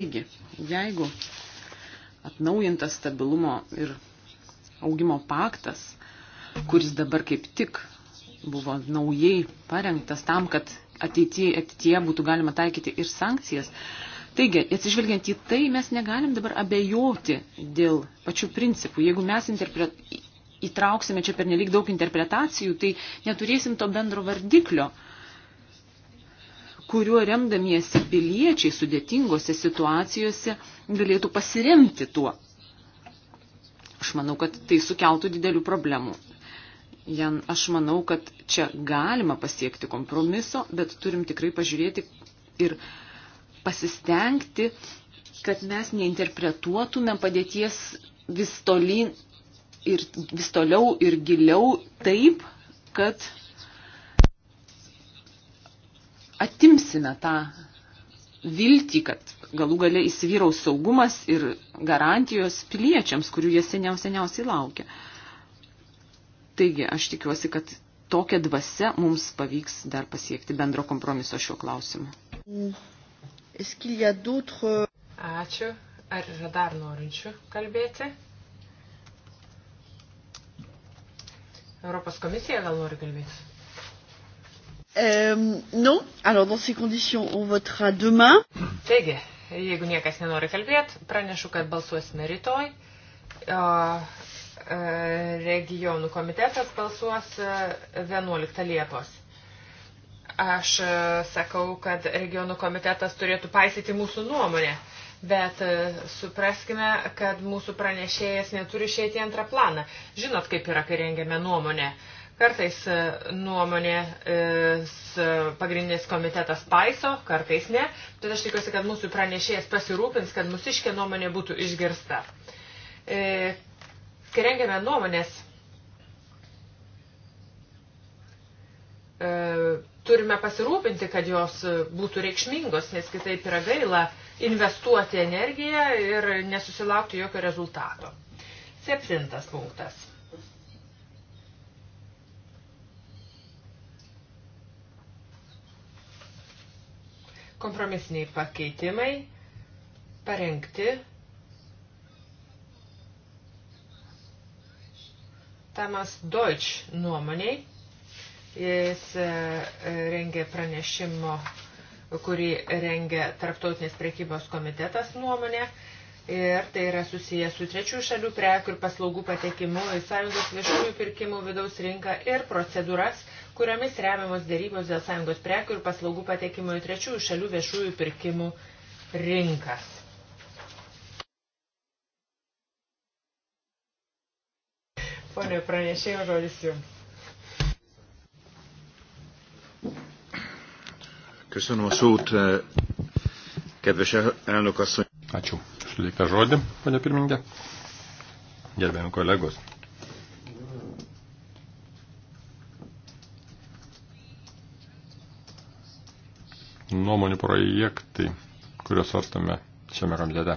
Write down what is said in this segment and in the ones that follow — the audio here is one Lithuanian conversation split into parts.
Taigi, jeigu atnaujintas stabilumo ir augimo paktas, kuris dabar kaip tik buvo naujai parengtas tam, kad ateityje, ateityje būtų galima taikyti ir sankcijas. Taigi, atsižvelgiant į tai, mes negalim dabar abejoti dėl pačių principų. Jeigu mes interpret... įtrauksime čia per nelik daug interpretacijų, tai neturėsim to bendro vardiklio kuriuo remdamiesi piliečiai sudėtingose situacijose galėtų pasiremti tuo. Aš manau, kad tai sukeltų didelių problemų. Jan, aš manau, kad čia galima pasiekti kompromiso, bet turim tikrai pažiūrėti ir pasistengti, kad mes neinterpretuotume padėties vis, tolin, ir, vis toliau ir giliau taip, kad atimsime tą viltį, kad galų gale įsivyraus saugumas ir garantijos piliečiams, kurių jie seniausiai seniausiai laukia. Taigi, aš tikiuosi, kad tokia dvasia mums pavyks dar pasiekti bendro kompromiso šiuo klausimu. Ačiū. Ar yra dar norinčių kalbėti? Europos komisija gal nori kalbėti? Um, non. Alors, dans ces conditions, on votera demain. Taigi, jeigu niekas nenori kalbėti, pranešu, kad balsuosime rytoj. O, e, regionų komitetas balsuos 11 e, Liepos. Aš e, sakau, kad regionų komitetas turėtų paisyti mūsų nuomonę, bet supraskime, kad mūsų pranešėjas neturi išėti į antrą planą. Žinot, kaip yra, kai rengiame nuomonę Kartais e, nuomonės e, pagrindinis komitetas paiso, kartais ne. Tad aš tikiuosi, kad mūsų pranešėjas pasirūpins, kad mūsiškė nuomonė būtų išgirsta. E, kai rengiame nuomonės, turime pasirūpinti, kad jos būtų reikšmingos, nes kitaip yra gaila investuoti energiją ir nesusilaukti jokio rezultato. Septintas punktas Kompromisiniai pakeitimai parengti Tamas Deutsch nuomoniai. Jis e, e, rengė pranešimo, kurį rengė Tarptautinės prekybos komitetas nuomonė. Ir tai yra susijęs su trečių šalių prekių ir paslaugų patekimu į sąjungos viešųjų pirkimų vidaus rinką ir procedūras kuriomis remiamos dėrybos dėl sąjungos prekių ir paslaugų patekimo į trečiųjų šalių viešųjų pirkimų rinkas. Pone, pranešėjo žodis jums. Köszönöm a szót, eh, kedves elnök asszony. Ačiū. Išlaikę žodį, pane pirmininkė. Gerbėjami kolegos. nuomonių projektai, kuriuos svarstame šiame komitete.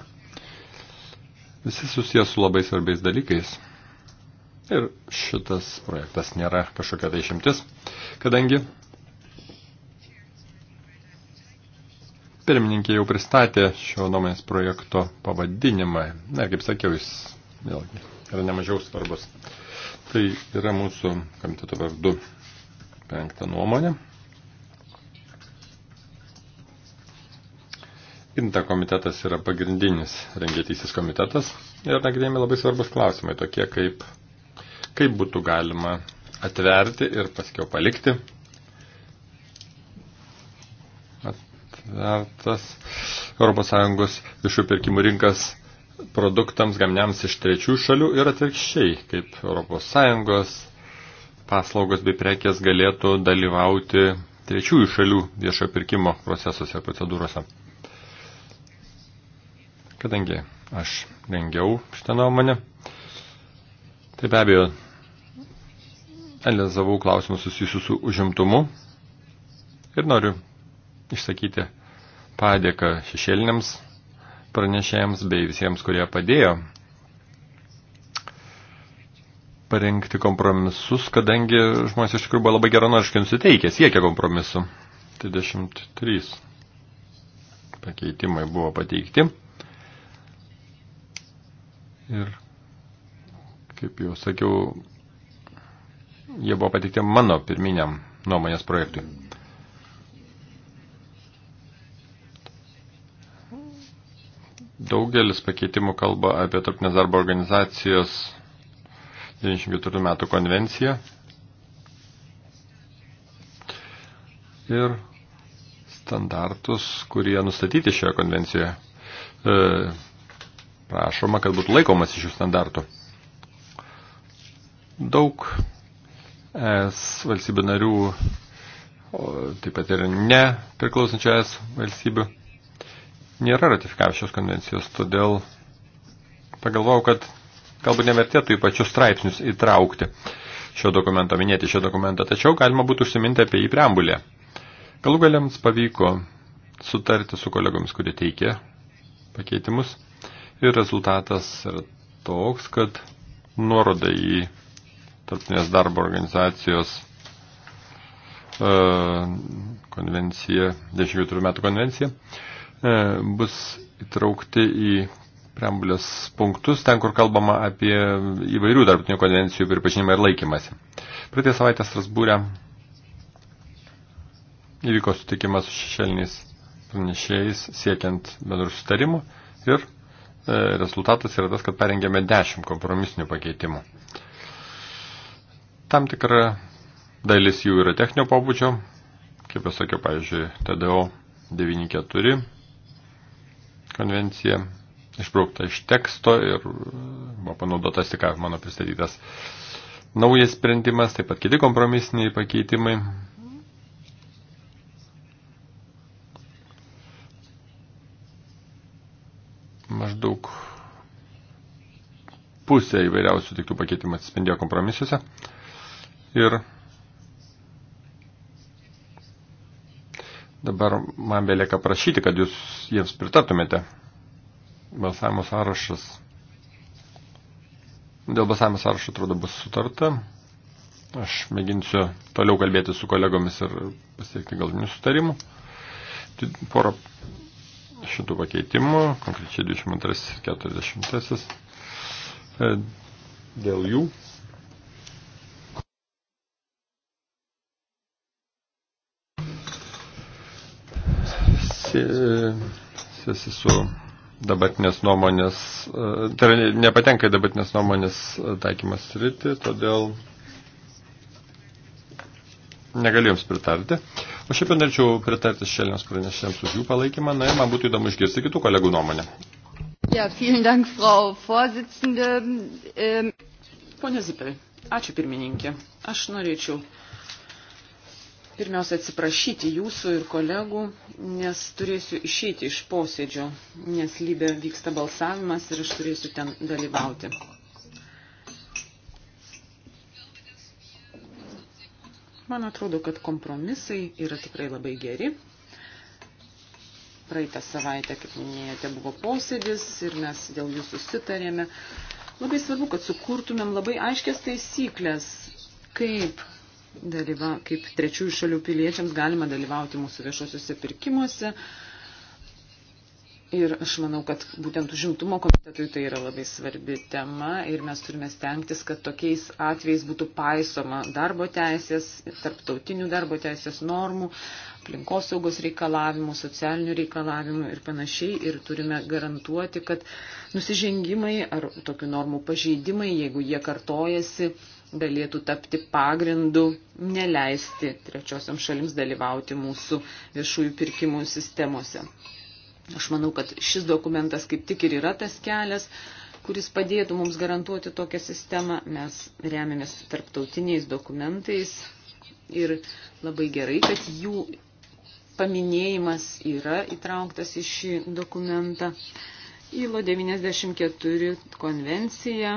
Visi susijęs su labai svarbiais dalykais. Ir šitas projektas nėra kažkokia tai išimtis, kadangi pirmininkė jau pristatė šio nuomonės projekto pavadinimą. Na, kaip sakiau, jis vėlgi yra nemažiau svarbus. Tai yra mūsų komiteto vardu penktą nuomonę. Inta komitetas yra pagrindinis rengėtysis komitetas ir nagrinėjami labai svarbus klausimai, tokie kaip, kaip būtų galima atverti ir paskiau palikti. Atvertas ES viešų pirkimų rinkas produktams gamniams iš trečių šalių ir atvirkščiai, kaip ES paslaugos bei prekės galėtų dalyvauti trečiųjų šalių viešo pirkimo procesuose ir procedūrose. Kadangi aš rengiau šitą nuomonę, tai be abejo analizavau klausimus susijusius su užimtumu ir noriu išsakyti padėką šešėliniams pranešėjams bei visiems, kurie padėjo parengti kompromisus, kadangi žmonės iš tikrųjų buvo labai geranoriškai nusiteikę, siekė kompromisu. 23 pakeitimai buvo pateikti. Ir, kaip jau sakiau, jie buvo pateikti mano pirminiam nuomonės projektui. Daugelis pakeitimų kalba apie tarpinės darbo organizacijos 94 metų konvenciją ir standartus, kurie nustatyti šioje konvencijoje. E, prašoma, kad būtų laikomas iš šių standartų. Daug es valstybių narių, o, taip pat ir ne priklausančių es valstybių, nėra ratifikavę šios konvencijos, todėl pagalvojau, kad galbūt nevertėtų į pačius straipsnius įtraukti šio dokumento, minėti šio dokumento, tačiau galima būtų užsiminti apie jį preambulę. Galų galiams pavyko sutarti su kolegomis, kurie teikė pakeitimus Ir rezultatas yra toks, kad nuoroda į tarptinės darbo organizacijos e, konvenciją, 94 metų konvenciją, e, bus įtraukti į preambulės punktus, ten, kur kalbama apie įvairių darbtinių konvencijų pripažinimą ir laikymasi. Praeitą savaitę Strasbūrė įvyko sutikimas su šešėliniais pranešėjais siekiant bendrų sutarimų ir E, rezultatas yra tas, kad parengėme 10 kompromisinių pakeitimų. Tam tikra dalis jų yra techninio pobūdžio, kaip jau sakiau, pavyzdžiui, TDO 94 konvencija išbraukta iš teksto ir e, buvo panaudotas tik mano pristatytas naujas sprendimas, taip pat kiti kompromisiniai pakeitimai maždaug pusė įvairiausių tiktų pakeitimų atsispindėjo kompromisuose. Ir dabar man belieka prašyti, kad jūs jiems pritartumėte. Balsavimo sąrašas. Dėl balsavimo sąrašo atrodo bus sutarta. Aš mėginsiu toliau kalbėti su kolegomis ir pasiekti galutinių sutarimų. Tai porą šitų pakeitimų, konkrečiai 22 ir 40. E, dėl jų siejasi su dabartinės nuomonės, e, tai yra nepatenka į dabartinės nuomonės taikymas rytį, todėl negalėjom pritarti. O šiaip norėčiau pritarti šelniams pranešėms už jų palaikymą, na ir man būtų įdomu išgirsti kitų kolegų nuomonę. Ja, vielen Dank, Frau Vorsitzende. Ähm... Pone Zipel, ačiū pirmininkė. Aš norėčiau pirmiausia atsiprašyti jūsų ir kolegų, nes turėsiu išeiti iš posėdžio, nes lybė vyksta balsavimas ir aš turėsiu ten dalyvauti. Man atrodo, kad kompromisai yra tikrai labai geri. Praeitą savaitę, kaip minėjote, buvo posėdis ir mes dėl jų susitarėme. Labai svarbu, kad sukurtumėm labai aiškias taisyklės, kaip, dalyva, kaip trečiųjų šalių piliečiams galima dalyvauti mūsų viešosiuose pirkimuose, uh, Ir aš manau, kad būtent užimtumo komitetui tai yra labai svarbi tema ir mes turime stengtis, kad tokiais atvejais būtų paisoma darbo teisės, tarptautinių darbo teisės normų, aplinkosaugos reikalavimų, socialinių reikalavimų ir panašiai. Ir turime garantuoti, kad nusižengimai ar tokių normų pažeidimai, jeigu jie kartojasi, galėtų tapti pagrindu neleisti trečiosiam šalims dalyvauti mūsų viešųjų pirkimų sistemose. Aš manau, kad šis dokumentas kaip tik ir yra tas kelias, kuris padėtų mums garantuoti tokią sistemą. Mes remiamės tarptautiniais dokumentais ir labai gerai, kad jų paminėjimas yra įtrauktas į šį dokumentą. ILO 94 konvencija,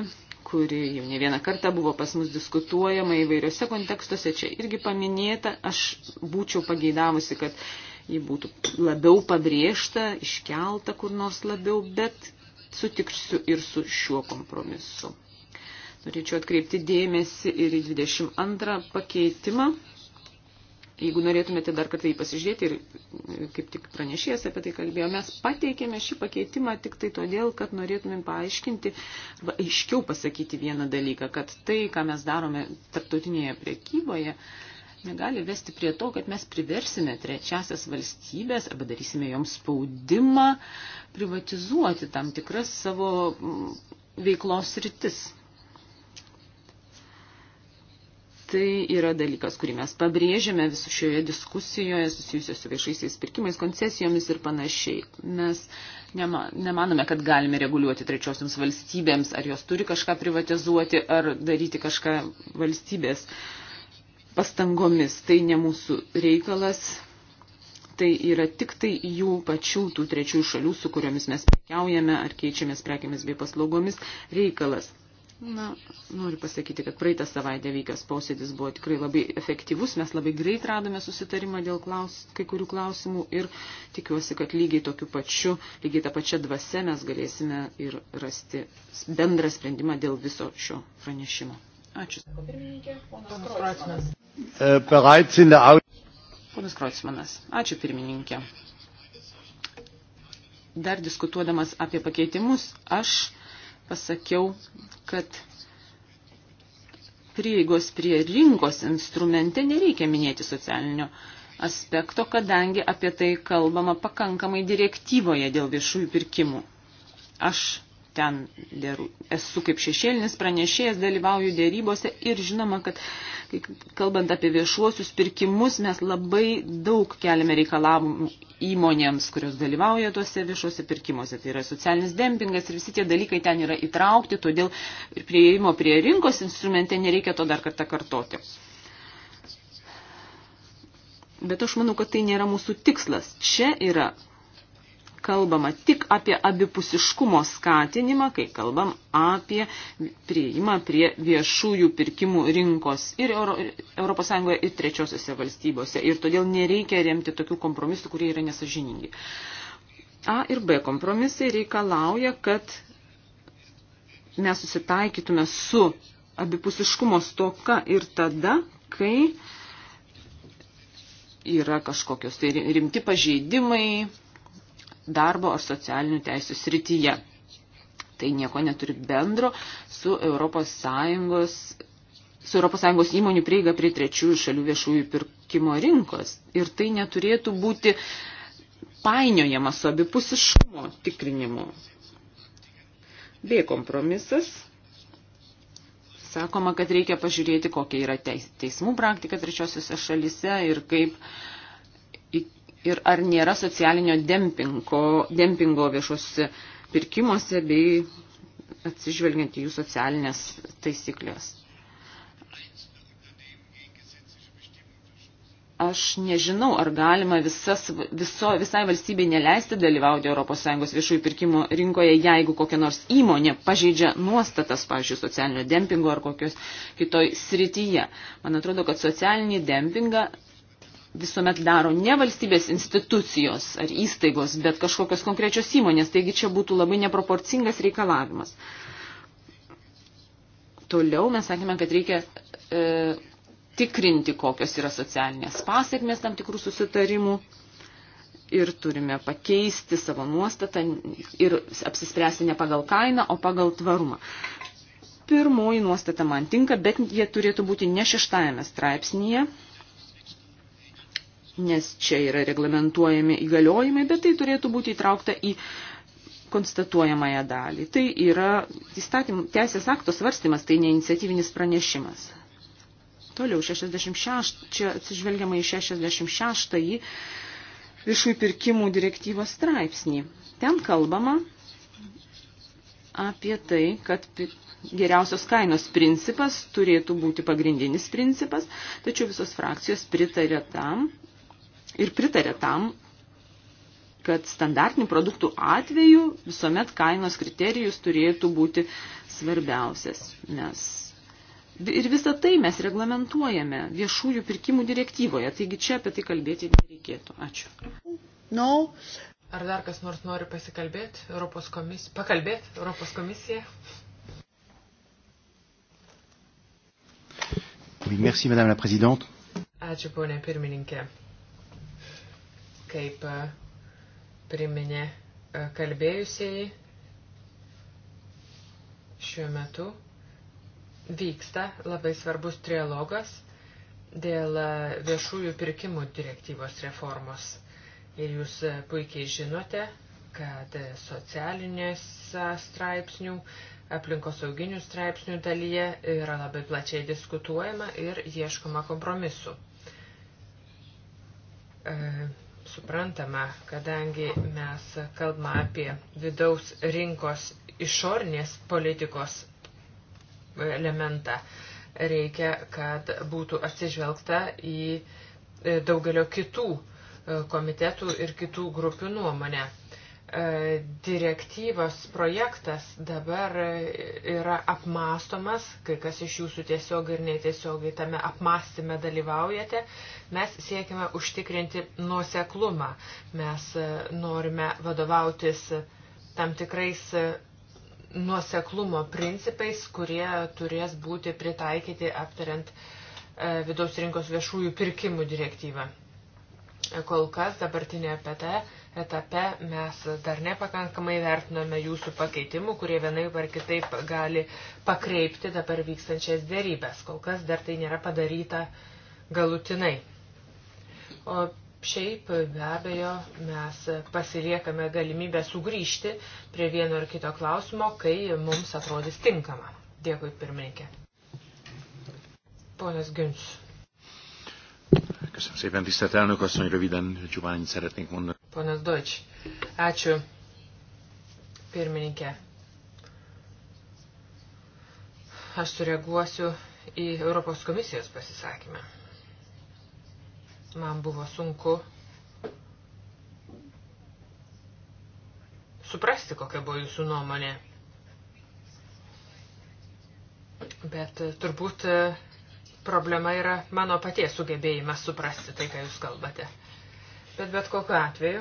kuri jau ne vieną kartą buvo pas mus diskutuojama įvairiose kontekstuose, čia irgi paminėta. Aš būčiau pageidavusi, kad ji būtų labiau pabrėžta, iškelta kur nors labiau, bet sutiksiu ir su šiuo kompromisu. Norėčiau atkreipti dėmesį ir į 22 pakeitimą. Jeigu norėtumėte dar kartą jį pasižiūrėti ir e, kaip tik pranešėjas apie tai kalbėjo, mes pateikėme šį pakeitimą tik tai todėl, kad norėtumėm paaiškinti arba aiškiau pasakyti vieną dalyką, kad tai, ką mes darome tarptautinėje priekyboje, negali vesti prie to, kad mes priversime trečiasias valstybės arba darysime joms spaudimą privatizuoti tam tikras savo mm, veiklos rytis. Tai yra dalykas, kurį mes pabrėžiame visų šioje diskusijoje susijusios su viešaisiais pirkimais, koncesijomis ir panašiai. Mes nema, nemanome, kad galime reguliuoti trečiosiams valstybėms, ar jos turi kažką privatizuoti, ar daryti kažką valstybės uh, pastangomis. Tai ne mūsų reikalas, tai yra tik tai jų pačių tų trečiųjų šalių, su kuriomis mes prekiaujame ar keičiamės prekiamis bei paslaugomis reikalas. Na, noriu pasakyti, kad praeitą savaitę vykęs posėdis buvo tikrai labai efektyvus, mes labai greit radome susitarimą dėl klaus, kai kurių klausimų ir tikiuosi, kad lygiai tokiu pačiu, lygiai tą pačią dvasę mes galėsime ir rasti bendrą sprendimą dėl viso šio pranešimo. Ačiū. Pirmininkė, ponas Kroismanas. E, bereits in der Ponas Kreutzmanas, ačiū pirmininkė. Dar diskutuodamas apie pakeitimus, aš pasakiau, kad prieigos prie rinkos instrumente nereikia minėti socialinio aspekto, kadangi apie tai kalbama pakankamai direktyvoje dėl viešųjų pirkimų. Aš ten dėru, esu kaip šešėlinis pranešėjas, dalyvauju dėrybose ir žinoma, kad kalbant apie viešuosius pirkimus, mes labai daug keliame reikalavimų įmonėms, kurios dalyvauja tuose viešuose pirkimuose. Tai yra socialinis dempingas ir visi tie dalykai ten yra įtraukti, todėl prieimo prie rinkos instrumente nereikia to dar kartą kartoti. Bet aš manau, kad tai nėra mūsų tikslas. Čia yra kalbama tik apie abipusiškumo skatinimą, kai kalbam apie prieimą prie viešųjų pirkimų rinkos ir Euro, ES ir trečiosiose valstybėse. Ir todėl nereikia remti tokių kompromisų, kurie yra nesažiningi. A ir B kompromisai reikalauja, kad mes susitaikytume su abipusiškumo stoka ir tada, kai yra kažkokios tai rimti pažeidimai, darbo ar socialinių teisų srityje. Tai nieko neturi bendro su ES su ES įmonių prieiga prie trečiųjų šalių viešųjų pirkimo rinkos. Ir tai neturėtų būti painiojama su abipusiškumo tikrinimu. B kompromisas. Sakoma, kad reikia pažiūrėti, kokia yra teismų praktika trečiosiuose šalise ir kaip uh, ir ar nėra socialinio dempingo, dempingo viešuose pirkimuose bei atsižvelgiant į jų socialinės taisyklės. Aš nežinau, ar galima visas, viso, visai valstybei neleisti dalyvauti ES viešųjų pirkimų rinkoje, jeigu kokia nors įmonė pažeidžia nuostatas, pavyzdžiui, socialinio dempingo ar kokios kitoj srityje. Man atrodo, kad socialinį dempingą visuomet daro ne valstybės institucijos ar įstaigos, bet kažkokios konkrečios įmonės, taigi čia būtų labai neproporcingas reikalavimas. Toliau mes sakėme, kad reikia e, tikrinti, kokios yra socialinės pasiekmes tam tikrų susitarimų ir turime pakeisti savo nuostatą ir apsispręsti ne pagal kainą, o pagal tvarumą pirmoji nuostata man tinka, bet jie turėtų būti ne šeštajame straipsnėje, nes čia yra reglamentuojami įgaliojimai, bet tai turėtų būti įtraukta į konstatuojamąją dalį. Tai yra įstatym, teisės akto svarstymas, tai ne iniciatyvinis pranešimas. Toliau, 66, čia atsižvelgiama į 66 viešųjų pirkimų direktyvos straipsnį. Ten kalbama apie tai, kad geriausios kainos principas turėtų būti pagrindinis principas, tačiau visos frakcijos pritarė tam, ir pritarė tam, kad standartinių produktų atveju visuomet kainos kriterijus turėtų būti svarbiausias. Nes ir visą tai mes reglamentuojame viešųjų pirkimų direktyvoje, taigi čia apie tai kalbėti nereikėtų. Ačiū. No. Ar dar kas nors nori pasikalbėti Europos komisija? Pakalbėti Europos komisija? Oui, merci, Madame la Présidente. Ačiū, ponė pirmininkė kaip e, priminė e, kalbėjusieji, šiuo metu vyksta labai svarbus trialogas dėl e, viešųjų pirkimų direktyvos reformos. Ir jūs puikiai žinote, kad socialinės straipsnių, aplinkosauginių straipsnių dalyje yra labai plačiai diskutuojama ir ieškoma kompromisu. E, suprantama, kadangi mes kalbame apie vidaus rinkos išornės politikos elementą. Reikia, kad būtų atsižvelgta į daugelio kitų komitetų ir kitų grupių nuomonę. E, direktyvos projektas dabar yra apmastomas, kai kas iš jūsų tiesiog ir netiesiogiai tame apmastyme dalyvaujate, mes siekime užtikrinti nuoseklumą. Mes e, norime vadovautis tam tikrais e, nuoseklumo principais, kurie turės būti pritaikyti aptariant vidaus rinkos viešųjų pirkimų direktyvą. Kol kas dabartinė PT etape mes dar nepakankamai vertiname jūsų pakeitimų, kurie vienaip ar kitaip gali pakreipti dabar vykstančias dėrybės. Kol kas dar tai nėra padaryta galutinai. O šiaip be abejo mes pasiliekame galimybę sugrįžti prie vieno ar kito klausimo, kai mums atrodys tinkama. Dėkui pirmininkė. Ponas Günčius. Köszönöm szépen, tisztelt elnök asszony, röviden csupán szeretnék mondani. Ponas Deutsch. Ačiū, pirmininkė. Aš sureaguosiu į Europos komisijos pasisakymą. Man buvo sunku suprasti, kokia buvo jūsų nuomonė. Bet turbūt problema yra mano paties sugebėjimas suprasti tai, ką jūs kalbate. Bet bet kokiu atveju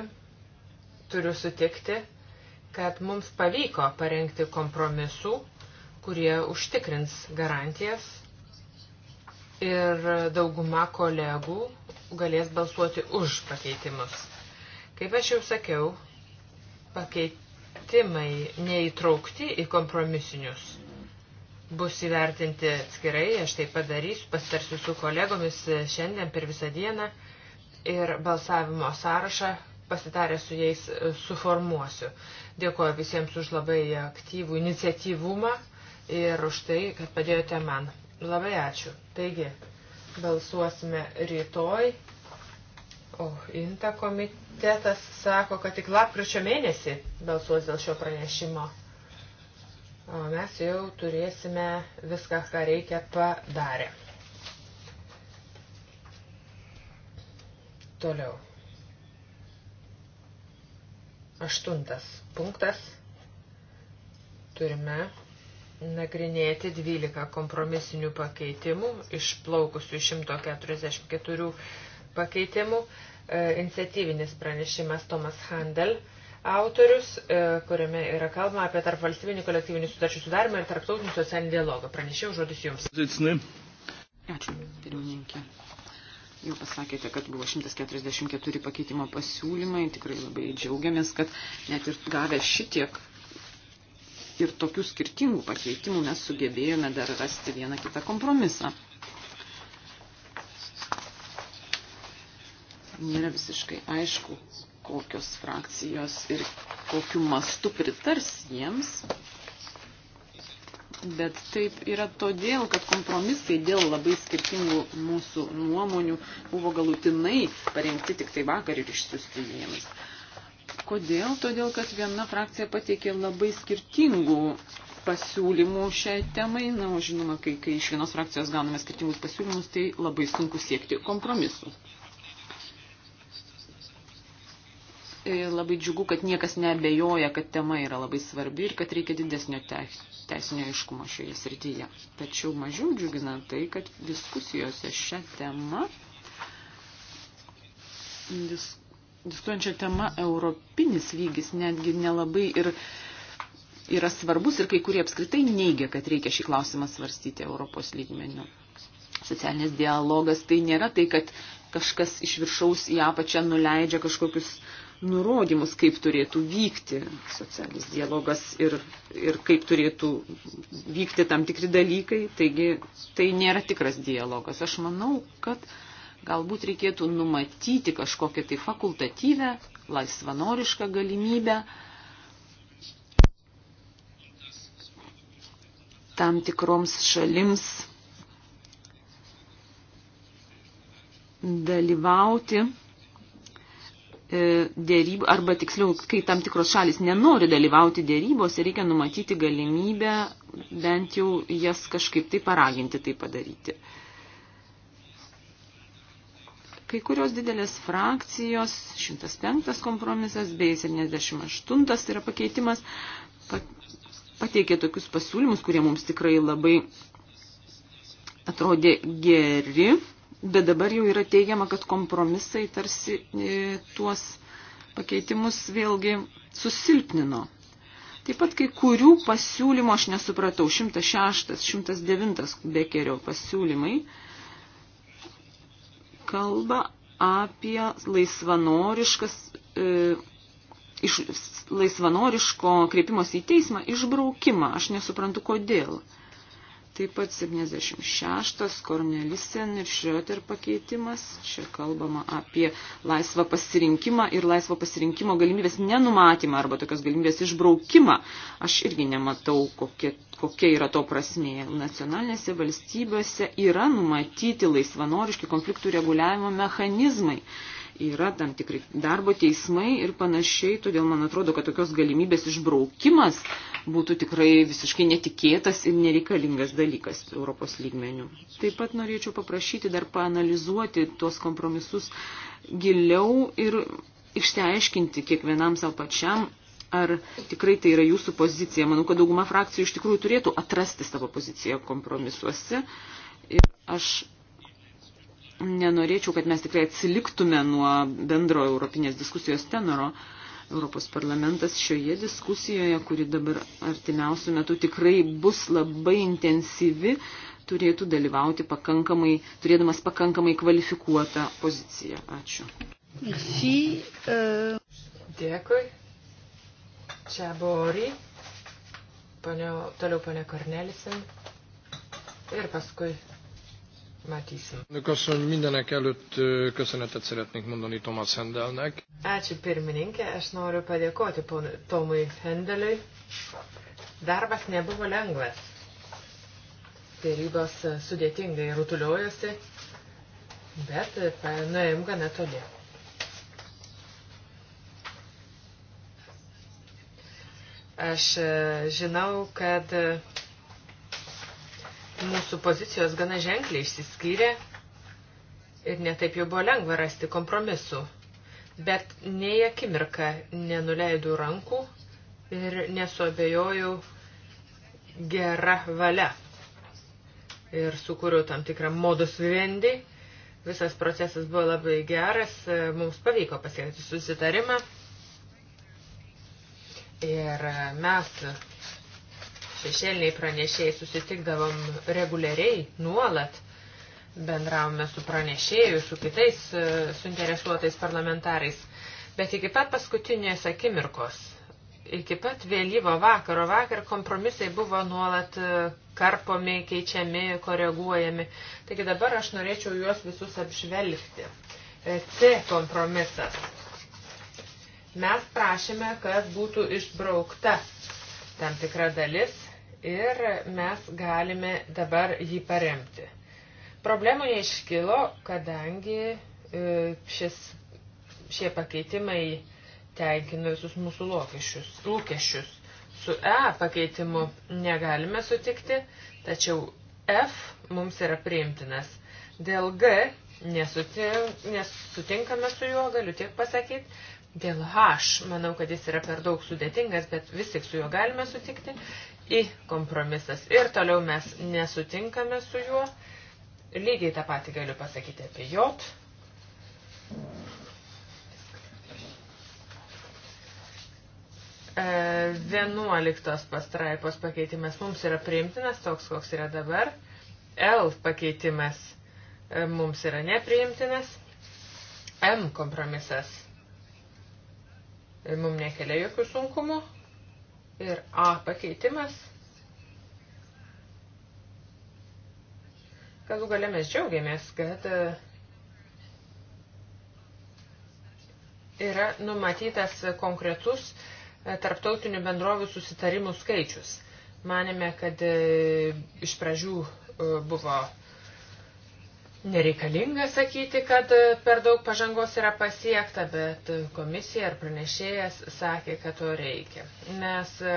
turiu sutikti, kad mums pavyko parengti kompromisų, kurie užtikrins garantijas ir dauguma kolegų galės balsuoti už pakeitimus. Kaip aš jau sakiau, pakeitimai neįtraukti į kompromisinius bus įvertinti skirai, aš tai padarysiu, pasitarsiu su kolegomis šiandien per visą dieną ir balsavimo sąrašą pasitarę su jais e, suformuosiu. Dėkuoju visiems už labai aktyvų iniciatyvumą ir už tai, kad padėjote man. Labai ačiū. Taigi, balsuosime rytoj. O, Inta komitetas sako, kad tik lapkričio mėnesį balsuos dėl šio pranešimo. O mes jau turėsime viską, ką reikia padarę. Toliau. Aštuntas punktas. Turime nagrinėti 12 kompromisinių pakeitimų, išplaukusių 144 pakeitimų. E, iniciatyvinis pranešimas Tomas Handel autorius, e, kuriame yra kalbama apie tarp valstybinių kolektyvinių sutarčių sudarimą ir tarptautinį socialinį dialogą. Pranešiau žodis jums. Ačiū, pirmininkė. Jau pasakėte, kad buvo 144 pakeitimo pasiūlymai, tikrai labai džiaugiamės, kad net ir gavę šitiek ir tokių skirtingų pakeitimų mes sugebėjome dar rasti vieną kitą kompromisą. Nėra visiškai aišku, kokios frakcijos ir kokiu mastu pritars jiems. Bet taip yra todėl, kad kompromisai dėl labai skirtingų mūsų nuomonių buvo galutinai parengti tik tai vakar ir išsiusti jiems. Kodėl? Todėl, kad viena frakcija pateikė labai skirtingų pasiūlymų šiai temai. Na, o žinoma, kai, kai iš vienos frakcijos gauname skirtingus pasiūlymus, tai labai sunku siekti kompromisus. labai džiugu, kad niekas nebejoja, kad tema yra labai svarbi ir kad reikia didesnio teisinio aiškumo šioje srityje. Tačiau mažiau džiugina tai, kad diskusijose šią temą, dis, diskutuojančią temą, europinis lygis netgi nelabai ir yra svarbus ir kai kurie apskritai neigia, kad reikia šį klausimą svarstyti Europos lygmeniu. Socialinis dialogas tai nėra tai, kad kažkas iš viršaus į apačią nuleidžia kažkokius uh, nurodymus, kaip turėtų vykti socialinis dialogas ir, ir kaip turėtų vykti tam tikri dalykai. Taigi tai nėra tikras dialogas. Aš manau, kad galbūt reikėtų numatyti kažkokią tai fakultatyvę, laisvanorišką galimybę tam tikroms šalims dalyvauti E, dėrybų, arba tiksliau, kai tam tikros šalis nenori dalyvauti dėrybose, reikia numatyti galimybę bent jau jas kažkaip tai paraginti tai padaryti. Kai kurios didelės frakcijos, 105 kompromisas bei 78 tai yra pakeitimas, pateikė tokius pasiūlymus, kurie mums tikrai labai atrodė geri bet dabar jau yra teigiama, kad kompromisai tarsi e, tuos pakeitimus vėlgi susilpnino. Taip pat kai kurių pasiūlymų aš nesupratau, 106, 109 bekerio pasiūlymai kalba apie laisvanoriškas, e, iš, laisvanoriško kreipimos į teismą išbraukimą. Aš nesuprantu, kodėl. E, Taip pat 76 Kornelisen ir Šrioter pakeitimas. Čia kalbama apie laisvą pasirinkimą ir laisvo pasirinkimo galimybės nenumatymą arba tokios galimybės išbraukimą. Aš irgi nematau, kokia, kokia yra to prasmė. Nacionalinėse valstybėse yra numatyti laisvanoriški konfliktų reguliavimo mechanizmai yra tam tikri darbo teismai ir panašiai, todėl man atrodo, kad tokios galimybės išbraukimas būtų tikrai visiškai netikėtas ir nereikalingas dalykas Europos lygmenių. Taip pat norėčiau paprašyti dar paanalizuoti tuos kompromisus giliau ir išsiaiškinti kiekvienam savo pačiam, ar tikrai tai yra jūsų pozicija. Manau, kad dauguma frakcijų iš tikrųjų turėtų atrasti savo poziciją kompromisuose. Ir aš nenorėčiau, kad mes tikrai atsiliktume nuo bendro europinės diskusijos tenoro. Europos parlamentas šioje diskusijoje, kuri dabar artimiausių metų tikrai bus labai intensyvi, turėtų dalyvauti pakankamai, turėdamas pakankamai kvalifikuotą poziciją. Ačiū. Merci. Euh. Dėkui. Čia buvo Ori, toliau pane Kornelisen ir paskui matysim. Köszönöm, mindenek előtt köszönetet szeretnék mondani Tomas Hendelnek. Ačiū pirmininkė, aš noriu padėkoti Tomui Hendeliui. Darbas nebuvo lengvas. Tarybos sudėtingai rutuliojosi, bet nuėjom gana toli. Aš žinau, kad mūsų pozicijos gana ženkliai išsiskyrė ir netaip jau buvo lengva rasti kompromisų. Bet nei akimirką nenuleidau rankų ir nesuabejojau gera valia. Ir sukūriau tam tikrą modus vivendi. Visas procesas buvo labai geras, mums pavyko pasiekti susitarimą. Ir mes šešėliniai pranešėjai susitikdavom reguliariai, nuolat, bendravome su pranešėjų, su kitais e, suinteresuotais parlamentarais, bet iki pat paskutinės akimirkos, iki pat vėlyvo vakaro vakar kompromisai buvo nuolat e, karpomi, keičiami, koreguojami. Taigi dabar aš norėčiau juos visus apžvelgti. E, C kompromisas. Mes prašėme, kad būtų išbraukta tam tikra dalis, ir mes galime dabar jį paremti. Problemų neiškilo, kadangi e, šis, šie pakeitimai tenkino visus mūsų lokešius, lūkesčius. Su E pakeitimu negalime sutikti, tačiau F mums yra priimtinas. Dėl G nesutinkame su juo, galiu tiek pasakyti. Dėl H, manau, kad jis yra per daug sudėtingas, bet vis tik su juo galime sutikti į kompromisas. Ir toliau mes nesutinkame su juo. Lygiai tą patį galiu pasakyti apie jot. E, vienuoliktos pastraipos pakeitimas mums yra priimtinas, toks koks yra dabar. L pakeitimas e, mums yra nepriimtinas. M kompromisas e, mums nekelia jokių sunkumų ir A pakeitimas. Galų gale mes džiaugiamės, kad e, yra numatytas konkretus e, tarptautinių bendrovių susitarimų skaičius. Manėme, kad e, iš pradžių buvo Nereikalinga sakyti, kad e, per daug pažangos yra pasiekta, bet komisija ir pranešėjas sakė, kad to reikia. Mes e,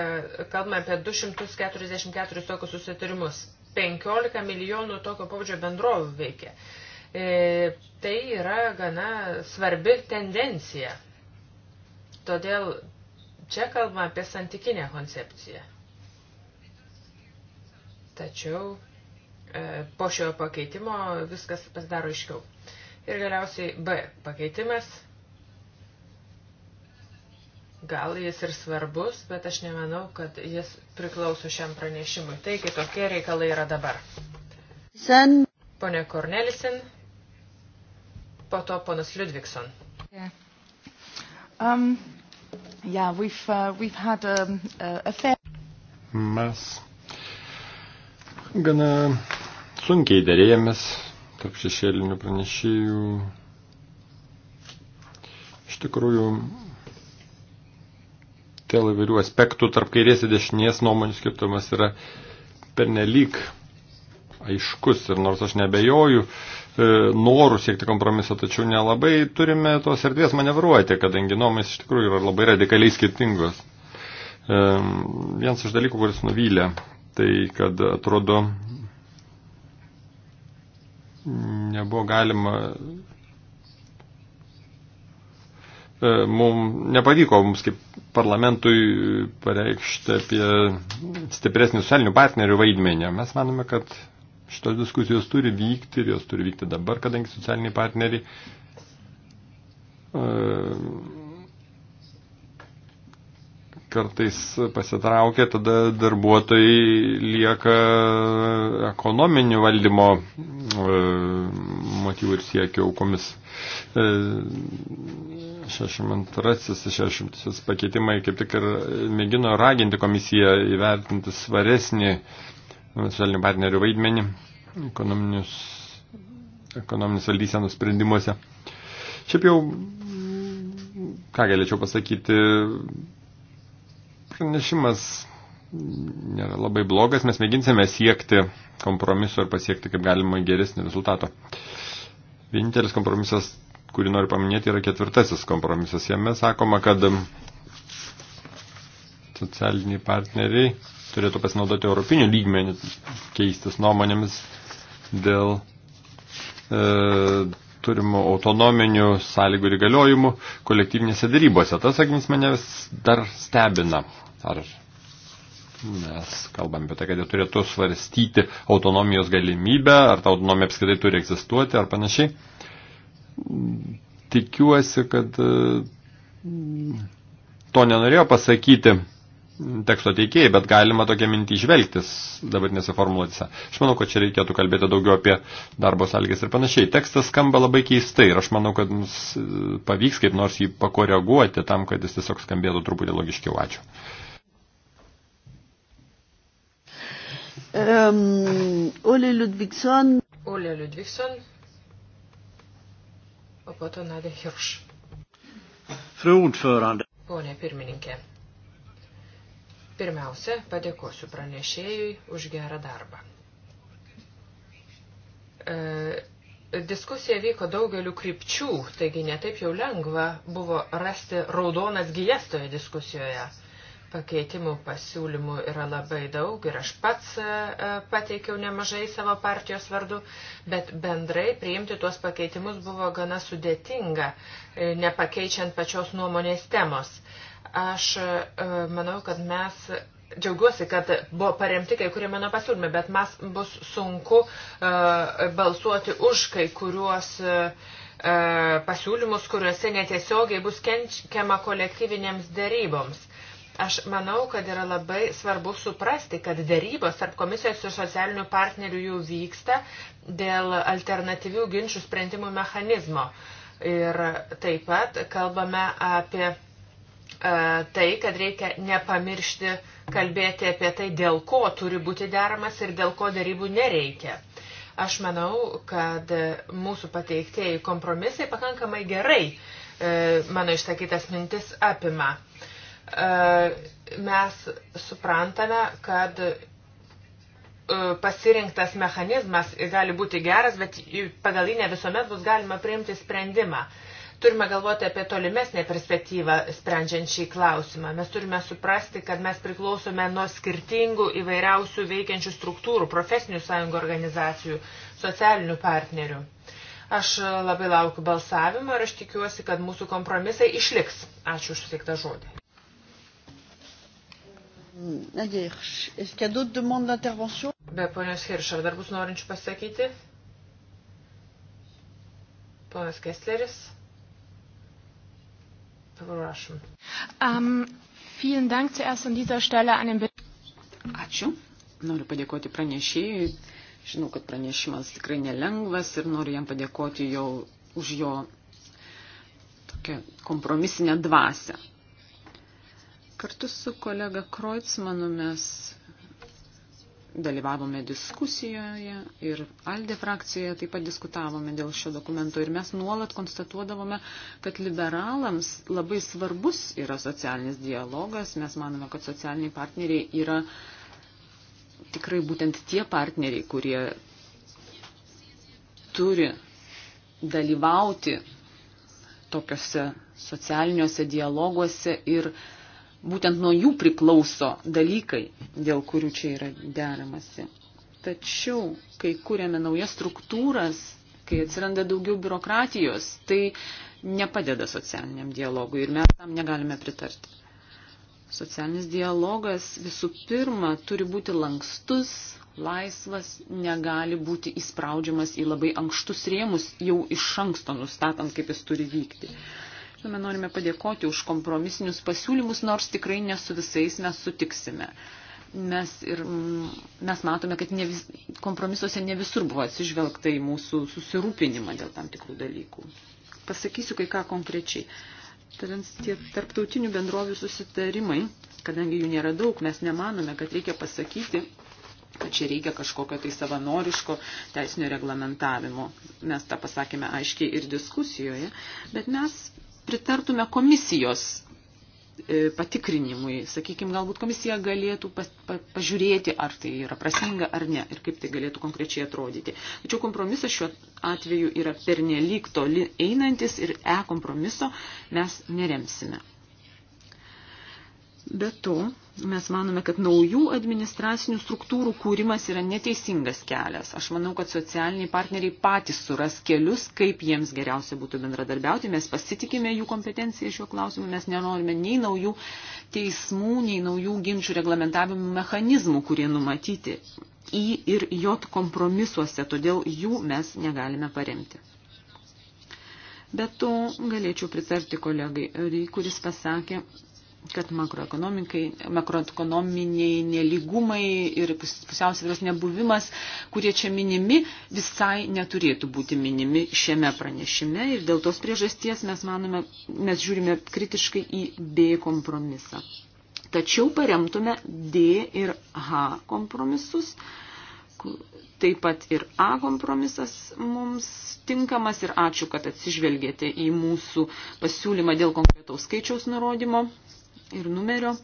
kalbame apie 244 tokius susitarimus. 15 milijonų tokio pavadžio bendrovų veikia. E, tai yra gana svarbi tendencija. Todėl čia kalbame apie santykinę koncepciją. Tačiau E, po šio pakeitimo viskas pasidaro iškiau. Ir galiausiai B pakeitimas. Gal jis ir svarbus, bet aš nemanau, kad jis priklauso šiam pranešimui. Taigi tokie reikalai yra dabar. Sen. Pone Kornelisen, po to ponas Ludvikson. Yeah. Um, yeah, we've, uh, we've had um, a, a fair... Mes gana sunkiai dėrėjomės tarp šešėlinių pranešėjų. Iš tikrųjų, dėl įvairių aspektų tarp kairės ir dešinės nuomonių skirtumas yra pernelyg aiškus ir nors aš nebejoju e, norų siekti kompromiso, tačiau nelabai turime tos erdvės manevruoti, kadangi nuomonės iš tikrųjų yra labai radikaliai skirtingos. E, vienas iš dalykų, kuris nuvylė, tai kad atrodo nebuvo galima e, mums nepavyko mums kaip parlamentui pareikšti apie stipresnį socialinių partnerių vaidmenį. Mes manome, kad šitos diskusijos turi vykti ir jos turi vykti dabar, kadangi socialiniai partneriai e, kartais pasitraukia, tada darbuotojai lieka ekonominių valdymo e, motyvų ir siekių aukomis. 62-60 e, pakeitimai kaip tik ir mėgino raginti komisiją įvertinti svaresnį nacionalinių partnerių vaidmenį ekonominis valdysenų sprendimuose. Šiaip jau, ką galėčiau pasakyti, Pranešimas nėra labai blogas, mes mėginsime siekti kompromiso ir pasiekti kaip galima geresnį rezultato. Vienintelis kompromisas, kurį noriu paminėti, yra ketvirtasis kompromisas. Jame sakoma, kad socialiniai partneriai turėtų pasinaudoti europinių lygmenį, keistis nuomonėmis dėl e, turimų autonominių sąlygų ir įgaliojimų kolektyvinėse darybose. Tas sakinys mane vis dar stebina. Ar mes kalbam apie tai, kad jie turėtų svarstyti autonomijos galimybę, ar ta autonomija apskritai turi egzistuoti ar panašiai. Tikiuosi, kad mm, to nenorėjo pasakyti teksto teikėjai, bet galima tokia mintį žvelgtis dabartinėse formuluotėse. Aš manau, kad čia reikėtų kalbėti daugiau apie darbo sąlygas ir panašiai. Tekstas skamba labai keistai ir aš manau, kad mums e, pavyks kaip nors jį pakoreguoti tam, kad jis tiesiog skambėtų truputį logiškiau. Ačiū. Um, Ole Ludvigson. Ole Ludvigson. O po to Nadė Hirš. Fru ordförande. Pone pirmininkė. Pirmiausia, padėkosiu pranešėjui už gerą darbą. E, diskusija vyko daugeliu krypčių, taigi netaip jau lengva buvo rasti raudonas gijas toje diskusijoje. Pakeitimų pasiūlymų yra labai daug ir aš pats e, pateikiau nemažai savo partijos vardu, bet bendrai priimti tuos pakeitimus buvo gana sudėtinga, e, nepakeičiant pačios nuomonės temos. Aš e, manau, kad mes džiaugiuosi, kad buvo paremti kai kurie mano pasiūlymai, bet mes bus sunku uh, balsuoti už kai kuriuos uh, pasiūlymus, kuriuose netiesiogiai bus kenčiama kolektyvinėms dėryboms. Aš manau, kad yra labai svarbu suprasti, kad dėrybos tarp komisijos ir socialinių partnerių jau vyksta dėl alternatyvių ginčių sprendimų mechanizmo. Ir taip pat kalbame apie E, tai, kad reikia nepamiršti kalbėti apie tai, dėl ko turi būti deramas ir dėl ko darybų nereikia. Aš manau, kad mūsų pateiktieji kompromisai pakankamai gerai e, mano išsakytas mintis apima. E, mes suprantame, kad pasirinktas mechanizmas gali būti geras, bet pagal jį ne visuomet bus galima priimti sprendimą. Turime galvoti apie tolimesnę perspektyvą sprendžiant šį klausimą. Mes turime suprasti, kad mes priklausome nuo skirtingų įvairiausių veikiančių struktūrų, profesinių sąjungų organizacijų, socialinių partnerių. Aš labai laukiu balsavimo ir aš tikiuosi, kad mūsų kompromisai išliks. Ačiū už suteiktą žodį. Be ponios Hirš, ar dar bus norinčių pasakyti? Ponas Kessleris. Russian. Um, vielen Dank zuerst an dieser Stelle an den Ačiū. Noriu padėkoti pranešėjui. Žinau, kad pranešimas tikrai nelengvas ir noriu jam padėkoti jau už jo tokią kompromisinę dvasę. Kartu su kolega Kreutzmanu mes dalyvavome diskusijoje ir Aldė frakcijoje taip pat diskutavome dėl šio dokumento ir mes nuolat konstatuodavome, kad liberalams labai svarbus yra socialinis dialogas, mes manome, kad socialiniai partneriai yra tikrai būtent tie partneriai, kurie turi dalyvauti tokiuose socialiniuose dialoguose ir uh, būtent nuo jų priklauso dalykai, dėl kurių čia yra deramasi. Tačiau, kai kūrėme naujas struktūras, kai atsiranda daugiau biurokratijos, tai nepadeda socialiniam dialogui ir mes tam negalime pritarti. Socialinis dialogas visų pirma turi būti lankstus, laisvas, negali būti įspraudžiamas į labai ankštus rėmus, jau iš anksto nustatant, kaip jis turi vykti. Mm žinome, norime padėkoti už kompromisinius pasiūlymus, nors tikrai ne su visais mes sutiksime. Mes, ir, mm, mes matome, kad ne vis, kompromisuose ne visur buvo atsižvelgta į mūsų susirūpinimą dėl tam tikrų dalykų. Pasakysiu kai ką konkrečiai. Tadant tie tarptautinių bendrovių susitarimai, kadangi jų nėra daug, mes nemanome, kad reikia pasakyti, kad čia reikia kažkokio tai savanoriško teisinio reglamentavimo. Mes tą pasakėme aiškiai ir diskusijoje, bet mes pritartume komisijos e, patikrinimui. Sakykime, galbūt komisija galėtų pas, pa, pažiūrėti, ar tai yra prasminga ar ne ir kaip tai galėtų konkrečiai atrodyti. Tačiau kompromisas šiuo atveju yra pernelyg toli einantis ir e kompromiso mes neremsime. Be to, Mes manome, kad naujų administracinių struktūrų kūrimas yra neteisingas kelias. Aš manau, kad socialiniai partneriai patys suras kelius, kaip jiems geriausia būtų bendradarbiauti. Mes pasitikime jų kompetenciją šiuo klausimu, mes nenorime nei naujų teismų, nei naujų ginčių reglamentavimo mechanizmų, kurie numatyti į ir J kompromisuose, todėl jų mes negalime paremti. Bet to galėčiau pritarti kolegai, kuris pasakė, kad makroekonominiai neligumai ir pusiausvėros nebuvimas, kurie čia minimi, visai neturėtų būti minimi šiame pranešime ir dėl tos priežasties mes, manome, mes žiūrime kritiškai į B kompromisą. Tačiau paremtume D ir H kompromisus, taip pat ir A kompromisas mums tinkamas ir ačiū, kad atsižvelgėte į mūsų pasiūlymą dėl konkretaus skaičiaus nurodymo ir numerio.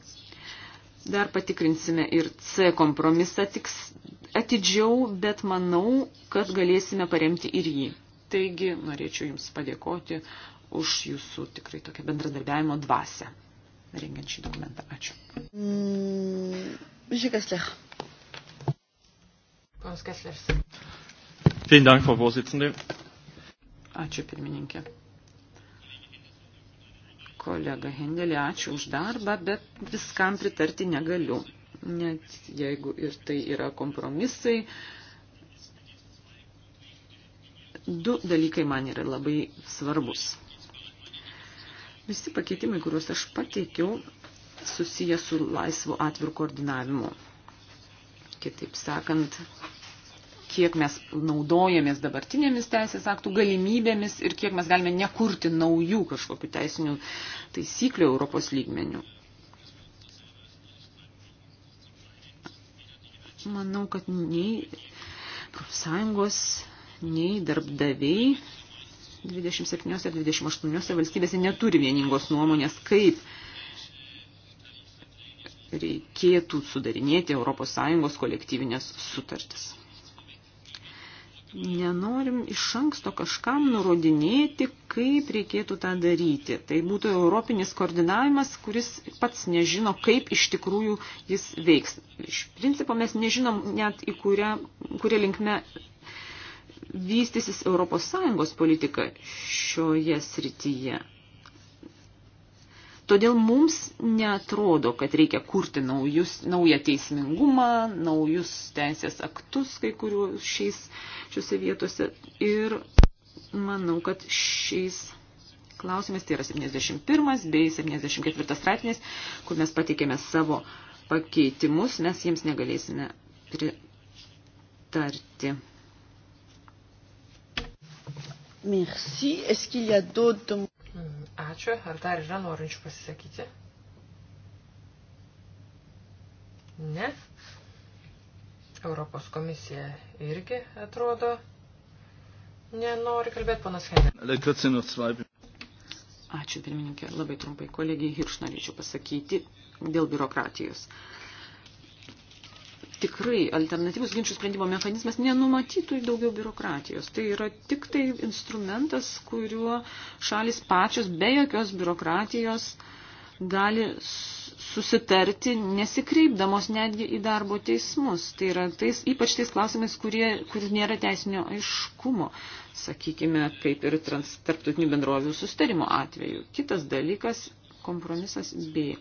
Dar patikrinsime ir C kompromisą tiks atidžiau, bet manau, kad galėsime paremti ir jį. Taigi norėčiau Jums padėkoti už Jūsų tikrai tokią bendradarbiavimo dvasę, rengiant šį dokumentą. Ačiū. Žygaslech. Mm, Ponas Kesleris. Vielen Dank, Frau Vorsitzende. Ačiū, pirmininkė kolega Hendelį, ačiū už darbą, bet viskam pritarti negaliu. Net jeigu ir tai yra kompromisai, du dalykai man yra labai svarbus. Visi pakeitimai, kuriuos aš pateikiau, susiję su laisvu atviru koordinavimu. Kitaip sakant, kiek mes naudojamės dabartinėmis teisės aktų galimybėmis ir kiek mes galime nekurti naujų kažkokių teisinių taisyklių Europos lygmenių. Manau, kad nei profsąjungos, nei darbdaviai 27 ar 28 valstybėse neturi vieningos nuomonės, kaip reikėtų sudarinėti ES kolektyvinės sutartis nenorim iš anksto kažkam nurodinėti, kaip reikėtų tą daryti. Tai būtų europinis koordinavimas, kuris pats nežino, kaip iš tikrųjų jis veiks. Iš principo mes nežinom net į kurią, kurią linkme vystysis ES politika šioje srityje. Todėl mums netrodo, kad reikia kurti naujus, naują teismingumą, naujus teisės aktus kai kurių šiais, šiuose vietose. Ir manau, kad šiais klausimais, tai yra 71 bei 74 straipsnis, kur mes pateikėme savo pakeitimus, mes jiems negalėsime pritarti. Merci. Est-ce qu'il y a d'autres Ačiū. Ar dar yra norinčių pasisakyti? Ne. Europos komisija irgi atrodo nenori kalbėti, panas Henė. Ačiū, pirmininkė. Labai trumpai kolegijai Hirš norėčiau pasakyti dėl biurokratijos. Uh, tikrai alternatyvus ginčių sprendimo mechanizmas nenumatytų daugiau biurokratijos. Tai yra tik tai instrumentas, kuriuo šalis pačios be jokios biurokratijos gali susitarti, nesikreipdamos netgi į darbo teismus. Tai yra tais, ypač tais klausimais, kurie, kur nėra teisinio aiškumo, sakykime, kaip ir trans, tarptautinių bendrovių sustarimo atveju. Kitas dalykas – kompromisas B.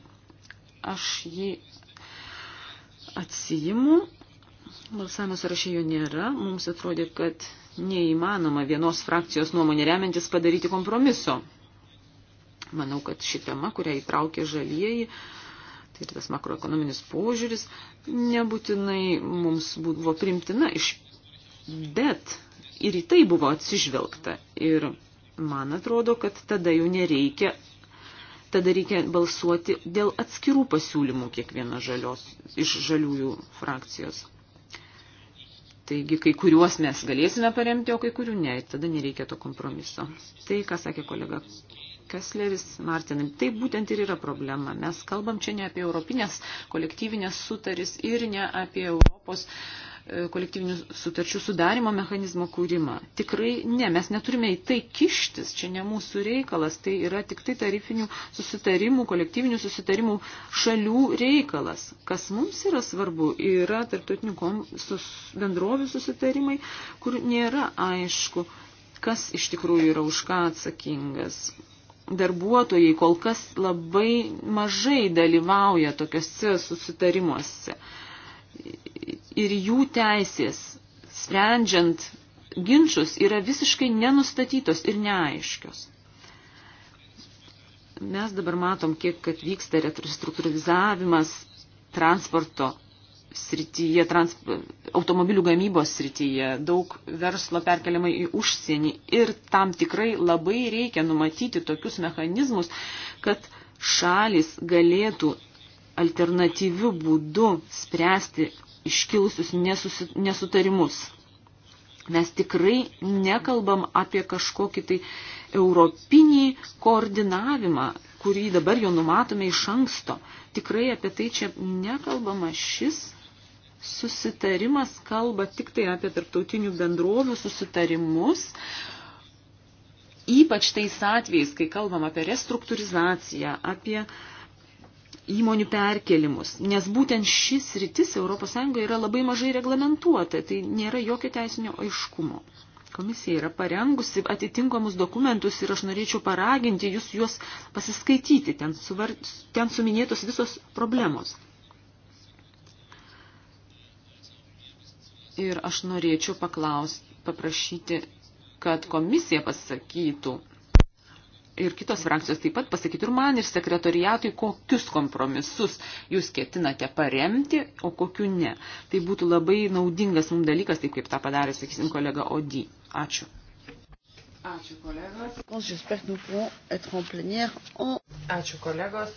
Aš jį atsijimu. Balsavimo sąraše jo nėra. Mums atrodė, kad neįmanoma vienos frakcijos nuomonė remiantis padaryti kompromiso. Manau, kad ši tema, kurią įtraukė žalieji, tai tas makroekonominis požiūris, nebūtinai mums buvo primtina iš. Bet ir į tai buvo atsižvelgta. Ir man atrodo, kad tada jau nereikia Tada reikia balsuoti dėl atskirų pasiūlymų kiekvieno žalios, iš žaliųjų frakcijos. Taigi kai kuriuos mes galėsime paremti, o kai kurių ne. Tada nereikia to kompromiso. Tai, ką sakė kolega Kasleris Martinai, tai būtent ir yra problema. Mes kalbam čia ne apie europinės kolektyvinės sutaris ir ne apie Europos uh, E, kolektyvinių sutarčių sudarimo mechanizmo kūrimą. Tikrai ne, mes neturime į tai kištis, čia ne mūsų reikalas, tai yra tik tai tarifinių susitarimų, kolektyvinių susitarimų šalių reikalas. Kas mums yra svarbu, yra tarptautinių sus, bendrovių susitarimai, kur nėra aišku, kas iš tikrųjų yra už ką atsakingas darbuotojai kol kas labai mažai dalyvauja tokiuose susitarimuose ir jų teisės sprendžiant ginčius yra visiškai nenustatytos ir neaiškios. Mes dabar matom, kiek kad vyksta restruktūrizavimas transporto srityje, trans, automobilių gamybos srityje, daug verslo perkeliama į užsienį ir tam tikrai labai reikia numatyti tokius mechanizmus, kad šalis galėtų alternatyvių būdų spręsti iškilusius nesusi, nesutarimus. Mes tikrai nekalbam apie kažkokį tai europinį koordinavimą, kurį dabar jau numatome iš anksto. Tikrai apie tai čia nekalbama šis susitarimas kalba tik tai apie tarptautinių bendrovių susitarimus, ypač tais atvejais, kai kalbam apie restruktūrizaciją, apie uh, įmonių perkelimus, nes būtent šis rytis ES yra labai mažai reglamentuota, tai nėra jokio teisinio aiškumo. Komisija yra parengusi atitinkamus dokumentus ir aš norėčiau paraginti jūs juos pasiskaityti, ten, suvar, ten suminėtos visos problemos. Ir aš norėčiau paklausti, paprašyti, kad komisija pasakytų, ir kitos frakcijos taip pat pasakytų ir man, ir sekretoriatui, kokius kompromisus jūs ketinate paremti, o kokiu ne. Tai būtų labai naudingas mums dalykas, taip kaip tą padarė, sakysim, kolega Odi. Ačiū. Ačiū kolegos. Ačiū kolegos.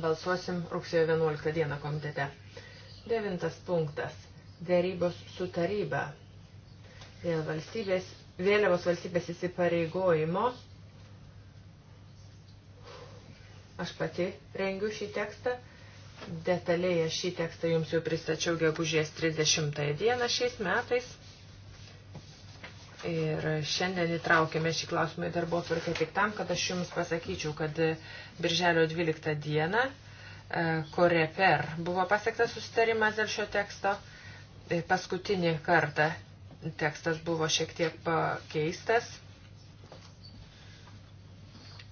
Balsuosim rugsėjo 11 dieną komitete. Devintas punktas. Dėrybos su taryba. Dėl valstybės, vėliavos valstybės įsipareigojimo Aš pati rengiu šį tekstą. Detaliai aš šį tekstą jums jau pristačiau gegužės 30 dieną šiais metais. Ir šiandien įtraukėme šį klausimą į darbo tvarkę tik tam, kad aš jums pasakyčiau, kad birželio 12 dieną e, Koreper buvo pasiektas sustarimas dėl šio teksto. E, paskutinį kartą tekstas buvo šiek tiek pakeistas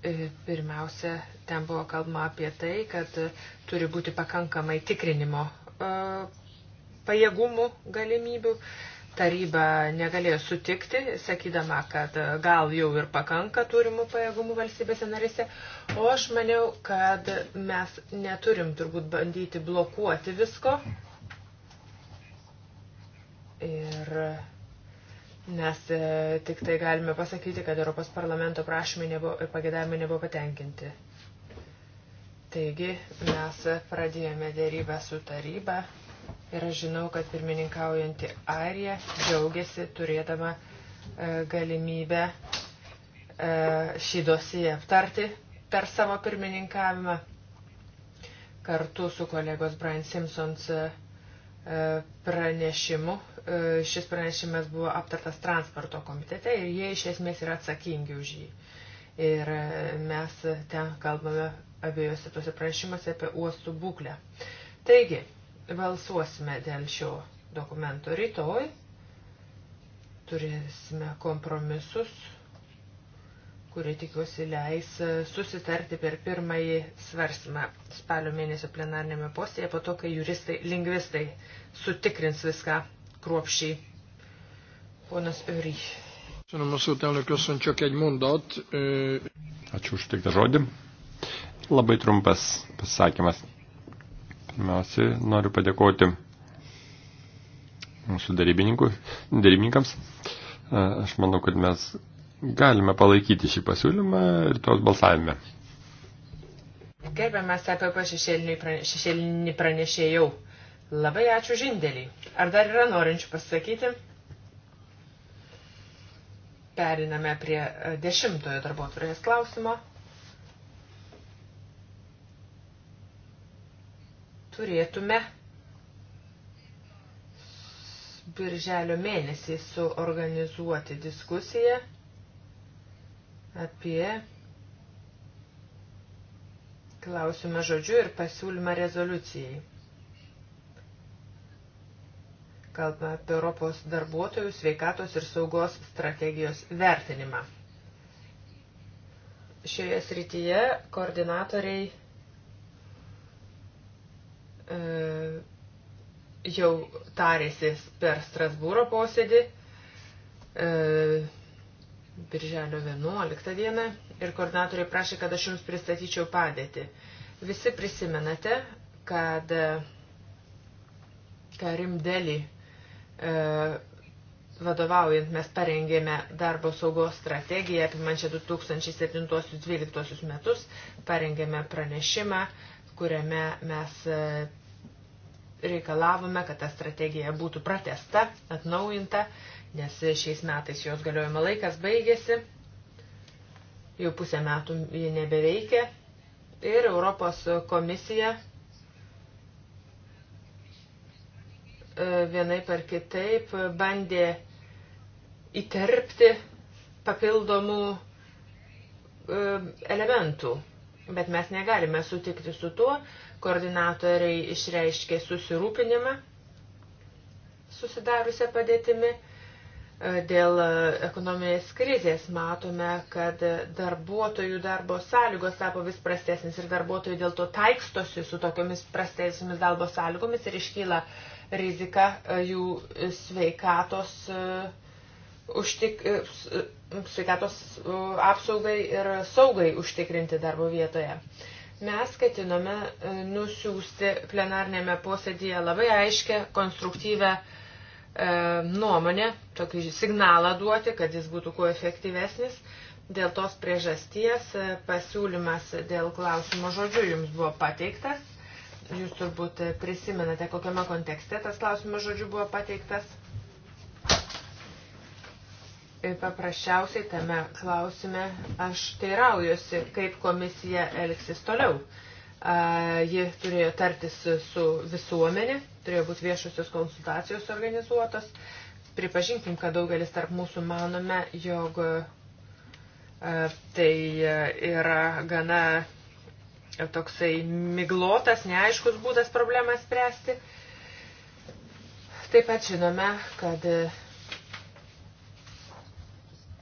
E, pirmiausia, ten buvo kalbama apie tai, kad turi būti pakankamai tikrinimo e, pajėgumų galimybių. Taryba negalėjo sutikti, sakydama, kad gal jau ir pakanka turimų pajėgumų valstybėse narėse, o aš maniau, kad mes neturim turbūt bandyti blokuoti visko. Ir nes e, tik tai galime pasakyti, kad Europos parlamento prašymai nebuvo, ir pagėdavimai nebuvo patenkinti. Taigi mes pradėjome dėrybę su taryba ir aš žinau, kad pirmininkaujanti Airija džiaugiasi turėdama e, galimybę e, šį dosiją aptarti per savo pirmininkavimą. Kartu su kolegos Brian Simpsons pranešimu E, šis pranešimas buvo aptartas transporto komitete ir jie iš esmės yra atsakingi už jį. Ir e, mes ten kalbame abiejose tuose pranešimuose apie uostų būklę. Taigi, balsuosime dėl šio dokumento rytoj. Turėsime kompromisus, kurie tikiuosi leis e, susitarti per pirmąjį svarstymą spalio mėnesio plenarnėme posėje, po to, kai juristai, lingvistai sutikrins viską kruopšiai. Ponas Öry. Ačiū už tiktą žodį. Labai trumpas pasakymas. Pirmiausia, noriu padėkoti mūsų darybininkams. Aš manau, kad mes galime palaikyti šį pasiūlymą ir tos balsavime. Gerbiamas apie šešėlinį pranešėjau. Labai ačiū žindelį. Ar dar yra norinčių pasakyti? Periname prie e, dešimtojo darbo turės klausimo. Turėtume birželio mėnesį suorganizuoti diskusiją apie klausimą žodžiu ir pasiūlymą rezoliucijai kalba apie Europos darbuotojų sveikatos ir saugos strategijos vertinimą. Šioje srityje koordinatoriai e, jau tarėsi per Strasbūro posėdį e, birželio 11 dieną ir koordinatoriai prašė, kad aš jums pristatyčiau padėtį. Visi prisimenate, kad Karim Deli E, vadovaujant mes parengėme darbo saugos strategiją apimančią 2007-2012 metus, parengėme pranešimą, kuriame mes e, reikalavome, kad ta strategija būtų pratesta, atnaujinta, nes šiais metais jos galiojimo laikas baigėsi, jau pusę metų ji nebeveikia ir Europos komisija vienai par kitaip bandė įterpti papildomų e, elementų. Bet mes negalime sutikti su tuo, koordinatoriai išreiškė susirūpinimą susidariusią padėtimi. E, dėl e, ekonominės krizės matome, kad darbuotojų darbo sąlygos tapo vis prastesnis ir darbuotojai dėl to taikstosi su tokiamis prastesnėmis darbo sąlygomis ir iškyla uh, rizika e, jų sveikatos, e, užtik, e, sveikatos apsaugai ir saugai užtikrinti darbo vietoje. Mes ketinome nusiųsti plenarnėme posėdėje labai aiškę, konstruktyvę e, nuomonę, tokį signalą duoti, kad jis būtų kuo efektyvesnis. Dėl tos priežasties pasiūlymas dėl klausimo žodžių jums buvo pateiktas. Jūs turbūt e, prisimenate, kokiame kontekste tas klausimas žodžiu buvo pateiktas. Ir e, paprasčiausiai tame klausime aš teiraujuosi, kaip komisija elgsis toliau. A, ji turėjo tartis su visuomenė, turėjo būti viešusios konsultacijos organizuotos. Pripažinkim, kad daugelis tarp mūsų manome, jog a, tai e, yra gana toksai miglotas, neaiškus būdas problemą spręsti. Taip pat žinome, kad e,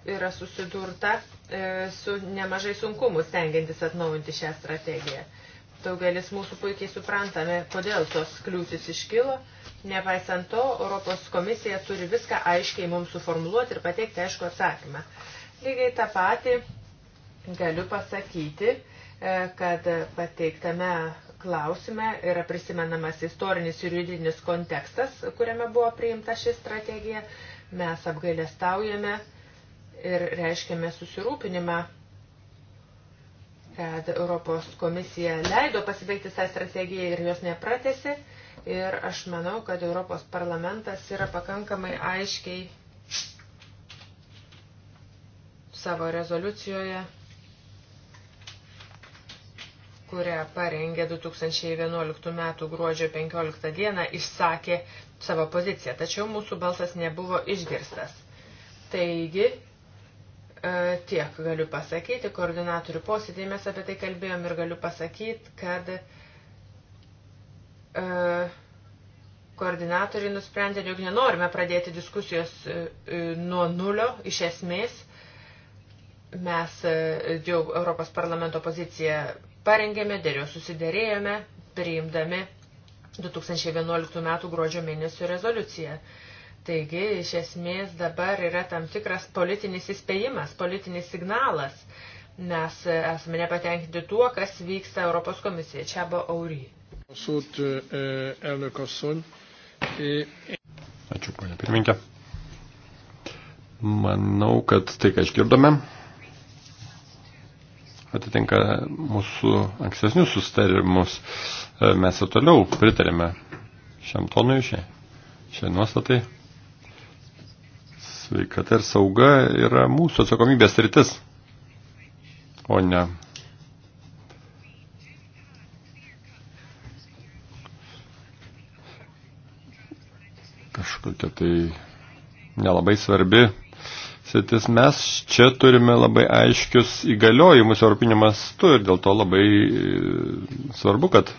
yra susidurta e, su nemažai sunkumų stengiantis atnaujinti šią strategiją. Daugelis mūsų puikiai suprantame, kodėl tos kliūtis iškilo. Nepaisant to, Europos komisija turi viską aiškiai mums suformuluoti ir pateikti aišku atsakymą. Lygiai tą patį galiu pasakyti E, kad pateiktame klausime yra prisimenamas istorinis ir juridinis kontekstas, kuriame buvo priimta ši strategija. Mes apgailestaujame ir reiškiame susirūpinimą, kad Europos komisija leido pasibaigti tą strategiją ir jos nepratesi. Ir aš manau, kad Europos parlamentas yra pakankamai aiškiai savo rezoliucijoje kurią parengė 2011 m. gruodžio 15 d. išsakė savo poziciją, tačiau mūsų balsas nebuvo išgirstas. Taigi, e, tiek galiu pasakyti, koordinatorių posėdėje mes apie tai kalbėjom ir galiu pasakyti, kad e, koordinatoriai nusprendė, jog nenorime pradėti diskusijos e, nuo nulio iš esmės. Mes jau Europos parlamento poziciją parengėme, dėl jo susiderėjome, priimdami 2011 m. gruodžio mėnesio rezoliuciją. Taigi, iš esmės, dabar yra tam tikras politinis įspėjimas, politinis signalas. Mes esame nepatenkinti tuo, kas vyksta Europos komisija. Čia buvo Aury. Ačiū, ponia pirmininkė. Manau, kad tai, ką išgirdome, atitinka mūsų ankstesnius sustarimus. E, mes ir toliau pritarėme šiam tonui, šiai, šiai nuostatai. Sveikata ir sauga yra mūsų atsakomybės rytis, o ne. Kažkokia tai nelabai svarbi sritis, mes čia turime labai aiškius įgaliojimus europinio mastu ir dėl to labai e, svarbu, kad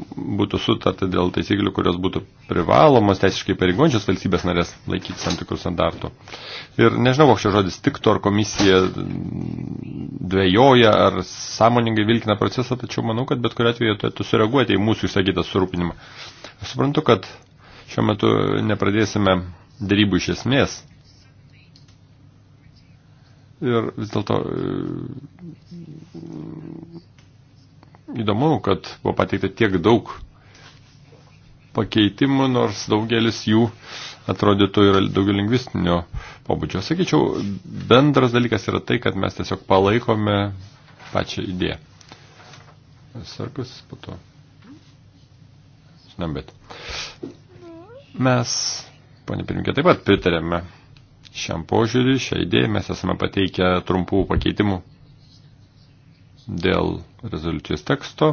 būtų sutarta dėl taisyklių, kurios būtų privalomos teisiškai pareigončios valstybės narės laikyti tam tikrų standartų. Ir nežinau, koks šio žodis tiktų, ar komisija dvėjoja, ar sąmoningai vilkina procesą, tačiau manau, kad bet kuriu atveju turėtų sureaguoti į mūsų išsakytą surūpinimą. Aš suprantu, kad šiuo metu nepradėsime darybų iš esmės, Ir vis dėlto e, įdomu, kad buvo pateikta tiek daug pakeitimų, nors daugelis jų atrodytų yra daugiau lingvistinio pobūdžio. Sakyčiau, bendras dalykas yra tai, kad mes tiesiog palaikome pačią idėją. Sarkus po to. Žinam, bet. Mes, ponė pirminkė, taip pat pritarėme šiam požiūriui, šią idėją mes esame pateikę trumpų pakeitimų dėl rezoliucijos teksto.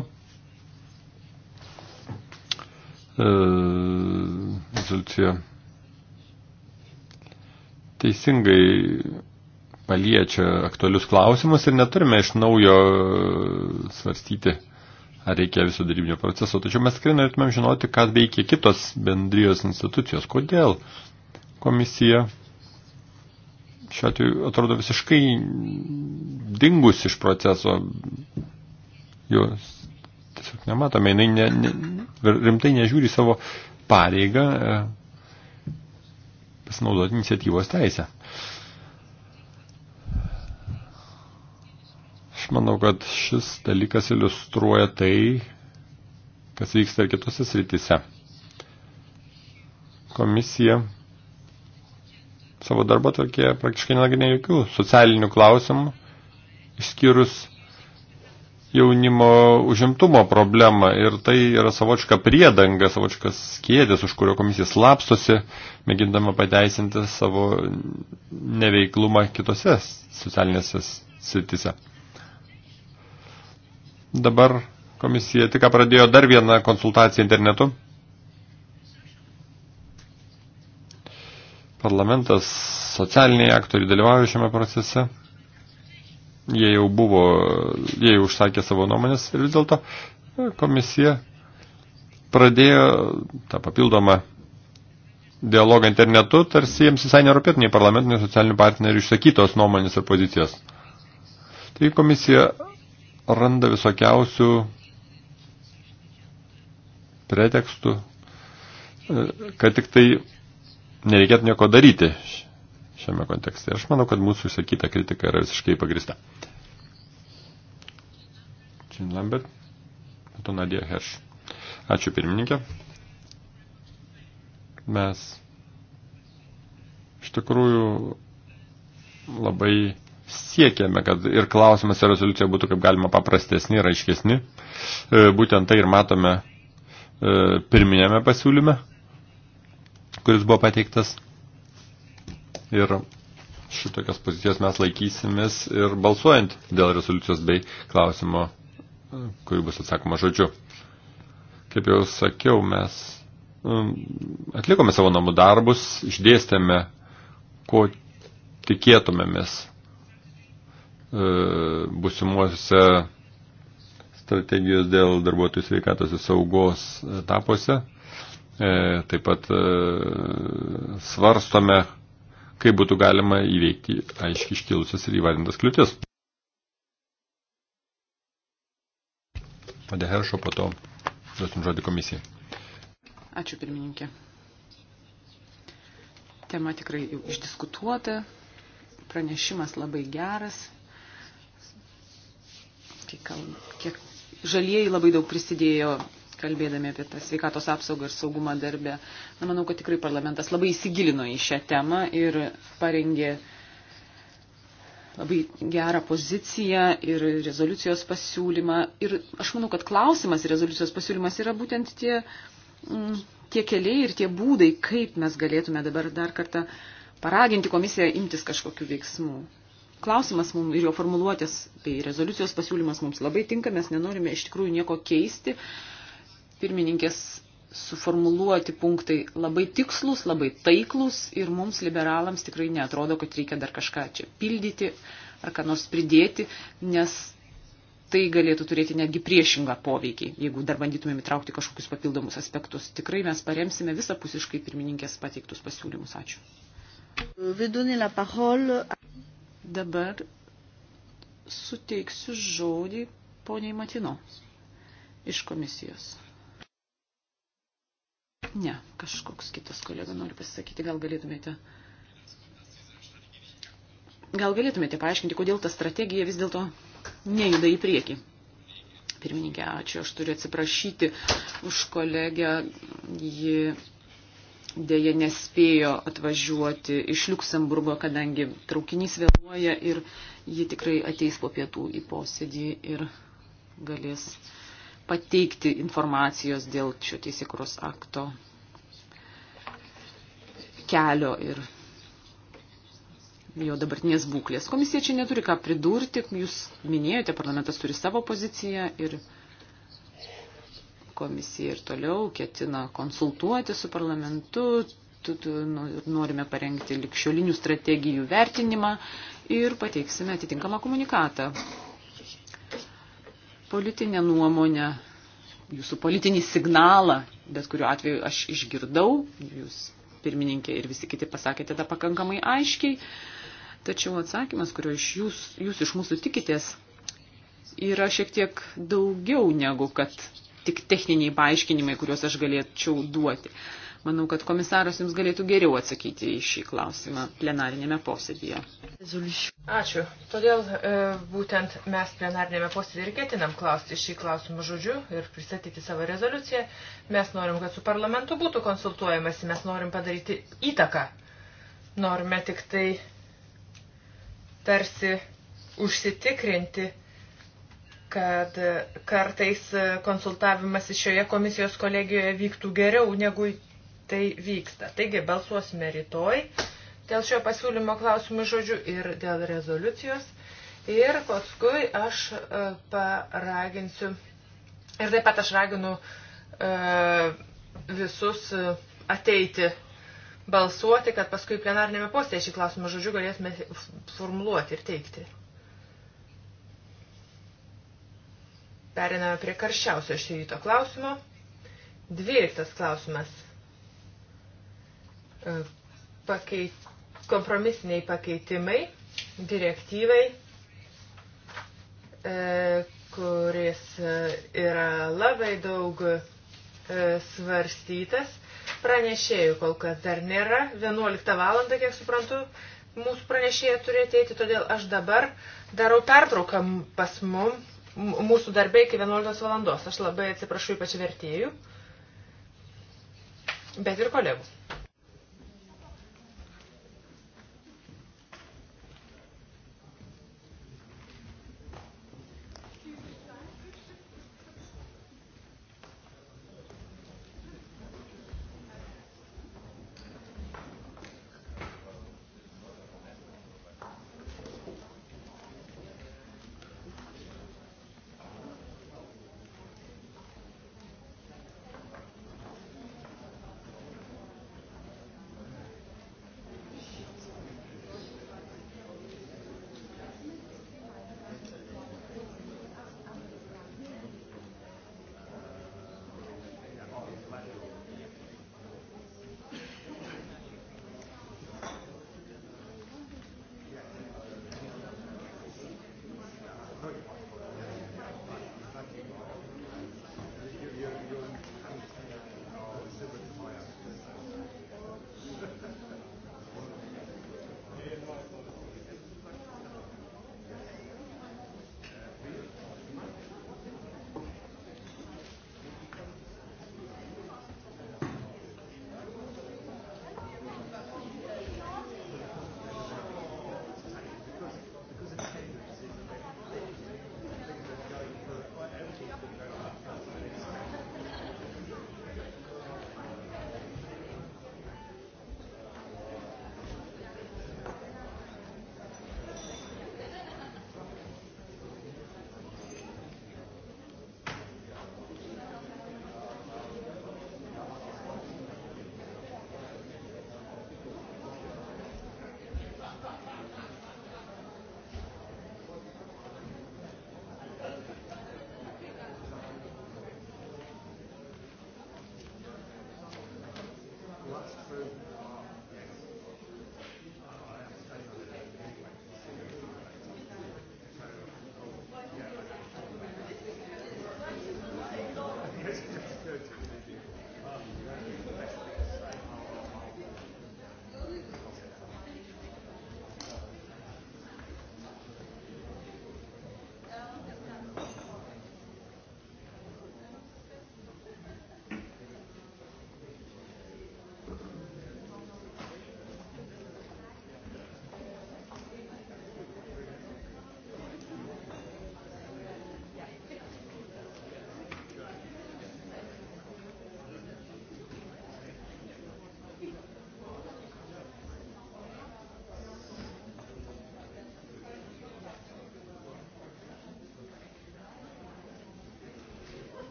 E, rezoliucija teisingai paliečia aktualius klausimus ir neturime iš naujo svarstyti, ar reikia viso darybinio proceso. Tačiau mes tikrai norėtumėm žinoti, ką veikia kitos bendrijos institucijos. Kodėl komisija šiuo atveju atrodo visiškai dingus iš proceso. Jos tiesiog nematome, jinai ne, ne, rimtai nežiūri savo pareigą e, pasinaudoti iniciatyvos teisę. Aš manau, kad šis dalykas iliustruoja tai, kas vyksta ir kitose srityse. Komisija savo darbo tvarkėje praktiškai nenagrinėja jokių socialinių klausimų, išskyrus jaunimo užimtumo problemą ir tai yra savočka priedanga, savočkas skėdės, už kurio komisija slapstosi, mėgindama pateisinti savo neveiklumą kitose socialinėse sritise. Dabar komisija tik pradėjo dar vieną konsultaciją internetu parlamentas, socialiniai aktoriai dalyvauja šiame procese. Jie jau buvo, jie jau užsakė savo nuomonės ir vis dėlto e, komisija pradėjo tą papildomą dialogą internetu, tarsi jiems visai nerūpėtų nei parlamentinių socialinių partnerių išsakytos nuomonės ir pozicijos. Tai komisija randa visokiausių pretekstų, e, kad tik tai nereikėtų nieko daryti šiame kontekste. Ir aš manau, kad mūsų išsakyta kritika yra visiškai pagrista. Jean Lambert, to Nadia Herš. Ačiū pirmininkė. Mes iš tikrųjų labai siekiame, kad ir klausimas ir rezoliucija būtų kaip galima paprastesni ir aiškesni. E, būtent tai ir matome e, pirminėme pasiūlyme kuris buvo pateiktas. Ir šitokios pozicijos mes laikysimės ir balsuojant dėl rezoliucijos bei klausimo, kurį bus atsakoma žodžiu. Kaip jau sakiau, mes um, atlikome savo namų darbus, išdėstėme, ko tikėtumėmės e, busimuose strategijos dėl darbuotojų sveikatos ir saugos etapuose. E, taip pat e, svarstome, kaip būtų galima įveikti aiškiai iškilusias ir įvardintas kliūtis. Pane Heršo, po to duosim žodį komisijai. Ačiū pirmininkė. Tema tikrai išdiskutuota, pranešimas labai geras. Kiek, kiek žalieji labai daug prisidėjo kalbėdami apie tą sveikatos apsaugą ir saugumą darbę. Na, manau, kad tikrai parlamentas labai įsigilino į šią temą ir parengė labai gerą poziciją ir rezoliucijos pasiūlymą. Ir aš manau, kad klausimas ir rezoliucijos pasiūlymas yra būtent tie, mm, tie keliai ir tie būdai, kaip mes galėtume dabar dar kartą paraginti komisiją imtis kažkokių veiksmų klausimas mums ir jo formuluotės bei rezoliucijos pasiūlymas mums labai tinka, mes nenorime iš tikrųjų nieko keisti, pirmininkės suformuluoti punktai labai tikslus, labai taiklus ir mums liberalams tikrai netrodo, kad reikia dar kažką čia pildyti ar ką nors pridėti, nes tai galėtų turėti netgi priešingą poveikį, jeigu dar bandytumėm įtraukti kažkokius papildomus aspektus. Tikrai mes paremsime visapusiškai pirmininkės pateiktus pasiūlymus. Ačiū. Dabar suteiksiu žodį poniai Matino iš komisijos. Ne, kažkoks kitas kolega nori pasisakyti, gal galėtumėte. Gal galėtumėte paaiškinti, kodėl ta strategija vis dėlto nejuda į priekį. Pirmininkė, ačiū, aš turiu atsiprašyti už kolegę. Ji dėja nespėjo atvažiuoti iš Luksemburgo, kadangi traukinys vėluoja ir ji tikrai ateis po pietų į posėdį ir galės pateikti informacijos dėl šio teisėkuros akto kelio ir jo dabartinės būklės. Komisija čia neturi ką pridurti, jūs minėjote, parlamentas turi savo poziciją ir komisija ir toliau ketina konsultuoti su parlamentu, tu, tu, nu, norime parengti likščiolinių strategijų vertinimą ir pateiksime atitinkamą komunikatą politinę nuomonę, jūsų politinį signalą, bet kuriuo atveju aš išgirdau, jūs pirmininkė ir visi kiti pasakėte tą pakankamai aiškiai, tačiau atsakymas, kurio iš jūs, jūs iš mūsų tikitės, yra šiek tiek daugiau negu kad tik techniniai paaiškinimai, kuriuos aš galėčiau duoti. Uh, Manau, kad komisaras jums galėtų geriau atsakyti į šį klausimą plenarinėme posėdėje. Ačiū. Todėl e, būtent mes plenarinėme posėdėje ir ketinam klausti šį klausimą žodžiu ir pristatyti savo rezoliuciją. Mes norim, kad su parlamentu būtų konsultuojamasi, mes norim padaryti įtaką. Norime tik tai tarsi užsitikrinti, kad kartais konsultavimas šioje komisijos kolegijoje vyktų geriau negu tai vyksta. Taigi balsuosime rytoj dėl šio pasiūlymo klausimų žodžių ir dėl rezoliucijos. Ir paskui aš e, paraginsiu, ir taip pat aš raginu e, visus e, ateiti balsuoti, kad paskui plenarnėme postėje šį klausimą žodžiu galėsime formuluoti ir teikti. Periname prie karščiausio šį ryto klausimo. Dvyliktas klausimas. E, pakei, kompromisiniai pakeitimai direktyvai, e, kuris e, yra labai daug svarstytas. Pranešėjų kol kas dar nėra. 11 valandą, kiek suprantu, mūsų pranešėja turi ateiti, todėl aš dabar darau pertrauką pas mum, mūsų darbė iki 11 valandos. Aš labai atsiprašau ypač vertėjų, bet ir kolegų.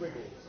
squiggle.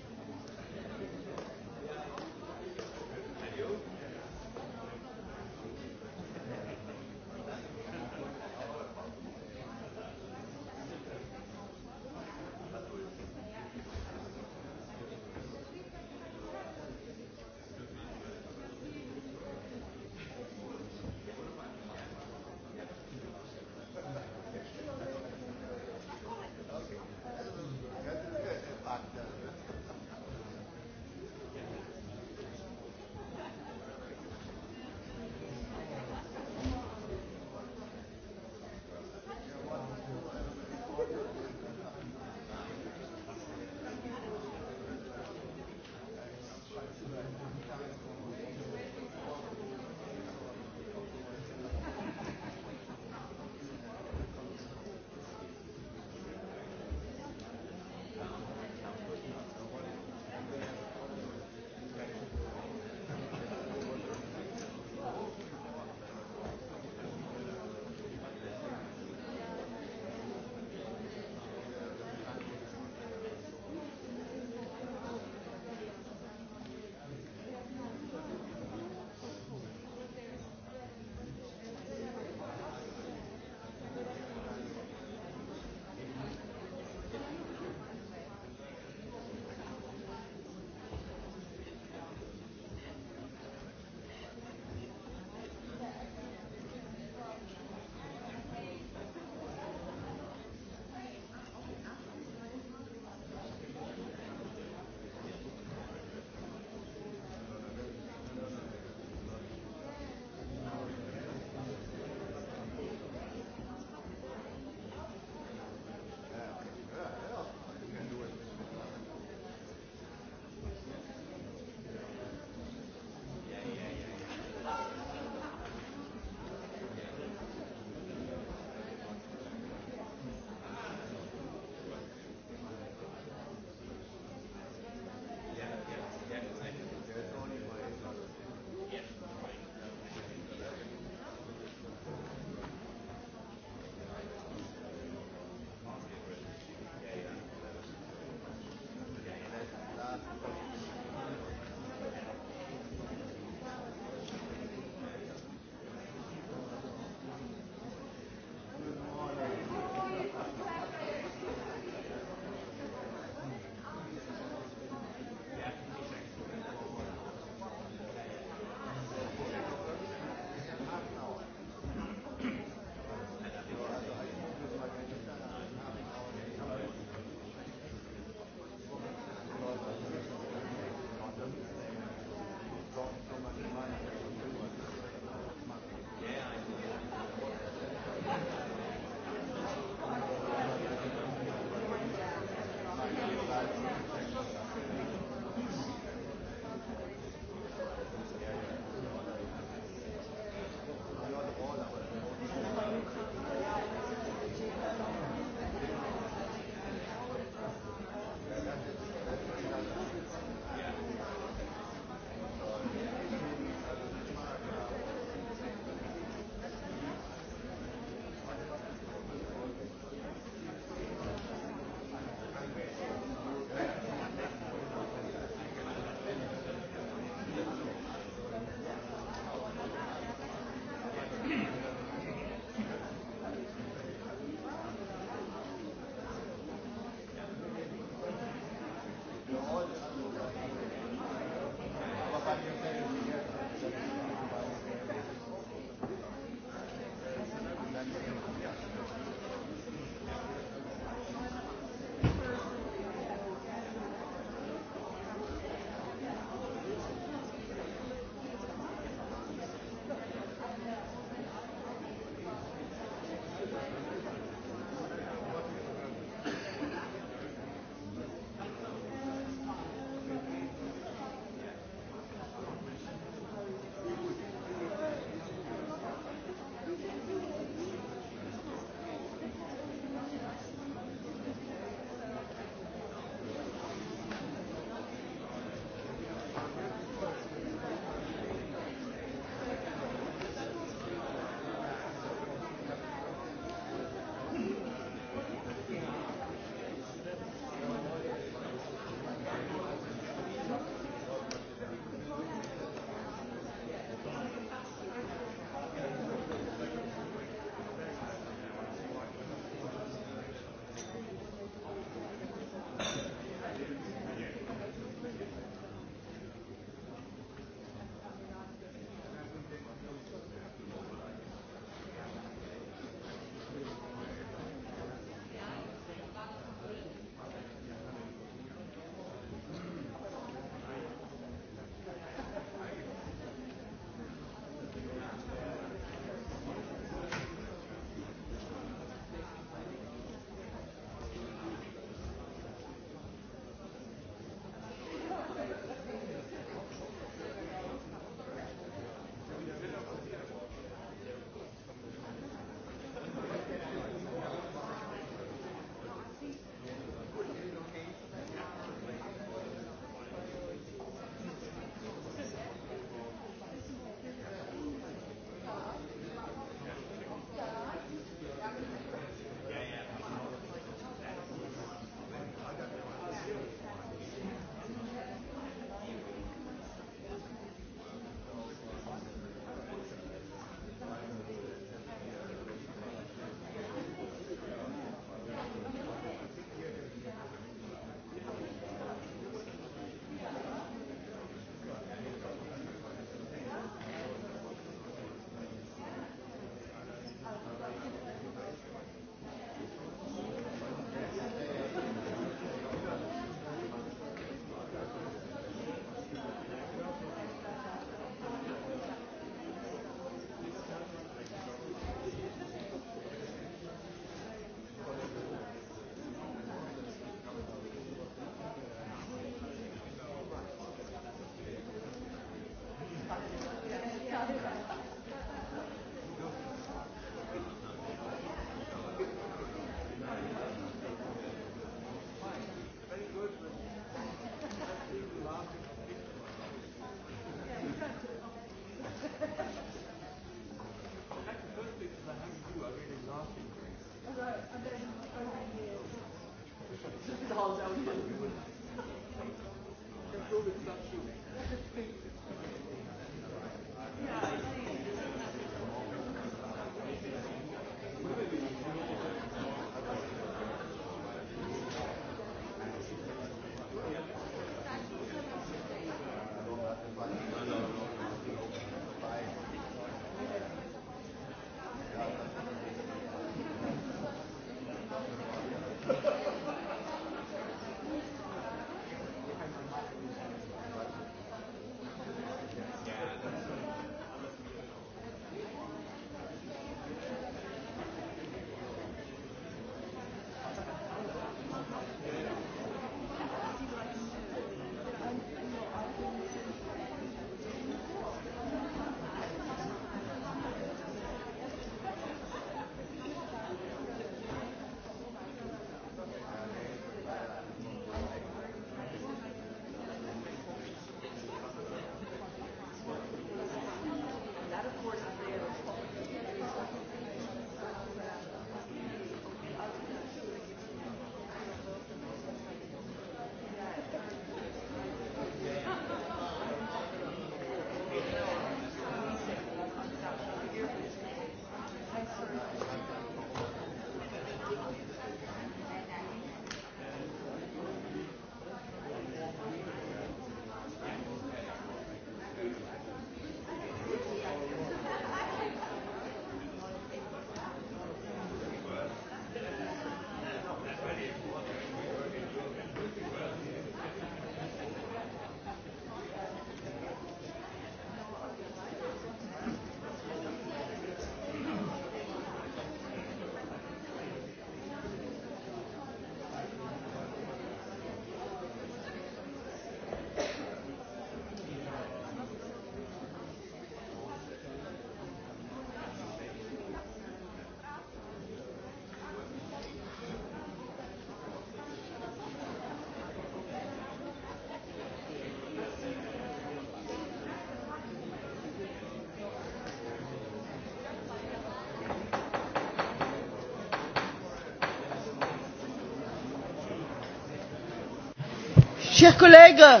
chers collègues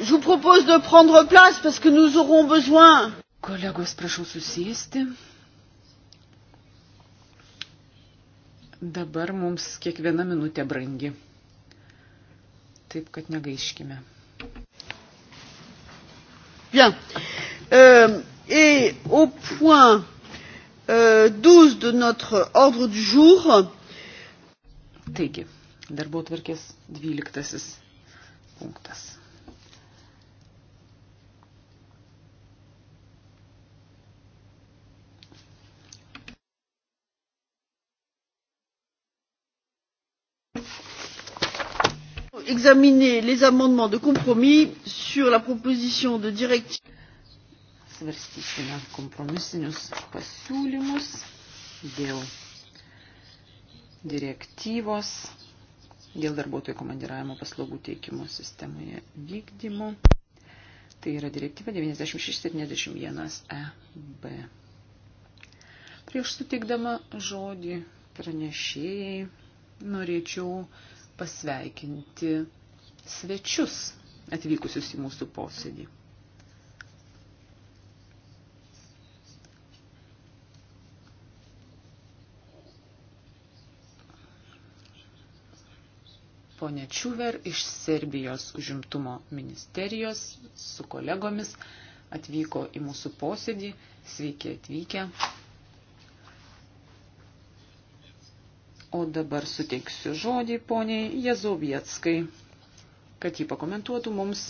je vous propose de prendre place parce que nous aurons besoin Kolegos, prašau susėsti. Dabar mums kiekviena minutė brangi. Taip, kad negaiškime. Bien. Euh, et au point euh, 12 de notre ordre du jour. Taigi, darbo tvarkės 12 punktas. examiner les amendements de compromis sur la proposition de directive. Svarstysime kompromisinius pasiūlymus dėl direktyvos dėl darbuotojų komandiravimo paslaugų teikimo sistemoje vykdymo. Tai yra direktyva 9671 EB. Prieš sutikdama žodį pranešėjai norėčiau pasveikinti svečius atvykusius į mūsų posėdį. ponė Čuver iš Serbijos užimtumo ministerijos su kolegomis atvyko į mūsų posėdį. Sveiki atvykę. O dabar suteiksiu žodį poniai Jezovietskai, kad jį pakomentuotų mums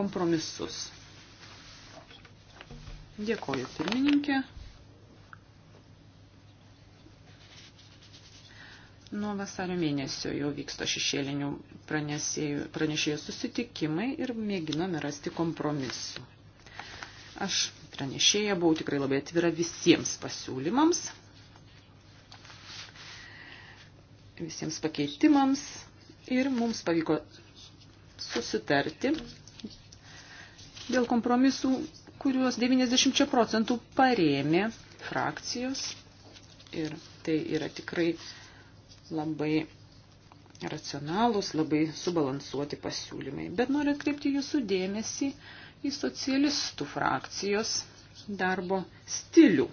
kompromisus. Dėkoju pirmininkė. Nuo vasario mėnesio jau vyksta šešėlinių pranešėjų susitikimai ir mėginome rasti kompromisų. Aš pranešėja buvau tikrai labai atvira visiems pasiūlymams, visiems pakeitimams ir mums pavyko susitarti dėl kompromisų, kuriuos 90 procentų parėmė frakcijos. Ir tai yra tikrai labai racionalūs, labai subalansuoti pasiūlymai. Bet noriu atkreipti jūsų dėmesį į socialistų frakcijos darbo stilių.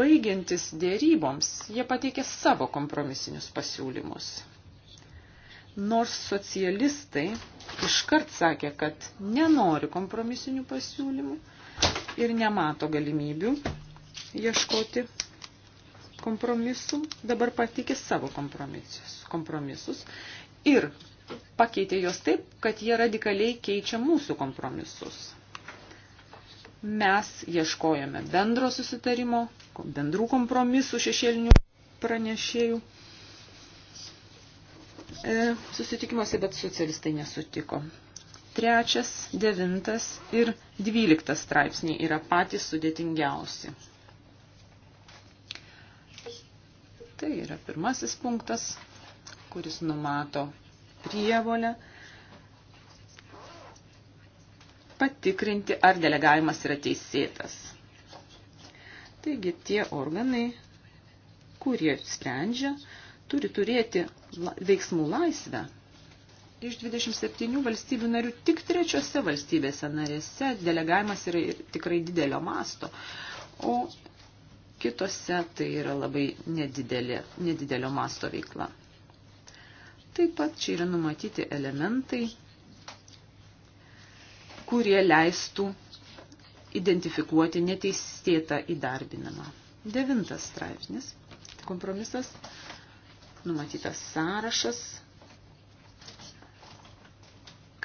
Baigiantis dėryboms, jie pateikė savo kompromisinius pasiūlymus. Nors socialistai iškart sakė, kad nenori kompromisinių pasiūlymų ir nemato galimybių ieškoti kompromisų, dabar patikė savo kompromisus, kompromisus ir pakeitė juos taip, kad jie radikaliai keičia mūsų kompromisus. Mes ieškojame bendro susitarimo, bendrų kompromisų šešėlinių pranešėjų e, susitikimuose, bet socialistai nesutiko. Trečias, devintas ir dvyliktas straipsniai yra patys sudėtingiausi. Tai yra pirmasis punktas, kuris numato prievolę patikrinti, ar delegavimas yra teisėtas. Taigi tie organai, kurie sprendžia, turi turėti veiksmų laisvę. Iš 27 valstybių narių tik trečiose valstybėse narėse delegavimas yra tikrai didelio masto, o kitose tai yra labai nedidelė, nedidelio masto veikla. Taip pat čia yra numatyti elementai, kurie leistų identifikuoti neteisėtą įdarbinamą. Devintas straipsnis. Kompromisas. Numatytas sąrašas.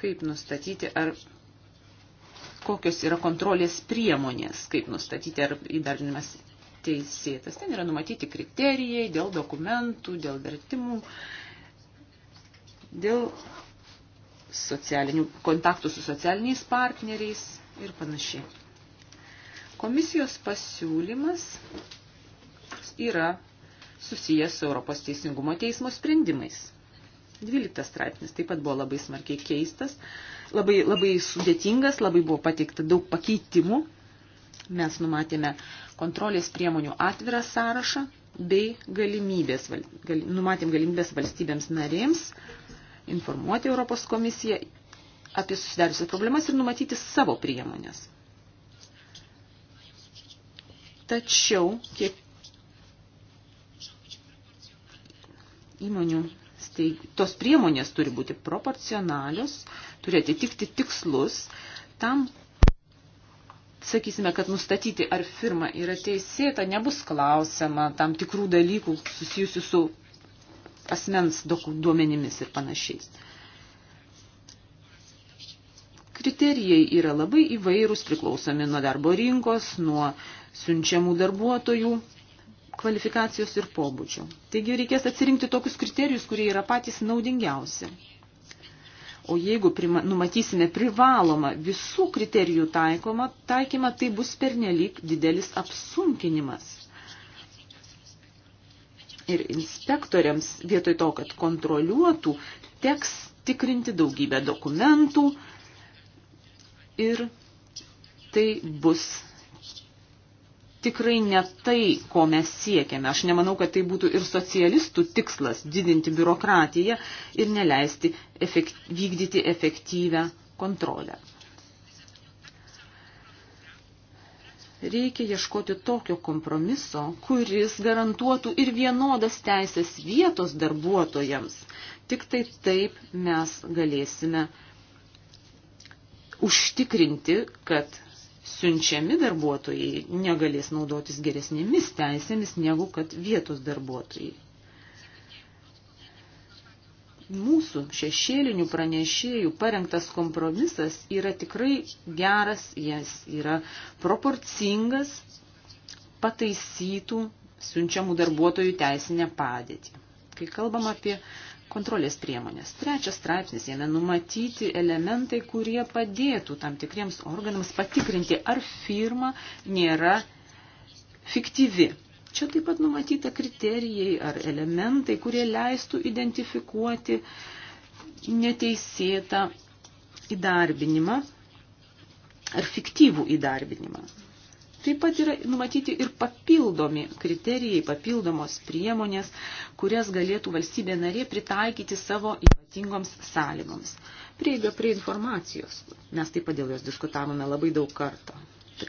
Kaip nustatyti, ar kokios yra kontrolės priemonės, kaip nustatyti, ar įdarbinimas teisėtas. Ten yra numatyti kriterijai dėl dokumentų, dėl vertimų, dėl socialinių, kontaktų su socialiniais partneriais ir panašiai. Komisijos pasiūlymas yra susijęs su Europos teisingumo teismo sprendimais. 12 straipsnis taip pat buvo labai smarkiai keistas, labai, labai sudėtingas, labai buvo pateikta daug pakeitimų Mes numatėme kontrolės priemonių atvirą sąrašą bei galimybės, gal, numatėm galimybės valstybėms narėms informuoti Europos komisiją apie susidariusias problemas ir numatyti savo priemonės. Tačiau kiek įmonių steig... tos priemonės turi būti proporcionalios, turi atitikti tikslus tam, sakysime, kad nustatyti, ar firma yra teisėta, nebus klausima tam tikrų dalykų susijusių su asmens duomenimis ir panašiais. Kriterijai yra labai įvairūs, priklausomi nuo darbo rinkos, nuo siunčiamų darbuotojų kvalifikacijos ir pobūdžių. Taigi reikės atsirinkti tokius kriterijus, kurie yra patys naudingiausi. O jeigu prima, numatysime privalomą visų kriterijų taikomą, taikymą, tai bus pernelyg didelis apsunkinimas. Ir inspektoriams vietoj to, kad kontroliuotų, teks tikrinti daugybę dokumentų ir tai bus tikrai ne tai, ko mes siekiame. Aš nemanau, kad tai būtų ir socialistų tikslas didinti biurokratiją ir neleisti efekt, vykdyti efektyvę kontrolę. Reikia ieškoti tokio kompromiso, kuris garantuotų ir vienodas teisės vietos darbuotojams. Tik tai taip mes galėsime užtikrinti, kad siunčiami darbuotojai negalės naudotis geresnėmis teisėmis negu kad vietos darbuotojai. Mūsų šešėlinių pranešėjų parengtas kompromisas yra tikrai geras, jis yra proporcingas, pataisytų siunčiamų darbuotojų teisinę padėtį. Kai kalbam apie uh, kontrolės priemonės. Trečias straipsnis, jame numatyti elementai, kurie padėtų tam tikriems organams patikrinti, ar firma nėra fiktyvi. Čia taip pat numatyta kriterijai ar elementai, kurie leistų identifikuoti neteisėtą įdarbinimą ar fiktyvų įdarbinimą. Taip pat yra numatyti ir papildomi kriterijai, papildomos priemonės, kurias galėtų valstybė narė pritaikyti savo ypatingoms sąlygoms. Prieiga prie informacijos. Mes taip pat dėl jos diskutavome labai daug karto.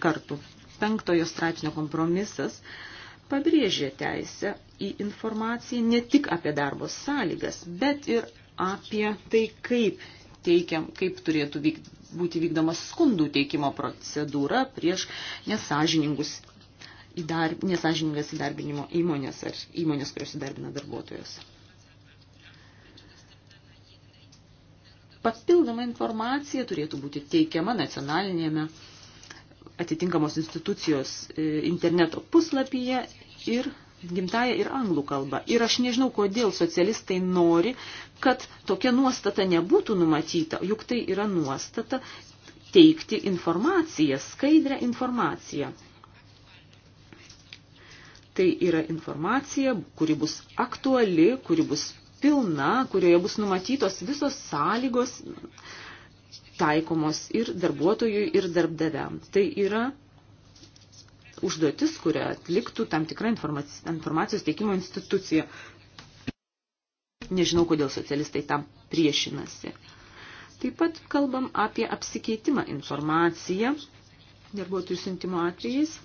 kartų. Penktojo straipsnio kompromisas pabrėžė teisę į informaciją ne tik apie darbo sąlygas, bet ir apie tai, kaip teikiam, kaip turėtų vykti būti vykdomas skundų teikimo procedūra prieš nesažiningus įdarb, nesažiningas įdarbinimo įmonės ar įmonės, kurios įdarbina darbuotojus. Papildoma informacija turėtų būti teikiama nacionalinėme atitinkamos institucijos e, interneto puslapyje ir gimtaja ir anglų kalba. Ir aš nežinau, kodėl socialistai nori, kad tokia nuostata nebūtų numatyta, juk tai yra nuostata teikti informaciją, skaidrę informaciją. Tai yra informacija, kuri bus aktuali, kuri bus pilna, kurioje bus numatytos visos sąlygos taikomos ir darbuotojui, ir darbdaviam. Tai yra užduotis, kurią atliktų tam tikra informacijos, informacijos teikimo institucija. Nežinau, kodėl socialistai tam priešinasi. Taip pat kalbam apie apsikeitimą informaciją darbuotojų siuntimo atvejais.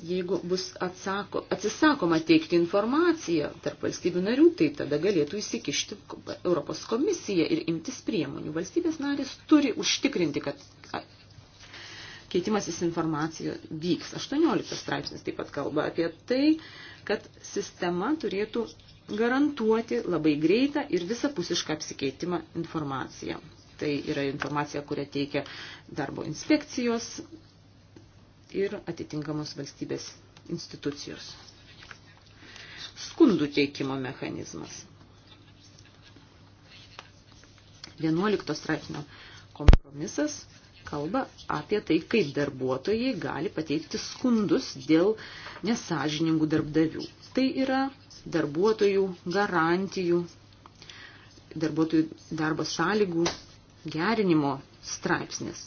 Jeigu bus atsako, atsisakoma teikti informaciją tarp valstybių narių, tai tada galėtų įsikišti Europos komisija ir imtis priemonių. Valstybės narės turi užtikrinti, kad keitimasis informacijų vyks. 18 straipsnis taip pat kalba apie tai, kad sistema turėtų garantuoti labai greitą ir visapusišką apsikeitimą informaciją. Tai yra informacija, kurią teikia darbo inspekcijos ir atitinkamos valstybės institucijos. Skundų teikimo mechanizmas. 11 straipsnio kompromisas kalba apie tai, kaip darbuotojai gali pateikti skundus dėl nesažiningų darbdavių. Tai yra darbuotojų garantijų, darbuotojų darbo sąlygų gerinimo straipsnis,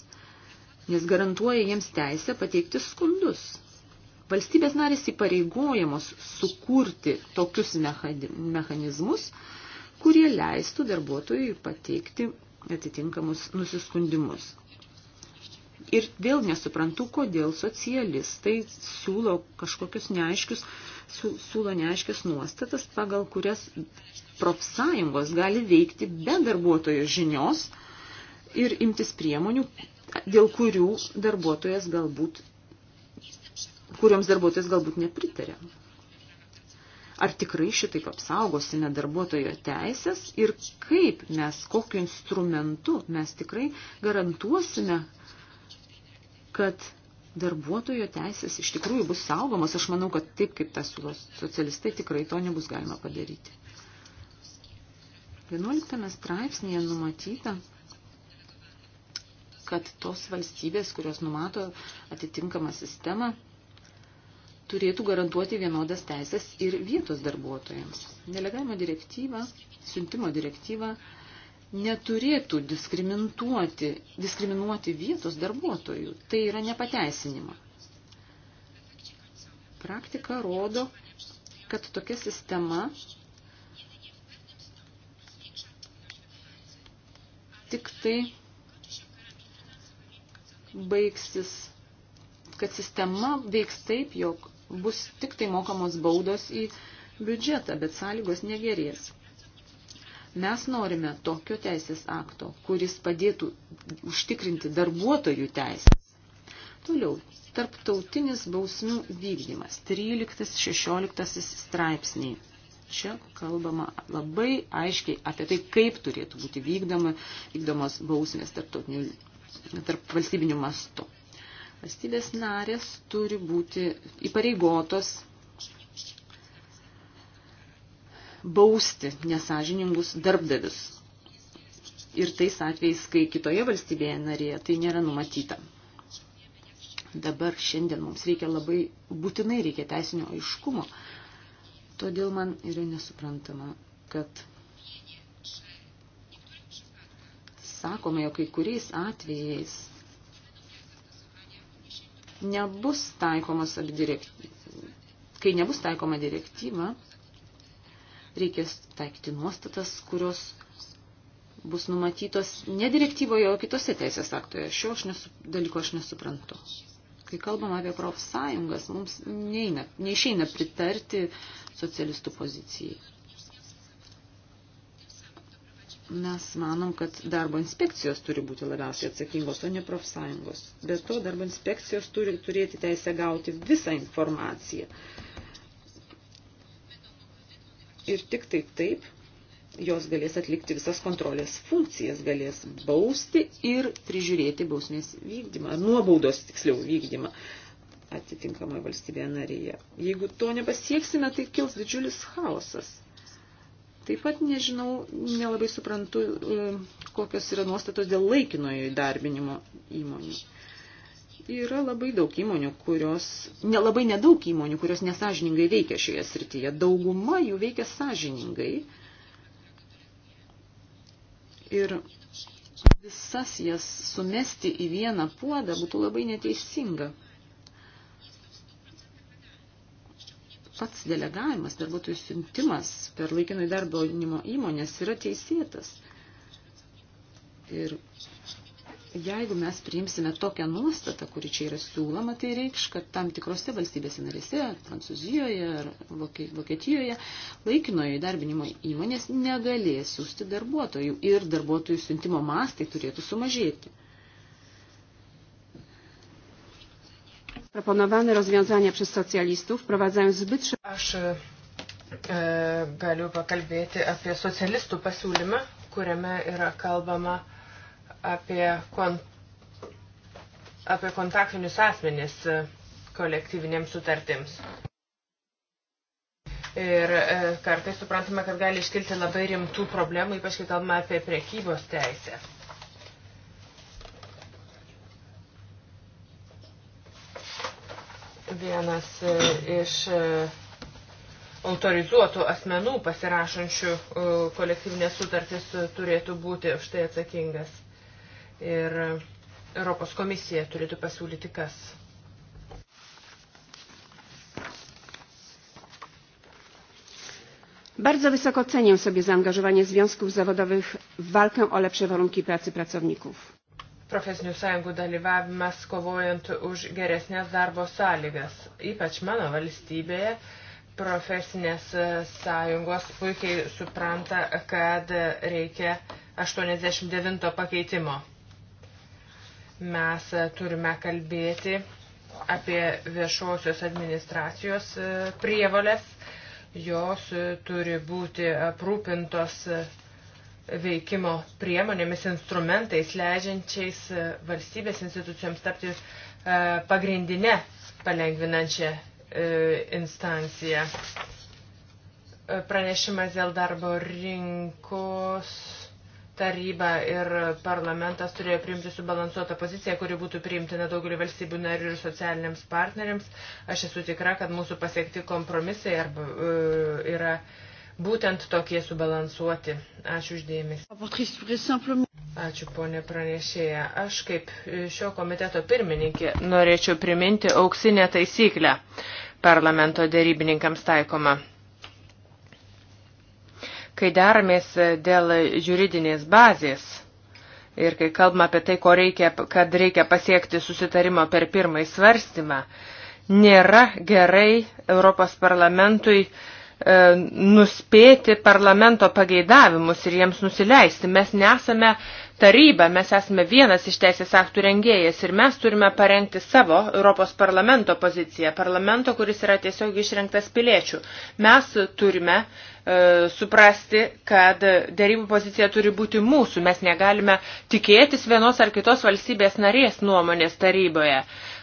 nes garantuoja jiems teisę pateikti skundus. Valstybės narės įpareigojamos sukurti tokius mechanizmus, kurie leistų darbuotojui pateikti atitinkamus nusiskundimus ir vėl nesuprantu, kodėl socialistai siūlo kažkokius neaiškius, siūlo neaiškius nuostatas, pagal kurias profsąjungos gali veikti be darbuotojo žinios ir imtis priemonių, dėl kurių darbuotojas galbūt, kuriuoms darbuotojas galbūt nepritarė. Ar tikrai šitaip apsaugosime darbuotojo teisės ir kaip mes, kokiu instrumentu mes tikrai garantuosime, kad darbuotojo teisės iš tikrųjų bus saugomos. Aš manau, kad taip kaip tas siūlos socialistai tikrai to nebus galima padaryti. 11 straipsnėje numatyta, kad tos valstybės, kurios numato atitinkamą sistemą, turėtų garantuoti vienodas teisės ir vietos darbuotojams. Delegavimo direktyva, siuntimo direktyva neturėtų diskriminuoti, diskriminuoti vietos darbuotojų. Tai yra nepateisinima. Praktika rodo, kad tokia sistema tik tai baigsis, kad sistema veiks taip, jog bus tik tai mokamos baudos į biudžetą, bet sąlygos negerės. Mes norime tokio teisės akto, kuris padėtų užtikrinti darbuotojų teisės. Toliau, tarptautinis bausmių vykdymas, 13-16 straipsniai. Čia kalbama labai aiškiai apie tai, kaip turėtų būti vykdoma, vykdomos bausmės tarp valstybinių mastų. Valstybės narės turi būti įpareigotos bausti nesažiningus darbdavius. Ir tais atvejais, kai kitoje valstybėje narėje tai nėra numatyta. Dabar šiandien mums reikia labai, būtinai reikia teisinio aiškumo. Todėl man yra nesuprantama, kad sakome, jog kai kuriais atvejais nebus taikomas direktyva, kai nebus taikoma direktyva, reikės taikyti nuostatas, kurios bus numatytos ne direktyvoje, o kitose teisės aktoje. Šio aš nesu, dalyko aš nesuprantu. Kai kalbam apie profsąjungas, mums neina, neišeina pritarti socialistų pozicijai. Mes manom, kad darbo inspekcijos turi būti labiausiai atsakingos, o ne profsąjungos. Be to, darbo inspekcijos turi turėti teisę gauti visą informaciją ir tik taip taip jos galės atlikti visas kontrolės funkcijas, galės bausti ir prižiūrėti bausmės vykdymą, nuobaudos tiksliau vykdymą atitinkamoje valstybėje narėje. Jeigu to nepasieksime, tai kils didžiulis chaosas. Taip pat nežinau, nelabai suprantu, e, kokios yra nuostatos dėl laikinojo įdarbinimo įmonių. Yra labai daug įmonių, kurios, nelabai nedaug įmonių, kurios nesažiningai veikia šioje srityje. Dauguma jų veikia sažiningai. Ir visas jas sumesti į vieną puodą būtų labai neteisinga. Pats delegavimas, darbuotojų siuntimas per laikinai darbo įmonės yra teisėtas. Ir jeigu mes priimsime tokią nuostatą, kuri čia yra siūloma, tai reikš, kad tam tikrose valstybėse narėse, Prancūzijoje ar Vokietijoje, laikinojo įdarbinimo įmonės negalės siūsti darbuotojų ir darbuotojų siuntimo mastai turėtų sumažėti. Proponowane rozwiązania przez socjalistów wprowadzają zbyt Aš e, galiu pakalbėti apie socialistų pasiūlymą, kuriame yra kalbama apie, kon, apie kontaktinius asmenis e, kolektyvinėms sutartims. Ir e, kartais suprantame, kad gali iškilti labai rimtų problemų, ypač kai kalbame apie prekybos teisę. Vienas e, iš autorizuotų asmenų pasirašančių kolektyvinės sutartis turėtų būti už tai atsakingas ir Europos komisija turėtų pasiūlyti kas. Bardzo wysoko cenię sobie zaangażowanie związków zawodowych w walkę o lepsze warunki pracy pracowników. Profesinių sąjungų dalyvavimas kovojant už geresnės darbo sąlygas, ypač mano valstybėje, profesinės sąjungos puikiai supranta, kad reikia 89 pakeitimo. Mes e, turime kalbėti apie viešosios administracijos e, prievalės. Jos e, turi būti aprūpintos veikimo priemonėmis, instrumentais, leidžiančiais valstybės institucijoms tapti pagrindinę palengvinančią instanciją pranešimas dėl darbo rinkos taryba ir parlamentas turėjo priimti subalansuotą poziciją, kuri būtų priimtina daugeliu valstybių narių ir socialiniams partneriams. Aš esu tikra, kad mūsų pasiekti kompromisai arba, e, yra būtent tokie subalansuoti. Ačiū uždėmesi. Ačiū, ponė pranešėja. Aš kaip e, šio komiteto pirmininkė norėčiau priminti auksinę taisyklę parlamento dėrybininkams taikoma Kai deramės dėl juridinės bazės ir kai kalbame apie tai, ko reikia, kad reikia pasiekti susitarimo per pirmąjį svarstymą, nėra gerai Europos parlamentui e, nuspėti parlamento pageidavimus ir jiems nusileisti. Mes nesame taryba, mes esame vienas iš teisės aktų rengėjas ir mes turime parengti savo Europos parlamento poziciją, parlamento, kuris yra tiesiog išrinktas piliečių. Mes turime e, suprasti, kad dėrybų pozicija turi būti mūsų, mes negalime tikėtis vienos ar kitos valstybės narės nuomonės taryboje.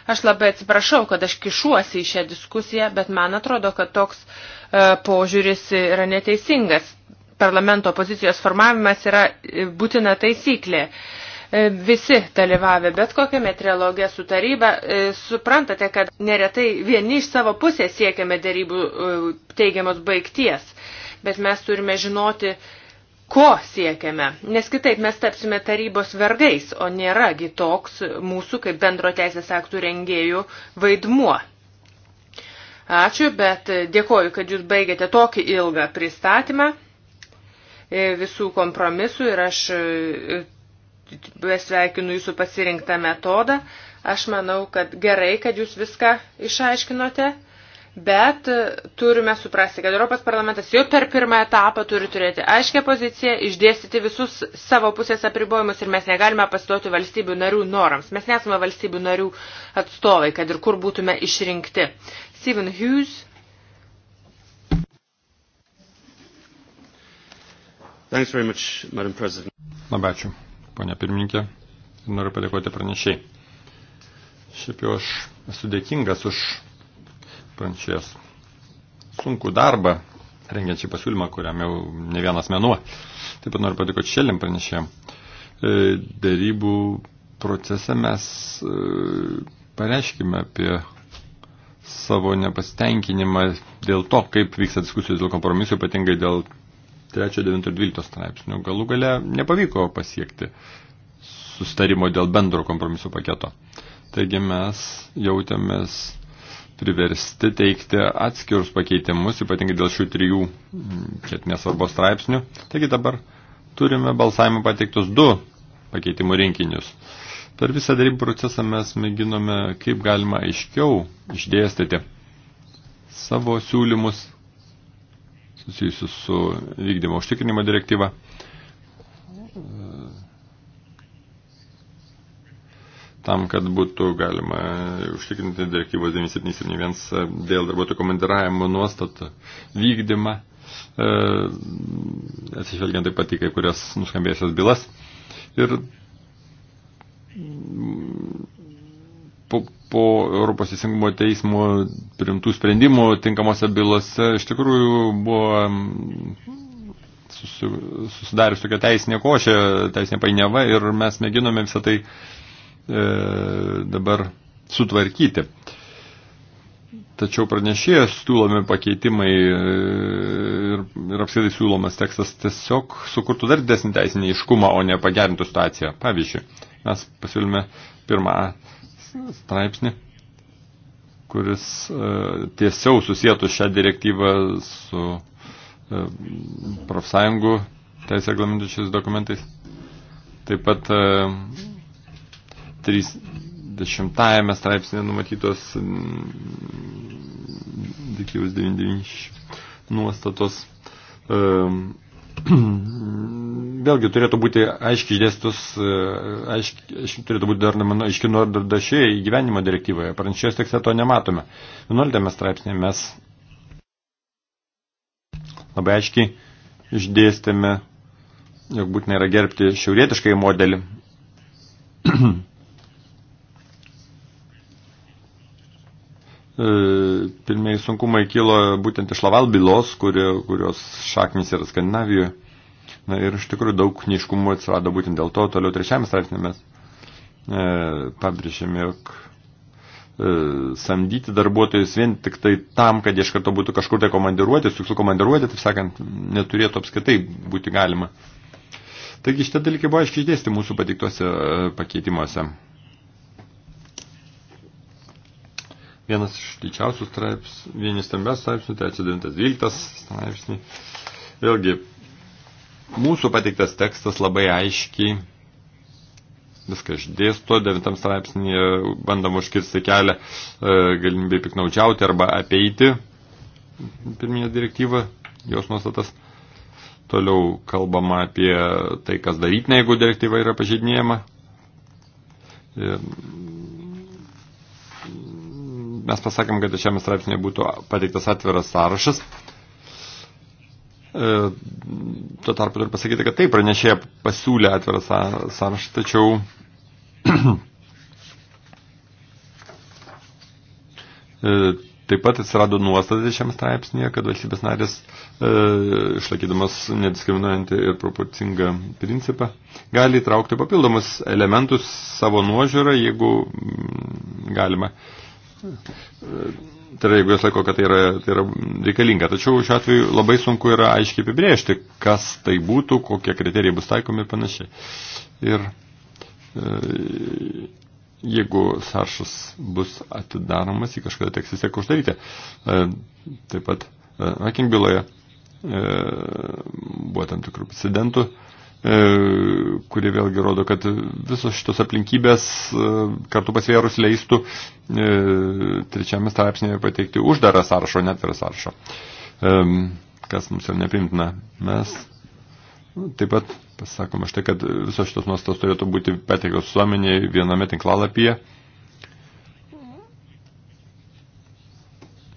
Aš labai atsiprašau, kad aš kišuosi į šią diskusiją, bet man atrodo, kad toks e, požiūris yra neteisingas parlamento pozicijos formavimas yra e, būtina taisyklė. E, visi dalyvavę bet kokiame trialoge su taryba, e, suprantate, kad neretai vieni iš savo pusės siekiame darybų teigiamos baigties, bet mes turime žinoti, ko siekiame, nes kitaip mes tapsime tarybos vergais, o nėragi toks mūsų kaip bendro teisės aktų rengėjų vaidmuo. Ačiū, bet dėkoju, kad jūs baigėte tokį ilgą pristatymą. E, visų kompromisų ir aš e, e, sveikinu jūsų pasirinktą metodą. Aš manau, kad gerai, kad jūs viską išaiškinote, bet turime suprasti, kad Europos parlamentas jau per pirmą etapą turi turėti aiškę poziciją, išdėstyti visus savo pusės apribojimus ir mes negalime pasiduoti valstybių narių norams. Mes nesame valstybių narių atstovai, kad ir kur būtume išrinkti. Stephen Hughes Much, Labai ačiū, ponia pirmininkė. Ir noriu padėkoti pranešiai. Šiaip jau aš esu dėkingas už pranešės sunku darbą, rengiant šį pasiūlymą, kuriam jau ne vienas menuo. Taip pat noriu padėkoti šėlim pranešėjom. E, Darybų procese mes e, pareiškime apie savo nepasitenkinimą dėl to, kaip vyksta diskusijos dėl kompromisų, ypatingai dėl 3, 9 ir 12 straipsnių galų gale nepavyko pasiekti sustarimo dėl bendro kompromiso paketo. Taigi mes jautėmės priversti teikti atskirus pakeitimus, ypatingai dėl šių trijų mm, ketinės svarbos straipsnių. Taigi dabar turime balsavimą pateiktus du pakeitimų rinkinius. Per visą darybų procesą mes mėginome, kaip galima aiškiau išdėstyti savo siūlymus susijusius su vykdymo užtikrinimo direktyva. Tam, kad būtų galima užtikrinti direktyvos 9771 dėl darbuotojų komandiravimo nuostatų vykdymą, e, atsižvelgiant taip pat į kai kurias nuskambėjusias bylas. Ir po, po Europos teisingumo teismo primtų sprendimų tinkamose bylose iš tikrųjų buvo mm, susi, susidarius tokia teisinė košė, teisinė painiava ir mes mėginome visą tai e, dabar sutvarkyti. Tačiau pranešėjas siūlomi pakeitimai e, ir, ir apskritai siūlomas tekstas tiesiog sukurtų dar didesnį teisinį iškumą, o ne pagerintų situaciją. Pavyzdžiui, mes pasiūlėme pirmą straipsnį, kuris e, tiesiau susijėtų šią direktyvą su e, profsąjungų teisė reglamentų šiais dokumentais. Taip pat 30 e, straipsnėje numatytos direktyvos 99 nuostatos vėlgi turėtų būti aiškiai išdėstus, e, aiškiai, turėtų būti dar, manau, aiški nuoroda šioje įgyvenimo direktyvoje. Pranešėjos tekste to nematome. 11 straipsnėje mes labai aiškiai išdėstėme, jog būtina yra gerbti šiaurietiškai modelį. E, pirmieji sunkumai kilo būtent iš Laval bylos, kurios šaknis yra Skandinavijoje. Na ir iš tikrųjų daug neiškumų atsirado būtent dėl to. Toliau trečiam straipsnė mes e, pabrėžėme, jog e, samdyti darbuotojus vien tik tai tam, kad jie iš karto būtų kažkur tai komandiruoti, su komandiruoti, taip sakant, neturėtų apskaitai būti galima. Taigi šitie dalykai buvo aiškiai išdėsti mūsų patiktuose e, pakeitimuose. Vienas iš didžiausių straips, vienis stambiausių straipsnių, tai 912 straipsnį. Vėlgi, Mūsų pateiktas tekstas labai aiškiai viską išdėsto, devintam straipsnėje bandam užkirsti kelią e, galimybę piknaudžiauti arba apeiti pirminę direktyvą, jos nuostatas. Toliau kalbama apie tai, kas darytina, jeigu direktyva yra pažeidinėjama. E, mes pasakėm, kad šiame straipsnėje būtų pateiktas atviras sąrašas E, tuo tarpu turiu pasakyti, kad taip pranešėja pasiūlė atvirą sąrašą, tačiau e, taip pat atsirado nuostata šiam straipsnėje, kad valstybės narės e, išlaikydamas nediskriminuojantį ir proporcingą principą gali įtraukti papildomus elementus savo nuožiūrą, jeigu mm, galima. Tai yra, jeigu jis laiko, kad tai yra, tai yra reikalinga. Tačiau šiuo atveju labai sunku yra aiškiai apibrėžti, kas tai būtų, kokie kriterijai bus taikomi ir panašiai. Ir e, jeigu sąrašas bus atidaromas, jį kažkada teks vis tiek uždaryti. E, taip pat e, Hacking e, byloje e, buvo tam tikrų precedentų. E, E, kurie vėlgi rodo, kad visos šitos aplinkybės e, kartu pasvėrus leistų e, trečiame straipsnėje pateikti uždarą sąrašo, net ir sąrašo, kas mums yra neprimtina. Mes taip pat pasakome štai, kad visos šitos nuostatos turėtų būti pateiktos visuomenėje viename tinklalapyje.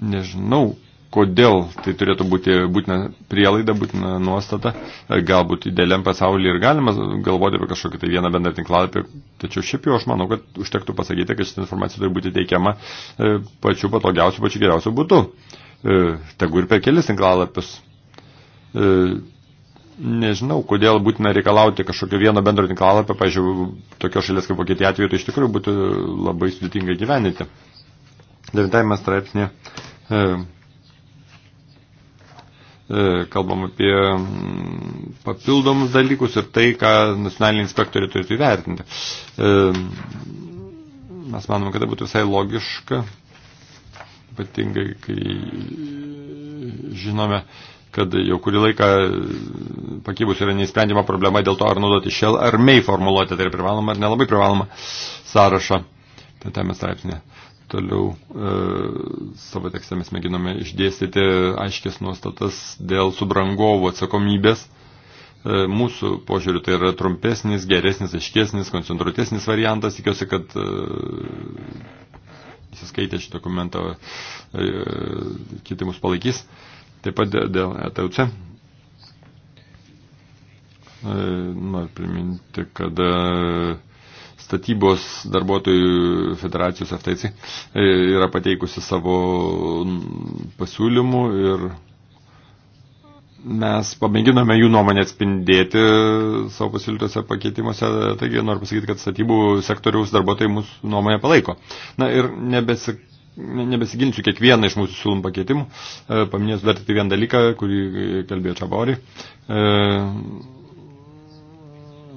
Nežinau, kodėl tai turėtų būti būtina prielaida, būtina nuostata. E, galbūt idealiam pasaulyje ir galima galvoti apie kažkokį tai vieną bendrą tinklalapį, tačiau šiaip jau aš manau, kad užtektų pasakyti, kad šitą informaciją turi būti teikiama e, pačiu patogiausiu, pačiu geriausiu būdu. E, tegu ir per kelis tinklalapius. Nežinau, kodėl būtina reikalauti kažkokio vieno bendro tinklalapio, pažiūrėjau, tokios šalies kaip Vokietija atveju, tai iš tikrųjų būtų labai sudėtinga gyveninti. Devintame straipsnė E, kalbam apie mm, papildomus dalykus ir tai, ką nacionaliniai inspektoriai turėtų įvertinti. E, mes manome, kad tai būtų visai logiška, ypatingai, kai žinome, kad jau kurį laiką pakybus yra neįsprendžiama problema dėl to, ar naudoti shell ar may formuluotę, tai yra privaloma ar nelabai privaloma sąrašą. Tai tame straipsnė. Toliau e, savo tekste mes mėginame išdėstyti aiškės nuostatas dėl subrangovo atsakomybės. E, mūsų požiūriu tai yra trumpesnis, geresnis, aiškesnis, koncentruotesnis variantas. Tikiuosi, kad e, įsiskaitę šį dokumentą e, kiti mus palaikys. Taip pat dėl ETUC e, noriu priminti, kad statybos darbuotojų federacijos FTC e, yra pateikusi savo pasiūlymų ir mes pamėginame jų nuomonę atspindėti savo pasiūlytose pakeitimuose, taigi noriu pasakyti, kad statybų sektoriaus darbuotojai mūsų nuomonę palaiko. Na ir nebesi, nebesiginsiu kiekvieną iš mūsų siūlomų pakeitimų, e, paminėsiu dar tik tai vieną dalyką, kurį kalbėjo Čabori. E,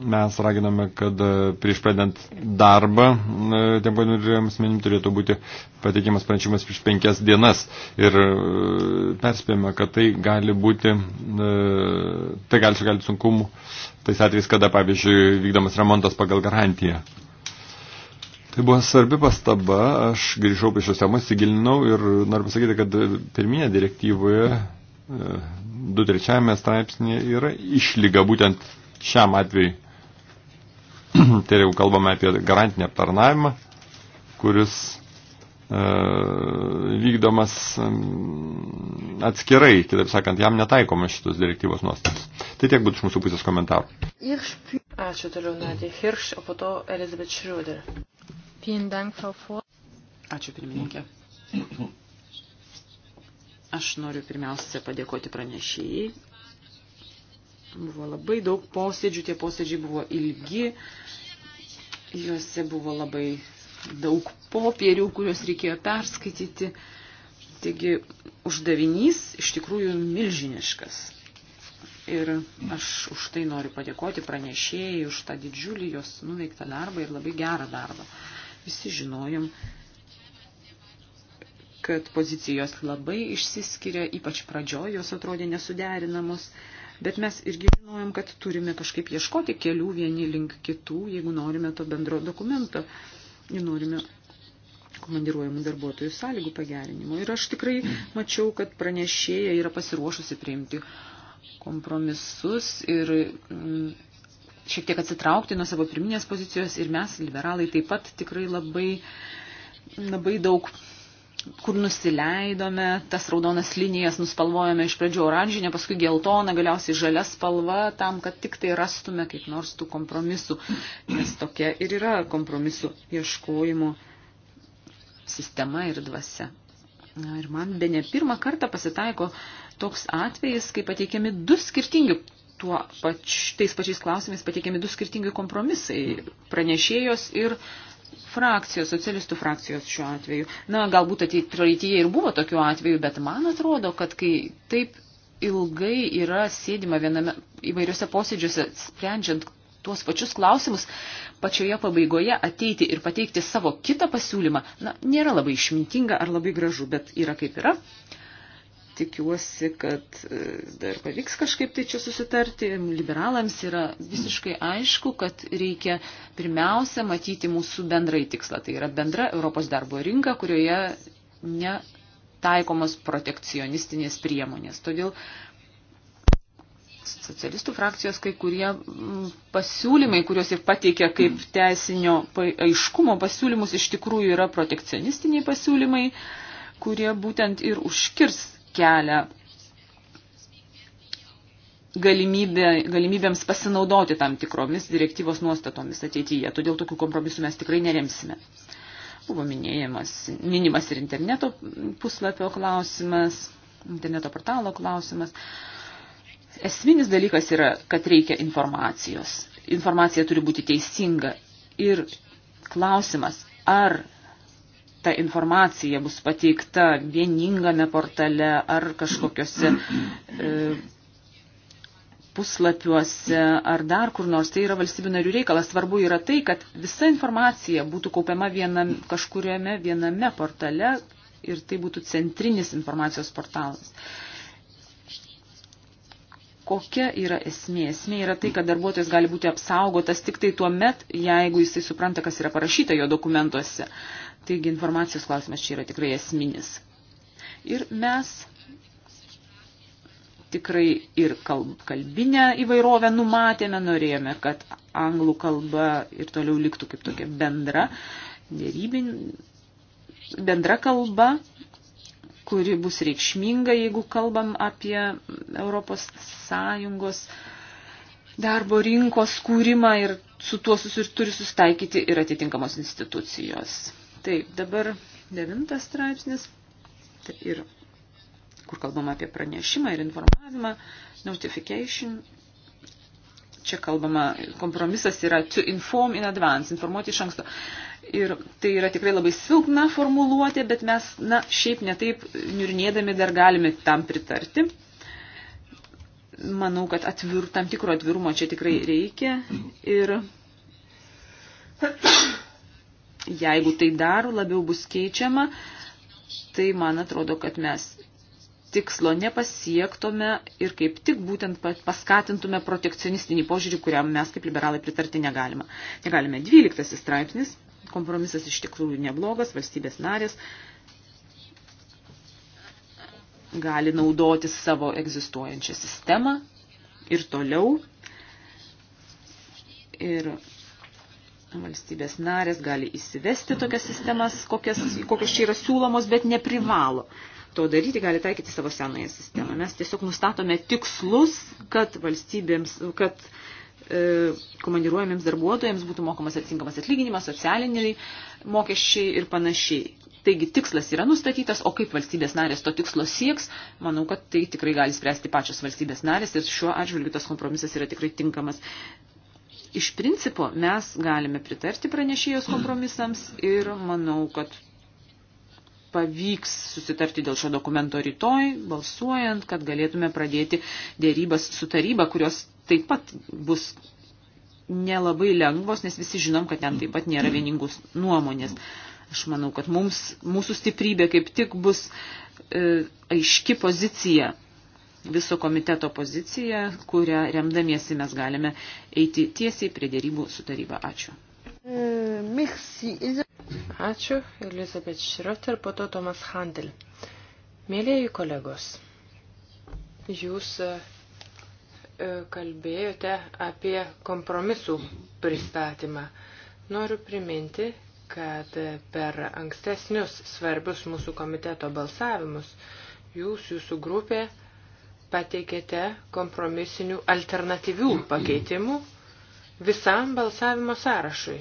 mes raginame, kad e, prieš pradedant darbą e, tiem panurijams menim turėtų būti pateikiamas pranešimas prieš penkias dienas. Ir e, perspėjame, kad tai gali būti, tai gali sukelti sunkumų tais atvejais, kada, pavyzdžiui, vykdomas remontas pagal garantiją. Tai buvo svarbi pastaba, aš grįžau prie šios temos, įsigilinau ir noriu pasakyti, kad pirminė direktyvoje 2.3 straipsnėje yra išlyga būtent šiam atvejui. tai jeigu kalbame apie garantinį aptarnavimą, kuris e, vykdomas e, atskirai, kitaip sakant, jam netaikoma šitos direktyvos nuostatos. Tai tiek būtų iš mūsų pusės komentarų. Ačiū toliau, Nadė Hirš, o po to Elizabeth Schröder. Ačiū pirmininkė. Aš noriu pirmiausia padėkoti pranešėjai Buvo labai daug posėdžių, tie posėdžiai buvo ilgi, juose buvo labai daug popierių, kuriuos reikėjo perskaityti. Taigi uždavinys iš tikrųjų milžiniškas. Ir aš už tai noriu padėkoti pranešėjai, už tą didžiulį jos nuveiktą darbą ir labai gerą darbą. Visi žinojom, kad pozicijos labai išsiskiria, ypač pradžioj jos atrodė nesuderinamos. Bet mes irgi žinojom, kad turime kažkaip ieškoti kelių vieni link kitų, jeigu norime to bendro dokumento ir norime komandiruojamų darbuotojų sąlygų pagerinimo. Ir aš tikrai mačiau, kad pranešėja yra pasiruošusi priimti kompromisus ir mm, šiek tiek atsitraukti nuo savo pirminės pozicijos ir mes, liberalai, taip pat tikrai labai, labai daug kur nusileidome, tas raudonas linijas nuspalvojame iš pradžių oranžinę, paskui geltoną, galiausiai žalia spalva, tam, kad tik tai rastume kaip nors tų kompromisų, nes tokia ir yra kompromisų ieškojimo sistema ir dvasia. Na, ir man be ne pirmą kartą pasitaiko toks atvejis, kai pateikiami du skirtingi tuo pač, tais pačiais klausimais pateikiami du skirtingi kompromisai - pranešėjos ir frakcijos, socialistų frakcijos šiuo atveju. Na, galbūt ateityje ir buvo tokių atvejų, bet man atrodo, kad kai taip ilgai yra sėdima viename įvairiose posėdžiuose, sprendžiant tuos pačius klausimus, pačioje pabaigoje ateiti ir pateikti savo kitą pasiūlymą, na, nėra labai išmintinga ar labai gražu, bet yra kaip yra. Uh, tikiuosi, kad e, dar pavyks kažkaip tai čia susitarti. Liberalams yra visiškai aišku, kad reikia pirmiausia matyti mūsų bendrai tikslą. Tai yra bendra Europos darbo rinka, kurioje netaikomos protekcionistinės priemonės. Todėl socialistų frakcijos kai kurie pasiūlymai, kuriuos ir pateikia kaip teisinio aiškumo pasiūlymus, iš tikrųjų yra protekcionistiniai pasiūlymai kurie būtent ir užkirs kelia galimybė, galimybėms pasinaudoti tam tikromis direktyvos nuostatomis ateityje. Todėl tokių kompromisų mes tikrai neremsime. Buvo minėjimas, minimas ir interneto puslapio klausimas, interneto portalo klausimas. Esminis dalykas yra, kad reikia informacijos. Informacija turi būti teisinga. Ir klausimas, ar ta informacija bus pateikta vieningame portale ar kažkokiuose e, puslapiuose ar dar kur nors. Tai yra valstybių narių reikalas. Svarbu yra tai, kad visa informacija būtų kaupiama vienam, kažkuriame viename portale ir tai būtų centrinis informacijos portalas kokia yra esmė? Esmė yra tai, kad darbuotojas gali būti apsaugotas tik tai tuo met, jeigu jisai supranta, kas yra parašyta jo dokumentuose. Uh, Taigi informacijos klausimas čia yra tikrai esminis. Ir mes tikrai ir kalbinę įvairovę numatėme, norėjome, kad anglų kalba ir toliau liktų kaip tokia bendra, dėrybin, bendra kalba, kuri bus reikšminga, jeigu kalbam apie Europos Sąjungos darbo rinkos kūrimą ir su tuo susir turi sustaikyti ir atitinkamos institucijos. Taip, dabar devintas straipsnis tai ir kur kalbama apie pranešimą ir informavimą, notification. Čia kalbama, kompromisas yra to inform in advance, informuoti iš anksto. Ir tai yra tikrai labai silpna formuluotė, bet mes, na, šiaip netaip niurnėdami dar galime tam pritarti. Manau, kad atvir, tam tikro atvirumo čia tikrai reikia. Ir Jeigu tai dar labiau bus keičiama, tai man atrodo, kad mes tikslo nepasiektume ir kaip tik būtent paskatintume protekcionistinį požiūrį, kuriam mes kaip liberalai pritarti negalime. Negalime 12 straipsnis, kompromisas iš tikrųjų neblogas, valstybės narės gali naudoti savo egzistuojančią sistemą ir toliau. Ir valstybės narės gali įsivesti tokias sistemas, kokias, kokios čia yra siūlomos, bet neprivalo. To daryti gali taikyti savo senąją sistemą. Mes tiesiog nustatome tikslus, kad valstybėms, kad e, komandiruojamiems darbuotojams būtų mokamas atsinkamas atlyginimas, socialiniai mokesčiai ir panašiai. Taigi tikslas yra nustatytas, o kaip valstybės narės to tikslo sieks, manau, kad tai tikrai gali spręsti pačios valstybės narės ir šiuo atžvilgiu tas kompromisas yra tikrai tinkamas iš principo mes galime pritarti pranešėjos kompromisams ir manau, kad pavyks susitarti dėl šio dokumento rytoj, balsuojant, kad galėtume pradėti dėrybas su taryba, kurios taip pat bus nelabai lengvos, nes visi žinom, kad ten taip pat nėra vieningus nuomonės. Aš manau, kad mums, mūsų stiprybė kaip tik bus e, aiški pozicija viso komiteto poziciją, kurią remdamiesi mes galime eiti tiesiai prie dėrybų su taryba. Ačiū. E, Ačiū, Elizabeth Šrioter, po to Tomas Handel. Mėlėjai kolegos, jūs e, e, kalbėjote apie kompromisų pristatymą. Noriu priminti, kad per ankstesnius svarbius mūsų komiteto balsavimus jūs, jūsų grupė, pateikėte kompromisinių alternatyvių pakeitimų visam balsavimo sąrašui,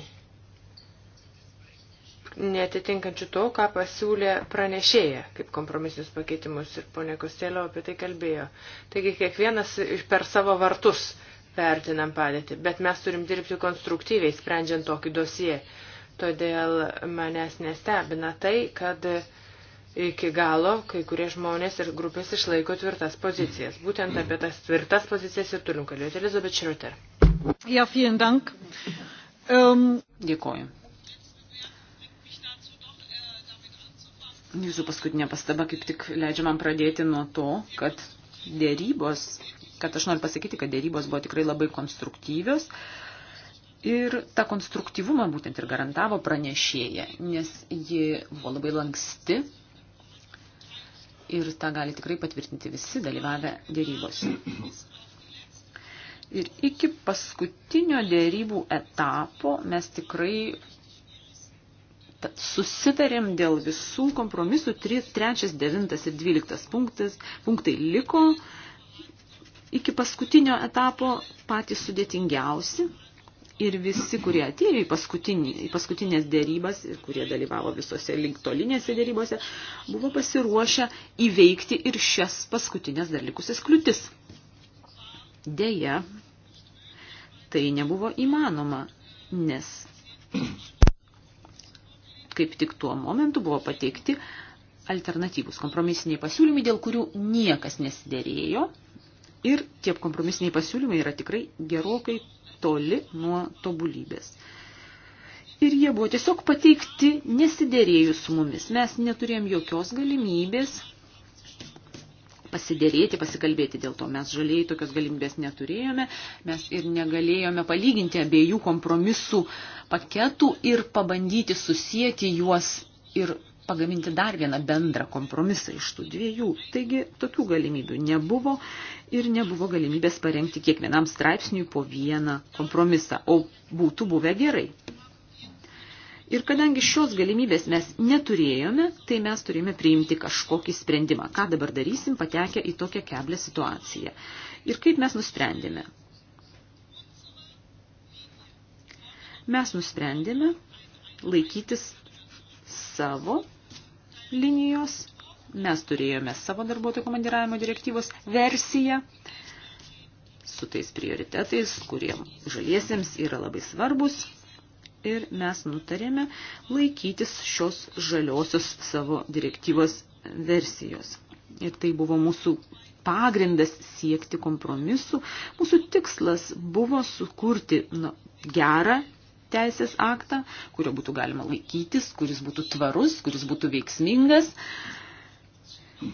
netitinkančių to, ką pasiūlė pranešėja kaip kompromisinius pakeitimus ir ponė Kostelio apie tai kalbėjo. Taigi kiekvienas per savo vartus vertinam padėtį, bet mes turim dirbti konstruktyviai, sprendžiant tokį dosiją. Todėl manęs nestebina tai, kad uh, iki galo kai kurie žmonės ir grupės išlaiko tvirtas pozicijas. Būtent apie tas tvirtas pozicijas ir turim kalbėti. Elizabeth Schroeder. Ja, vielen Dank. Um, Dėkoju. Jūsų paskutinė pastaba kaip tik leidžia man pradėti nuo to, kad dėrybos, kad aš noriu pasakyti, kad dėrybos buvo tikrai labai konstruktyvios. Ir tą konstruktyvumą būtent ir garantavo pranešėja, nes ji buvo labai lanksti ir tą gali tikrai patvirtinti visi dalyvavę dėrybose. Ir iki paskutinio dėrybų etapo mes tikrai susitarėm dėl visų kompromisų 3, 3, 9 ir 12 punktas, punktai liko iki paskutinio etapo patys sudėtingiausi ir visi, kurie atėjo į, paskutinį, į paskutinės dėrybas ir kurie dalyvavo visose linktolinėse dėrybose, buvo pasiruošę įveikti ir šias paskutinės dar likusias kliūtis. Deja, tai nebuvo įmanoma, nes kaip tik tuo momentu buvo pateikti alternatyvus kompromisiniai pasiūlymai, dėl kurių niekas nesiderėjo. Ir tie kompromisiniai pasiūlymai yra tikrai gerokai toli nuo tobulybės. Ir jie buvo tiesiog pateikti nesiderėjus su mumis. Mes neturėjom jokios galimybės pasiderėti, pasikalbėti dėl to. Mes žaliai tokios galimybės neturėjome, mes ir negalėjome palyginti abiejų kompromisų paketų ir pabandyti susijęti juos ir pagaminti dar vieną bendrą kompromisą iš tų dviejų. Taigi tokių galimybių nebuvo ir nebuvo galimybės parengti kiekvienam straipsniui po vieną kompromisą, o būtų buvę gerai. Ir kadangi šios galimybės mes neturėjome, tai mes turėjome priimti kažkokį sprendimą, ką dabar darysim patekę į tokią keblę situaciją. Ir kaip mes nusprendėme? Mes nusprendėme laikytis savo linijos. Mes turėjome savo darbuotojų komandiravimo direktyvos versiją su tais prioritetais, kurie žaliesiems yra labai svarbus. Ir mes nutarėme laikytis šios žaliosios savo direktyvos versijos. Ir tai buvo mūsų pagrindas siekti kompromisų. Mūsų tikslas buvo sukurti nu, gerą teisės aktą, kurio būtų galima laikytis, kuris būtų tvarus, kuris būtų veiksmingas,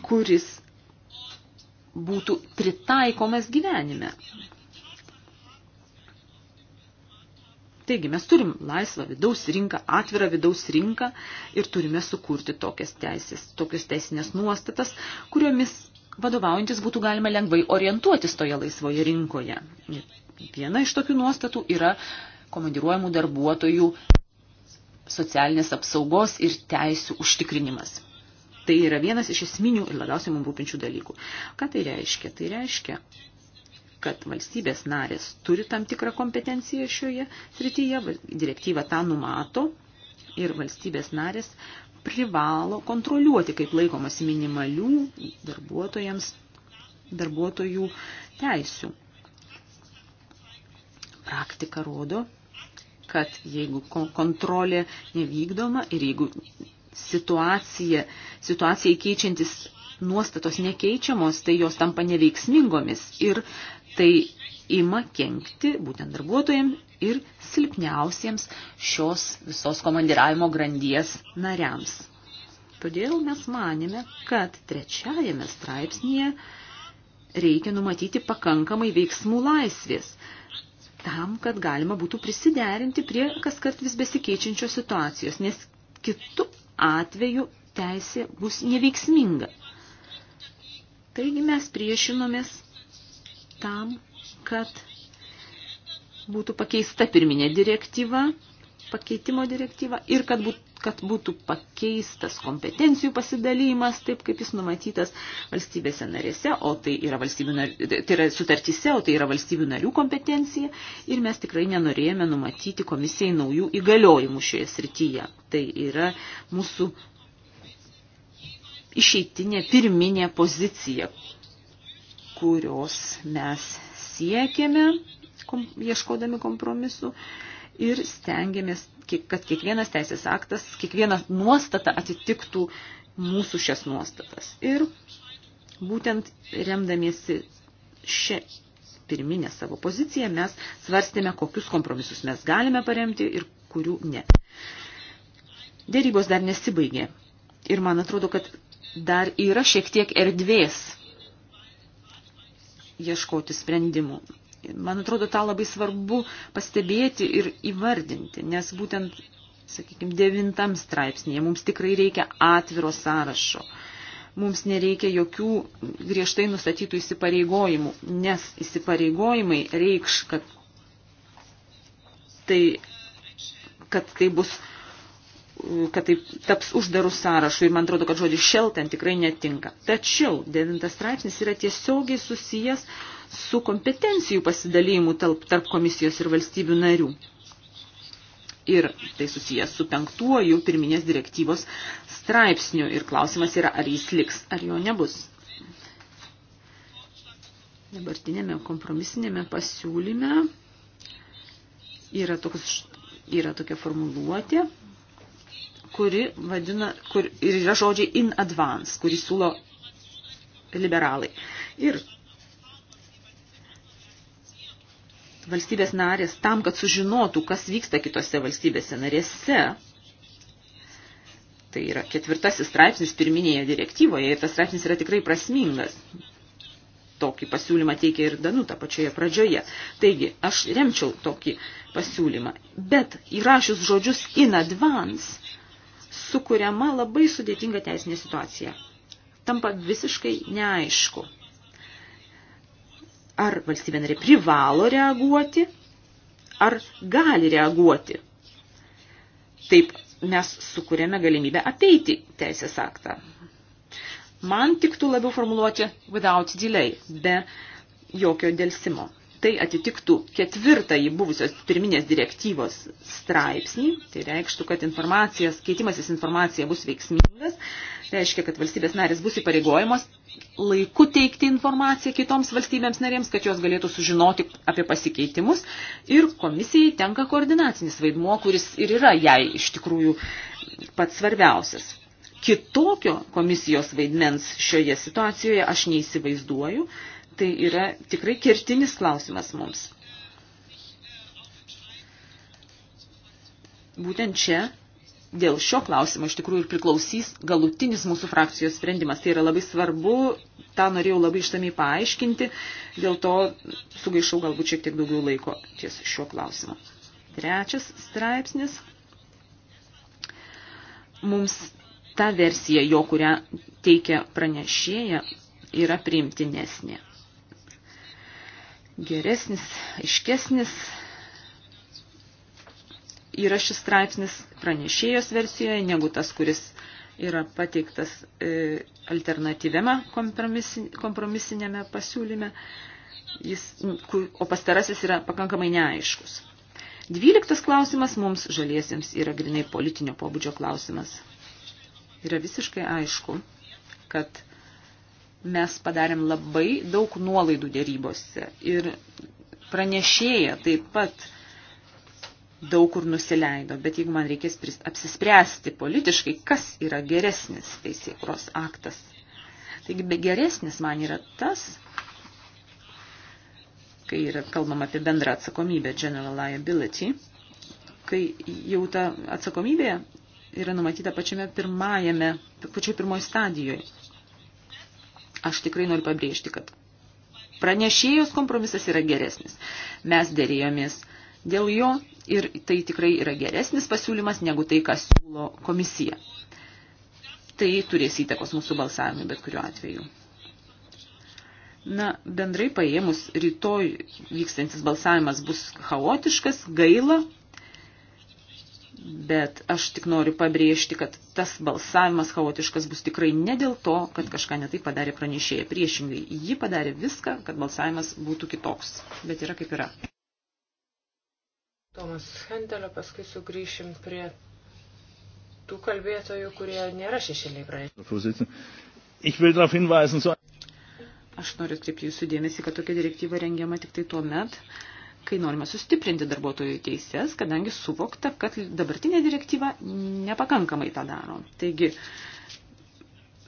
kuris būtų pritaikomas gyvenime. Taigi mes turim laisvą vidaus rinką, atvirą vidaus rinką ir turime sukurti tokias teisės, tokias teisinės nuostatas, kuriomis vadovaujantis būtų galima lengvai orientuotis toje laisvoje rinkoje. Viena iš tokių nuostatų yra komandiruojamų darbuotojų socialinės apsaugos ir teisų užtikrinimas. Tai yra vienas iš esminių ir labiausiai mums rūpinčių dalykų. Ką tai reiškia? Tai reiškia, kad valstybės narės turi tam tikrą kompetenciją šioje srityje, direktyva tą numato ir valstybės narės privalo kontroliuoti, kaip laikomasi minimalių darbuotojams, darbuotojų teisių. Praktika rodo, kad jeigu kontrolė nevykdoma ir jeigu situacija, situacijai keičiantis nuostatos nekeičiamos, tai jos tampa neveiksmingomis ir tai ima kenkti būtent darbuotojams ir silpniausiems šios visos komandiravimo grandies nariams. Todėl mes manėme, kad trečiajame straipsnėje reikia numatyti pakankamai veiksmų laisvės, tam, kad galima būtų prisiderinti prie kas kart vis besikeičiančios situacijos, nes kitų atveju teisė bus neveiksminga. Taigi mes priešinomės tam, kad būtų pakeista pirminė direktyva, pakeitimo direktyva ir kad būtų kad būtų pakeistas kompetencijų pasidalymas, taip kaip jis numatytas valstybėse narėse, o tai yra, nar... tai yra sutartyse, o tai yra valstybių narių kompetencija ir mes tikrai nenorėjome numatyti komisijai naujų įgaliojimų šioje srityje. Tai yra mūsų išeitinė pirminė pozicija, kurios mes siekėme, kom, ieškodami kompromisu. Uh, ir stengiamės, kad kiekvienas teisės aktas, kiekviena nuostata atitiktų mūsų šias nuostatas. Ir būtent remdamiesi šią pirminę savo poziciją mes svarstėme, kokius kompromisus mes galime paremti ir kurių ne. Dėrybos dar nesibaigė. Ir man atrodo, kad dar yra šiek tiek erdvės ieškoti sprendimų. Man atrodo, tą labai svarbu pastebėti ir įvardinti, nes būtent, sakykime, devintam straipsnėje mums tikrai reikia atviro sąrašo. Mums nereikia jokių griežtai nustatytų įsipareigojimų, nes įsipareigojimai reikš, kad tai, kad tai bus kad tai taps uždarų sąrašų ir man atrodo, kad žodis šel ten tikrai netinka. Tačiau devintas straipsnis yra tiesiogiai susijęs su kompetencijų pasidalymu tarp, tarp komisijos ir valstybių narių. Ir tai susijęs su penktuoju pirminės direktyvos straipsniu. Ir klausimas yra, ar jis liks, ar jo nebus. Dabartinėme kompromisinėme pasiūlyme yra, toks, yra tokia formuluotė, kuri vadina, kur ir yra žodžiai in advance, kurį siūlo liberalai. Ir valstybės narės tam, kad sužinotų, kas vyksta kitose valstybėse narėse. Tai yra ketvirtasis straipsnis pirminėje direktyvoje ir tas straipsnis yra tikrai prasmingas. Tokį pasiūlymą teikia ir Danuta pačioje pradžioje. Taigi, aš remčiau tokį pasiūlymą. Bet įrašius žodžius in advance sukuriama labai sudėtinga teisinė situacija. Tampa visiškai neaišku ar valstybė narė privalo reaguoti, ar gali reaguoti. Taip mes sukūrėme galimybę apeiti teisės aktą. Man tiktų labiau formuluoti without delay, be jokio dėlsimo tai atitiktų ketvirtąjį buvusios pirminės direktyvos straipsnį, tai reikštų, kad informacijos, keitimasis informacija bus veiksmingas, reiškia, kad valstybės narės bus įpareigojamos laiku teikti informaciją kitoms valstybėms narėms, kad jos galėtų sužinoti apie pasikeitimus ir komisijai tenka koordinacinis vaidmuo, kuris ir yra jai iš tikrųjų pats svarbiausias. Kitokio komisijos vaidmens šioje situacijoje aš neįsivaizduoju, Tai yra tikrai kertinis klausimas mums. Būtent čia dėl šio klausimo iš tikrųjų ir priklausys galutinis mūsų frakcijos sprendimas. Tai yra labai svarbu, tą norėjau labai ištamiai paaiškinti, dėl to sugaišau galbūt šiek tiek daugiau laiko ties šiuo klausimu. Trečias straipsnis. Mums ta versija, jo kurią teikia pranešėja, yra priimtinesnė geresnis, aiškesnis. Yra šis straipsnis pranešėjos versijoje, negu tas, kuris yra pateiktas e, alternatyviame kompromisinėme pasiūlyme, jis, o pastarasis yra pakankamai neaiškus. Dvyliktas klausimas mums žaliesiems yra grinai politinio pobūdžio klausimas. Yra visiškai aišku, kad mes padarėm labai daug nuolaidų dėrybose ir pranešėja taip pat daug kur nusileido, bet jeigu man reikės apsispręsti politiškai, kas yra geresnis teisėkros aktas. Taigi be geresnis man yra tas, kai yra kalbama apie bendrą atsakomybę, general liability, kai jau ta atsakomybė yra numatyta pačiame pirmajame, pačioj pirmoji stadijoje. Aš tikrai noriu pabrėžti, kad pranešėjos kompromisas yra geresnis. Mes dėrėjomės dėl jo ir tai tikrai yra geresnis pasiūlymas negu tai, ką siūlo komisija. Tai turės įtakos mūsų balsavimui bet kuriuo atveju. Na, bendrai paėmus, rytoj vykstantis balsavimas bus chaotiškas, gaila, Bet aš tik noriu pabrėžti, kad tas balsavimas chaotiškas bus tikrai ne dėl to, kad kažką netai padarė pranešėja. Priešingai, ji padarė viską, kad balsavimas būtų kitoks. Bet yra kaip yra. Tomas Hendelio, paskui sugrįšim prie tų kalbėtojų, kurie nėra šešėliai pranešėjai. Aš noriu atkreipti jūsų dėmesį, kad tokia direktyva rengiama tik tai tuo met, kai norima sustiprinti darbuotojų teises, kadangi suvokta, kad dabartinė direktyva nepakankamai tą daro. Taigi,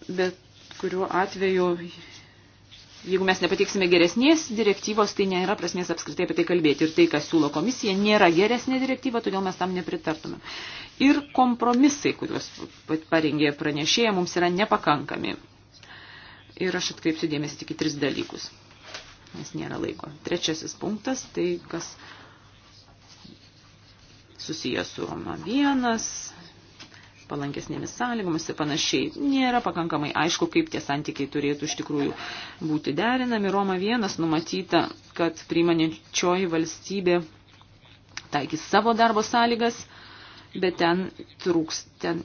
bet kuriuo atveju, jeigu mes nepateiksime geresnės direktyvos, tai nėra prasmės apskritai apie tai kalbėti. Ir tai, kas siūlo komisija, nėra geresnė direktyva, todėl mes tam nepritartume. Ir kompromisai, kuriuos parengė pranešėja, mums yra nepakankami. Ir aš atkreipsiu dėmesį tik į tris dalykus nes nėra laiko. Trečiasis punktas, tai kas susijęs su Roma 1, palankesnėmis sąlygomis ir panašiai. Nėra pakankamai aišku, kaip tie santykiai turėtų iš tikrųjų būti derinami. Roma 1 numatyta, kad priimančioji valstybė taikys savo darbo sąlygas, bet ten trūks, ten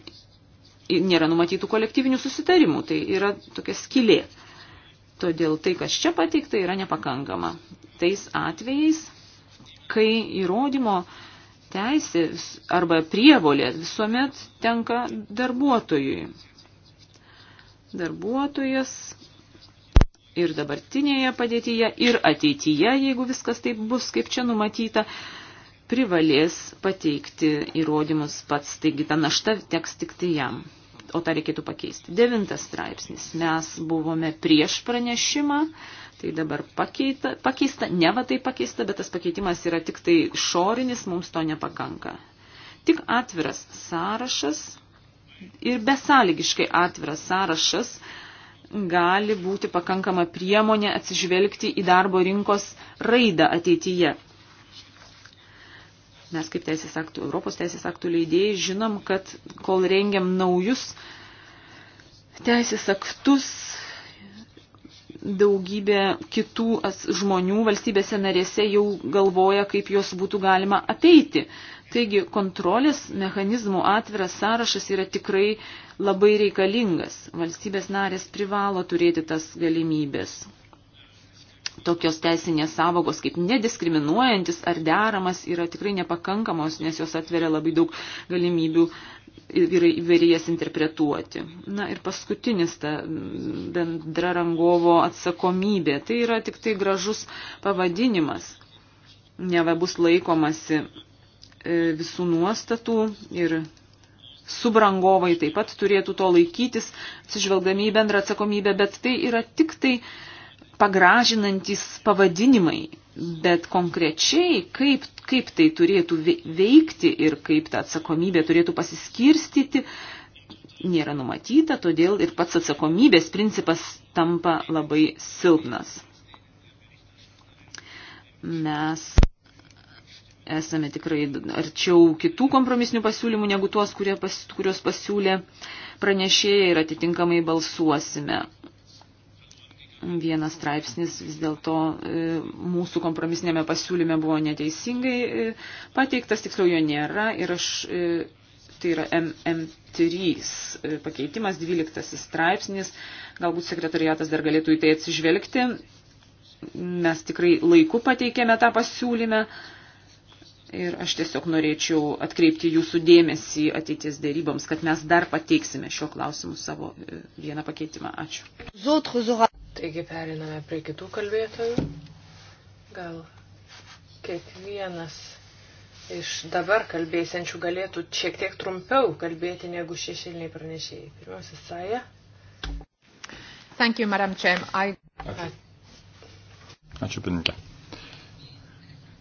nėra numatytų kolektyvinių susitarimų. Tai yra tokia skilė. Todėl tai, kas čia pateikta, yra nepakankama. Tais atvejais, kai įrodymo teisė arba prievolė visuomet tenka darbuotojui. Darbuotojas ir dabartinėje padėtyje, ir ateityje, jeigu viskas taip bus, kaip čia numatyta, privalės pateikti įrodymus pats, taigi ta našta teks tik tai jam o tą reikėtų pakeisti. Devintas straipsnis. Mes buvome prieš pranešimą, tai dabar pakeita, pakeista, ne va tai pakeista, bet tas pakeitimas yra tik tai šorinis, mums to nepakanka. Tik atviras sąrašas ir besąlygiškai atviras sąrašas gali būti pakankama priemonė atsižvelgti į darbo rinkos raidą ateityje. Mes kaip teisės aktų, Europos teisės aktų leidėjai žinom, kad kol rengiam naujus teisės aktus, daugybė kitų žmonių valstybėse narėse jau galvoja, kaip juos būtų galima apeiti. Taigi kontrolės mechanizmų atviras sąrašas yra tikrai labai reikalingas. Valstybės narės privalo turėti tas galimybės tokios teisinės savogos kaip nediskriminuojantis ar deramas yra tikrai nepakankamos, nes jos atveria labai daug galimybių įvairiai jas interpretuoti. Na ir paskutinis ta bendra rangovo atsakomybė. Tai yra tik tai gražus pavadinimas. Neva bus laikomasi e, visų nuostatų ir subrangovai taip pat turėtų to laikytis, atsižvelgdami į bendrą atsakomybę, bet tai yra tik tai uh, pagražinantis pavadinimai, bet konkrečiai, kaip, kaip tai turėtų veikti ir kaip ta atsakomybė turėtų pasiskirstyti, nėra numatyta, todėl ir pats atsakomybės principas tampa labai silpnas. Mes esame tikrai arčiau kitų kompromisinių pasiūlymų negu tuos, kurie pas, kuriuos pasiūlė pranešėjai ir atitinkamai balsuosime vienas straipsnis vis dėlto e, mūsų kompromisinėme pasiūlyme buvo neteisingai e, pateiktas, tiksliau jo nėra ir aš, e, tai yra MM3 pakeitimas, 12 straipsnis, galbūt sekretariatas dar galėtų į tai atsižvelgti, mes tikrai laiku pateikėme tą pasiūlymę. Ir aš tiesiog norėčiau atkreipti jūsų dėmesį ateities dėryboms, kad mes dar pateiksime šiuo klausimu savo vieną pakeitimą. Ačiū. Taigi periname prie kitų kalbėtojų. Gal kiekvienas iš dabar kalbėsiančių galėtų šiek tiek trumpiau kalbėti negu šešėliniai pranešėjai. Pirmiausia, Saja. Thank you, Madam Chair. I... Ačiū. Ačiū, pininkė.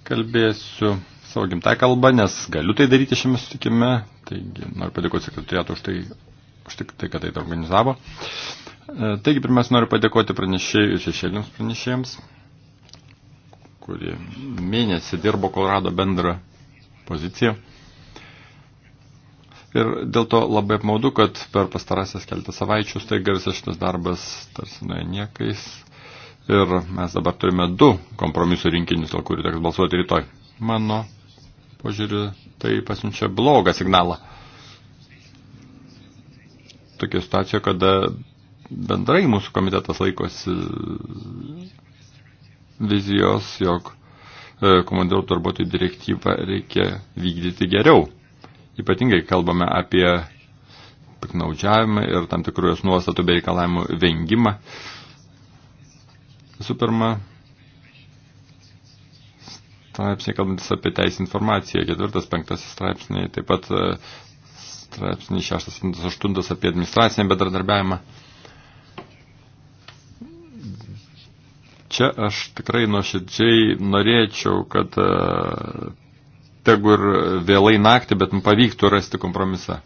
Kalbėsiu savo gimtą kalbą, nes galiu tai daryti šiame sutikime. Taigi noriu padėkoti sekretoriato už tai, už tik tai, kad tai organizavo. E, taigi, pirmiausia, noriu padėkoti pranešėjų ir šešėliams pranešėjams, kurie mėnesį dirbo, kol rado bendrą poziciją. Ir dėl to labai apmaudu, kad per pastarąsias keltą savaičių staiga visas šitas darbas tarsi nuėjo niekais. Ir mes dabar turime du kompromisų rinkinius, dėl kurių teks balsuoti rytoj. Mano požiūriu, tai pasiunčia blogą signalą tokia situacija, kada bendrai mūsų komitetas laikosi vizijos, jog e, komandiruotų darbuotojų direktyvą reikia vykdyti geriau. Ypatingai kalbame apie piknaudžiavimą ir tam tikrų jos nuostatų bei reikalavimų vengimą. Visų pirma, straipsniai, kalbantis apie teisę informaciją, ketvirtas, penktasis straipsniai, taip pat e, straipsnį 6.8 apie administracinę bedradarbiavimą. Čia aš tikrai nuoširdžiai norėčiau, kad e, tegu ir vėlai naktį, bet pavyktų rasti kompromisą.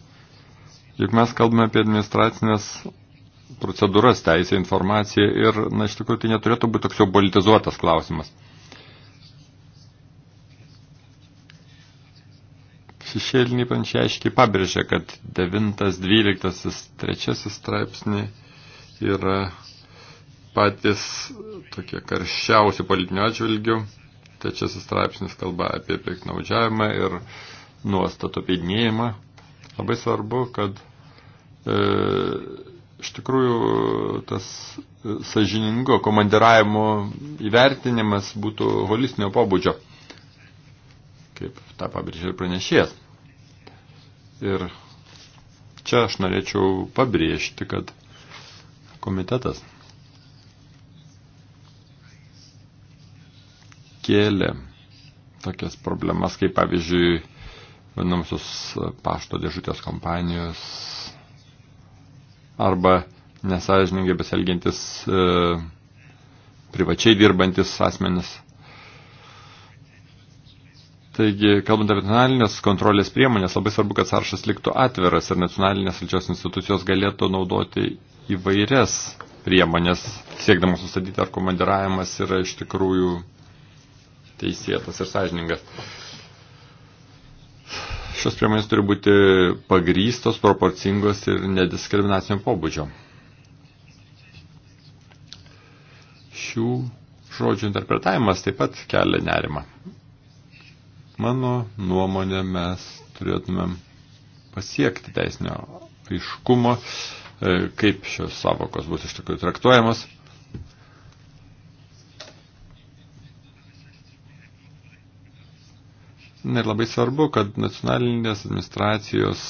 Juk mes kalbame apie administracinės procedūras, teisę, informaciją ir, na, iš tikrųjų, tai neturėtų būti toks jau politizuotas klausimas. šešėliniai pančiai aiškiai pabrėžia, kad 9, 12, 3 straipsniai yra patys tokie karščiausi politinių atžvilgių. Trečiasis straipsnis kalba apie piknaudžiavimą ir nuostato pėdinėjimą. Labai svarbu, kad e, iš tikrųjų tas sažiningo komandiravimo įvertinimas būtų holistinio pobūdžio, kaip tą pabrėžė ir pranešėjas. Ir čia aš norėčiau pabrėžti, kad komitetas kėlė tokias problemas, kaip pavyzdžiui, vadinamusios pašto dėžutės kompanijos arba nesažininkai beselgiantis e, privačiai dirbantis asmenis Taigi, kalbant apie nacionalinės kontrolės priemonės, labai svarbu, kad sąrašas liktų atviras ir nacionalinės valdžios institucijos galėtų naudoti įvairias priemonės, siekdamas nustatyti, ar komandiravimas yra iš tikrųjų teisėtas ir sąžiningas. Šios priemonės turi būti pagrystos, proporcingos ir nediskriminacinio pobūdžio. Šių žodžių interpretavimas taip pat kelia nerimą. Mano nuomonė mes turėtumėm pasiekti teisinio aiškumo, e, kaip šios savokos bus iš tikrųjų traktuojamos. Ir labai svarbu, kad nacionalinės administracijos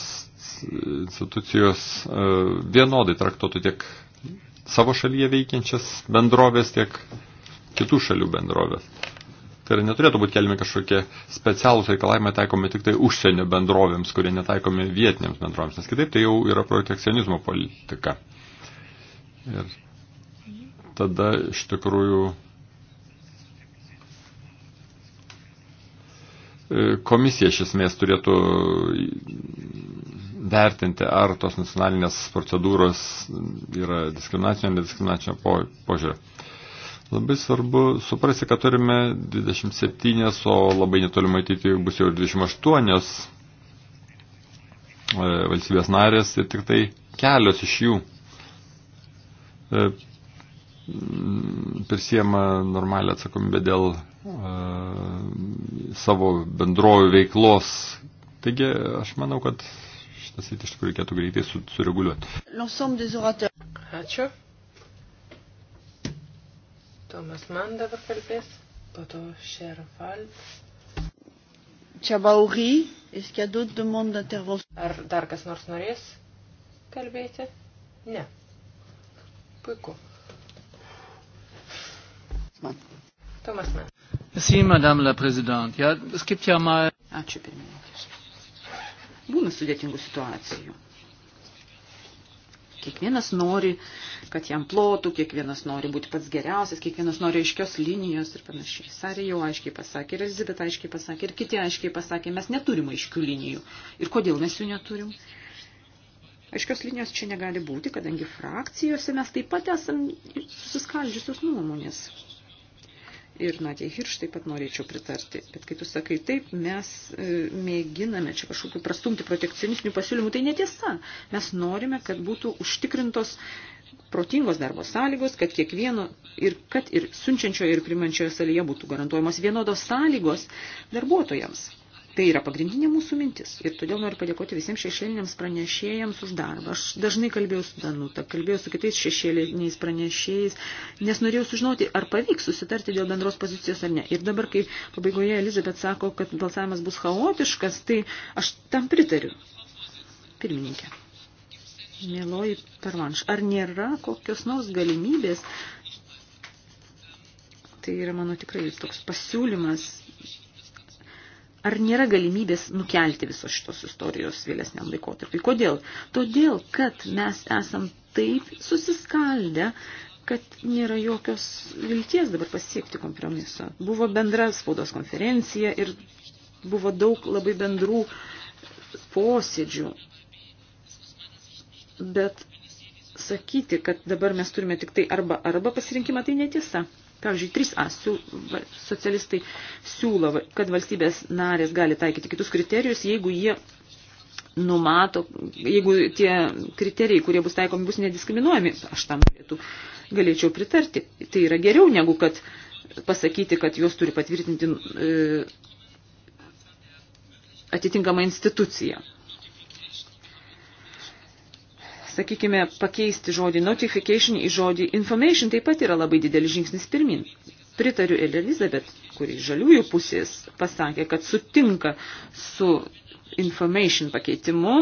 institucijos e, vienodai traktuotų tiek savo šalyje veikiančias bendrovės, tiek kitų šalių bendrovės. Tai yra neturėtų būti kelmi kažkokie specialūs reikalavimai taikomi tik tai užsienio bendrovėms, kurie netaikomi vietiniams bendrovėms, nes kitaip tai jau yra protekcionizmo politika. Ir tada iš tikrųjų e, komisija iš esmės turėtų vertinti, ar tos nacionalinės procedūros yra diskriminacinio ar nediskriminacinio požiūrio. Po Labai svarbu suprasti, kad turime 27, o labai netolimai ateiti bus jau 28 e, valstybės narės ir tik tai kelios iš jų e, prisiema normalią atsakomybę dėl e, savo bendrojų veiklos. Taigi aš manau, kad šitas įtiš tikrųjų reikėtų greitai sureguliuoti. Ačiū. Tomas man dabar kalbės, po to Šerfal. Čiabaury, įskėdut du mum intervals. Ar dar kas nors norės kalbėti? Ne. Puiku. Man. Tomas man. Merci, madame la présidente. Ja, es gibt ja mal... Ačiū, pirmininkė. Būna sudėtingų situacijų. Kiekvienas nori, kad jam plotų, kiekvienas nori būti pats geriausias, kiekvienas nori aiškios linijos ir panašiai. Sarė jau aiškiai pasakė, ir Elizabeta aiškiai pasakė, ir kiti aiškiai pasakė, mes neturim aiškių linijų. Ir kodėl mes jų neturim? Aiškios linijos čia negali būti, kadangi frakcijose mes taip pat esam susiskaldžiusios nuomonės ir Natija Hirš taip pat norėčiau pritarti. Bet kai tu sakai taip, mes e, mėginame čia kažkokiu prastumti protekcionistinių pasiūlymų, tai netiesa. Mes norime, kad būtų užtikrintos protingos darbo sąlygos, kad kiekvieno ir kad ir siunčiančioje ir primančioje salėje būtų garantuojamos vienodos sąlygos darbuotojams. Tai yra pagrindinė mūsų mintis. Ir todėl noriu padėkoti visiems šešėliniams pranešėjams už darbą. Aš dažnai kalbėjau su Danuta, kalbėjau su kitais šešėliniais pranešėjais, nes norėjau sužinoti, ar pavyks susitarti dėl bendros pozicijos ar ne. Ir dabar, kai pabaigoje Elizabet sako, kad balsavimas bus chaotiškas, tai aš tam pritariu. Pirmininkė. Mėloji pervanš, ar nėra kokios nors galimybės? Tai yra mano tikrai toks pasiūlymas ar nėra galimybės nukelti visos šitos istorijos vėlesniam laikotarpiu. Kodėl? Todėl, kad mes esam taip susiskaldę, kad nėra jokios vilties dabar pasiekti kompromiso. Buvo bendra spaudos konferencija ir buvo daug labai bendrų posėdžių. Bet sakyti, kad dabar mes turime tik tai arba arba pasirinkimą, tai netiesa. Pavyzdžiui, 3A siū, socialistai siūlo, kad valstybės narės gali taikyti kitus kriterijus, jeigu jie numato, jeigu tie kriterijai, kurie bus taikomi, bus nediskriminuojami, aš tam galėtų, galėčiau pritarti. Tai yra geriau negu kad pasakyti, kad juos turi patvirtinti e, atitinkama institucija sakykime, pakeisti žodį notification į žodį information taip pat yra labai didelis žingsnis pirmin. Pritariu Elizabet, kuri žaliųjų pusės pasakė, kad sutinka su information pakeitimu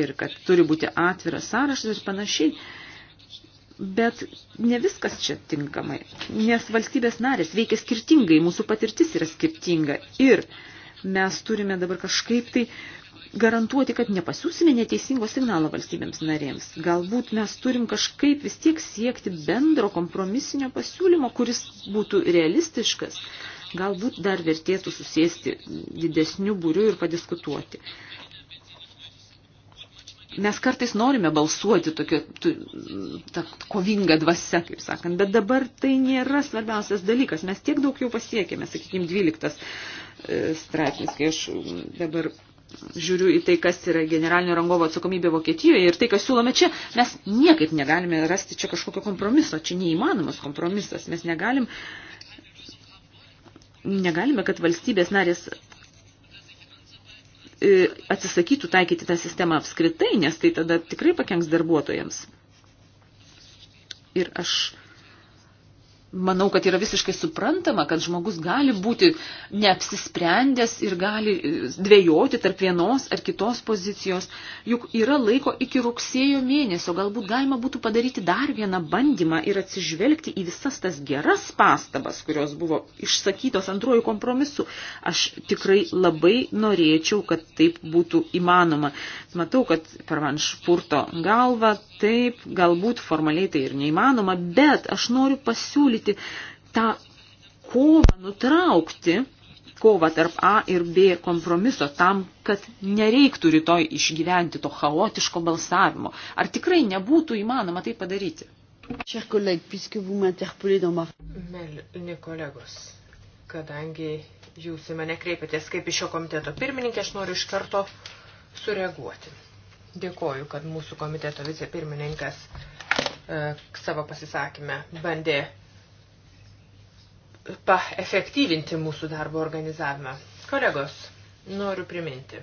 ir kad turi būti atviras sąrašas ir panašiai. Bet ne viskas čia tinkamai, nes valstybės narės veikia skirtingai, mūsų patirtis yra skirtinga ir mes turime dabar kažkaip tai garantuoti, kad nepasiūsime neteisingo signalo valstybėms narėms. Galbūt mes turim kažkaip vis tiek siekti bendro kompromisinio pasiūlymo, kuris būtų realistiškas. Galbūt dar vertėtų susėsti didesnių būrių ir padiskutuoti. Mes kartais norime balsuoti tokio tu, ta, kovinga dvasia, kaip sakant, bet dabar tai nėra svarbiausias dalykas. Mes tiek daug jau pasiekėme, sakykime, 12 straipsnis, kai aš dabar žiūriu į tai, kas yra generalinio rangovo atsakomybė Vokietijoje ir tai, kas siūlome čia, mes niekaip negalime rasti čia kažkokio kompromiso, čia neįmanomas kompromisas, mes negalim, negalime, kad valstybės narės e, atsisakytų taikyti tą sistemą apskritai, nes tai tada tikrai pakenks darbuotojams. Ir aš manau, kad yra visiškai suprantama, kad žmogus gali būti neapsisprendęs ir gali e, dvėjoti tarp vienos ar kitos pozicijos. Juk yra laiko iki rugsėjo mėnesio, galbūt galima būtų padaryti dar vieną bandymą ir atsižvelgti į visas tas geras pastabas, kurios buvo išsakytos antrojų kompromisu. Aš tikrai labai norėčiau, kad taip būtų įmanoma. Matau, kad per man špurto galva, taip, galbūt formaliai tai ir neįmanoma, bet aš noriu pasiūlyti siūlyti tą kovą nutraukti, kovą tarp A ir B kompromiso tam, kad nereiktų rytoj išgyventi to chaotiško balsavimo. Ar tikrai nebūtų įmanoma tai padaryti? Chers collègues, puisque vous m'interpellez dans ma... Mėly kolegos, kadangi jūs į mane kreipiatės kaip iš šio komiteto pirmininkė, aš noriu iš karto sureaguoti. Dėkoju, kad mūsų komiteto vicepirmininkas e, savo pasisakymę bandė paefektyvinti mūsų darbo organizavimą. Kolegos, noriu priminti,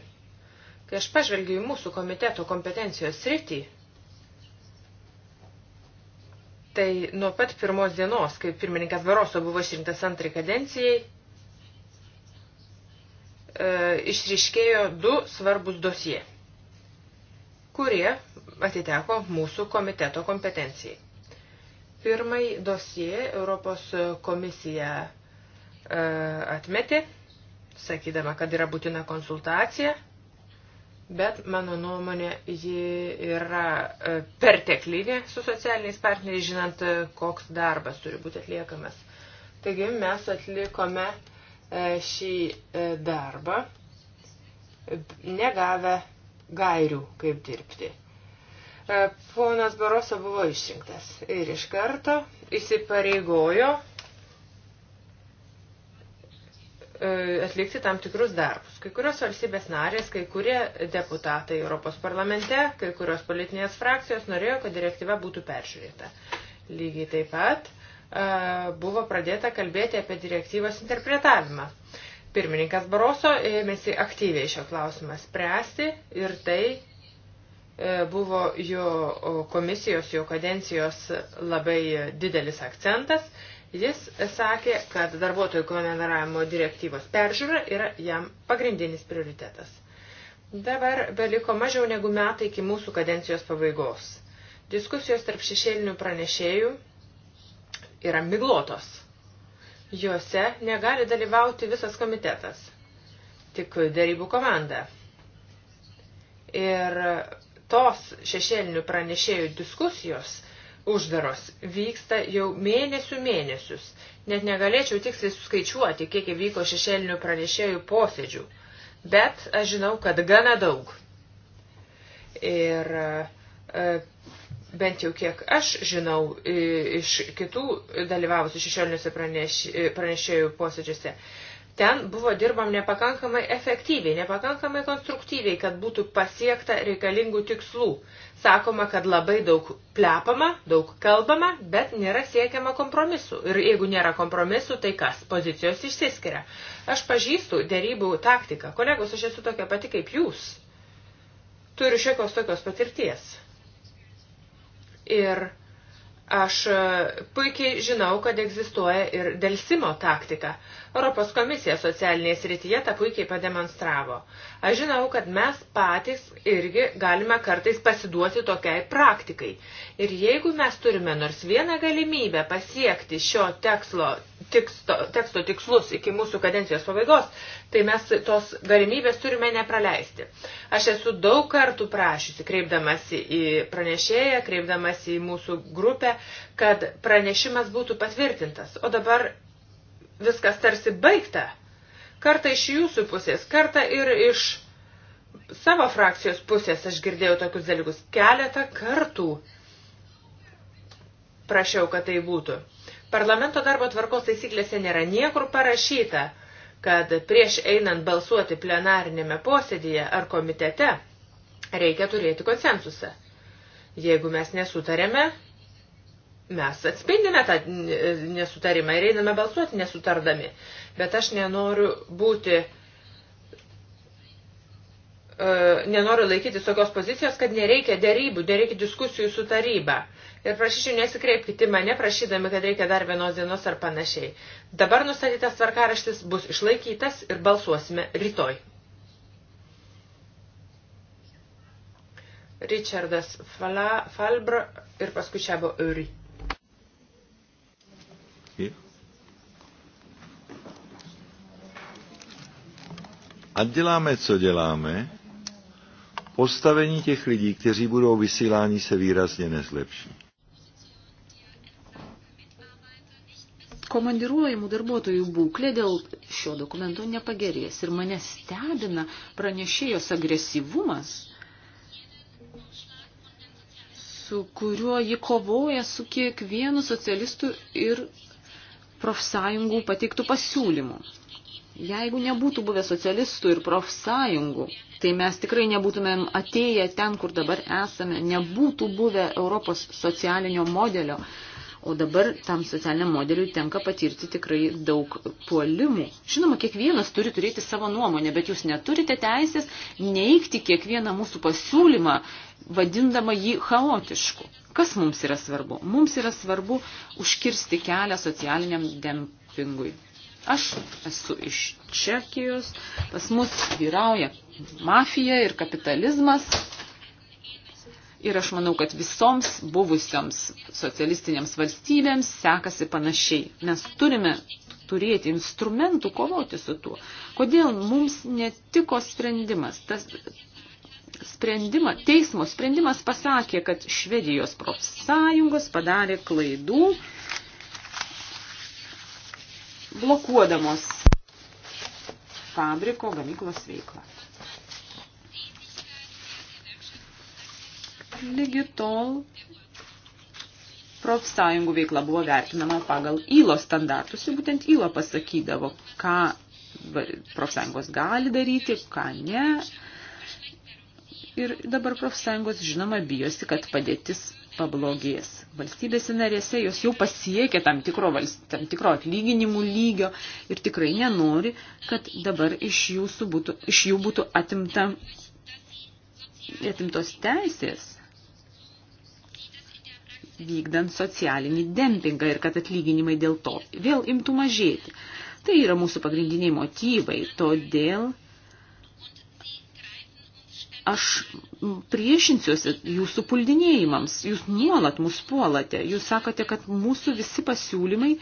kai aš pažvelgiu į mūsų komiteto kompetencijos sritį, tai nuo pat pirmos dienos, kai pirmininkas Varoso buvo išrinktas antrai kadencijai, e, išriškėjo du svarbus dosie, kurie atiteko mūsų komiteto kompetencijai. Pirmąjį dosiją Europos komisija e, atmetė, sakydama, kad yra būtina konsultacija, bet mano nuomonė ji yra e, perteklinė su socialiniais partneriais, žinant, e, koks darbas turi būti atliekamas. Taigi mes atlikome e, šį darbą, negavę gairių, kaip dirbti. E, ponas Baroso buvo išrinktas ir iš karto įsipareigojo e, atlikti tam tikrus darbus. Kai kurios valstybės narės, kai kurie deputatai Europos parlamente, kai kurios politinės frakcijos norėjo, kad direktyva būtų peržiūrėta. Lygiai taip pat e, buvo pradėta kalbėti apie direktyvos interpretavimą. Pirmininkas Baroso ėmėsi aktyviai šio klausimą spręsti ir tai E, buvo jo komisijos, jo kadencijos labai didelis akcentas. Jis sakė, kad darbuotojų komemoravimo direktyvos peržiūra yra jam pagrindinis prioritetas. Dabar beliko mažiau negu metai iki mūsų kadencijos pabaigos. Diskusijos tarp šešėlinių pranešėjų yra miglotos. Juose negali dalyvauti visas komitetas, tik darybų komanda. Ir tos šešėlinių pranešėjų diskusijos uždaros vyksta jau mėnesių mėnesius. Net negalėčiau tiksliai suskaičiuoti, kiek įvyko šešėlinių pranešėjų posėdžių. Bet aš žinau, kad gana daug. Ir e, bent jau kiek aš žinau iš kitų dalyvavusių šešėliniuose praneš, pranešėjų posėdžiuose, Ten buvo dirbam nepakankamai efektyviai, nepakankamai konstruktyviai, kad būtų pasiekta reikalingų tikslų. Sakoma, kad labai daug plepama, daug kalbama, bet nėra siekiama kompromisu. Ir jeigu nėra kompromisu, tai kas? Pozicijos išsiskiria. Aš pažįstu dėrybų taktiką. Kolegos, aš esu tokia pati kaip jūs. Turiu šiokios tokios patirties. Ir aš puikiai žinau, kad egzistuoja ir delsimo taktika. Europos komisija socialinėje srityje tą puikiai pademonstravo. Aš žinau, kad mes patys irgi galime kartais pasiduoti tokiai praktikai. Ir jeigu mes turime nors vieną galimybę pasiekti šio tekslo, tiksto, teksto tikslus iki mūsų kadencijos pabaigos, tai mes tos galimybės turime nepraleisti. Aš esu daug kartų prašysi, kreipdamasi į pranešėją, kreipdamasi į mūsų grupę, kad pranešimas būtų patvirtintas. O dabar viskas tarsi baigta. Kartą iš jūsų pusės, kartą ir iš savo frakcijos pusės aš girdėjau tokius dalykus keletą kartų. Prašiau, kad tai būtų. Parlamento darbo tvarkos taisyklėse nėra niekur parašyta, kad prieš einant balsuoti plenarinėme posėdėje ar komitete reikia turėti konsensusą. Jeigu mes nesutarėme, mes atspindime tą nesutarimą ir einame balsuoti nesutardami. Bet aš nenoriu būti, e, nenoriu laikytis tokios pozicijos, kad nereikia dėrybų, nereikia diskusijų su taryba. Ir prašyčiau nesikreipkite mane, prašydami, kad reikia dar vienos dienos ar panašiai. Dabar nustatytas tvarkaraštis bus išlaikytas ir balsuosime rytoj. Richardas Falbr ir paskui čia buvo Uri. Here. A děláme, co děláme, postavení těch lidí, kteří budou vysíláni, se výrazně nezlepší. komandiruojamų darbuotojų būklė dėl šio dokumento nepagerės ir mane stebina pranešėjos agresyvumas, su kuriuo ji kovoja su kiekvienu socialistu ir profsąjungų pateiktų pasiūlymų. Jeigu nebūtų buvę socialistų ir profsąjungų, tai mes tikrai nebūtumėm atėję ten, kur dabar esame, nebūtų buvę Europos socialinio modelio, O dabar tam socialiniam modeliui tenka patirti tikrai daug puolimų. Žinoma, kiekvienas turi turėti savo nuomonę, bet jūs neturite teisės neikti kiekvieną mūsų pasiūlymą, vadindama jį chaotišku. Kas mums yra svarbu? Mums yra svarbu užkirsti kelią socialiniam dempingui. Aš esu iš Čekijos, pas mus vyrauja mafija ir kapitalizmas, Ir aš manau, kad visoms buvusioms socialistinėms valstybėms sekasi panašiai. Mes turime turėti instrumentų kovoti su tuo. Kodėl mums netiko sprendimas? Tas sprendimą, teismo sprendimas pasakė, kad Švedijos profsąjungos padarė klaidų blokuodamos fabriko gamyklos veiklą. lygi tol profsąjungų veikla buvo vertinama pagal įlo standartus ir būtent įlo pasakydavo, ką profsąjungos gali daryti, ką ne. Ir dabar profsąjungos, žinoma, bijosi, kad padėtis pablogės. Valstybėse narėse jos jau pasiekė tam tikro, valst, tam tikro atlyginimų lygio ir tikrai nenori, kad dabar iš, būtų, iš jų būtų atimta, atimtos teisės vykdant socialinį dempingą ir kad atlyginimai dėl to vėl imtų mažėti. Tai yra mūsų pagrindiniai motyvai, todėl aš priešinsiuosi jūsų puldinėjimams, jūs nuolat mus puolate, jūs sakote, kad mūsų visi pasiūlymai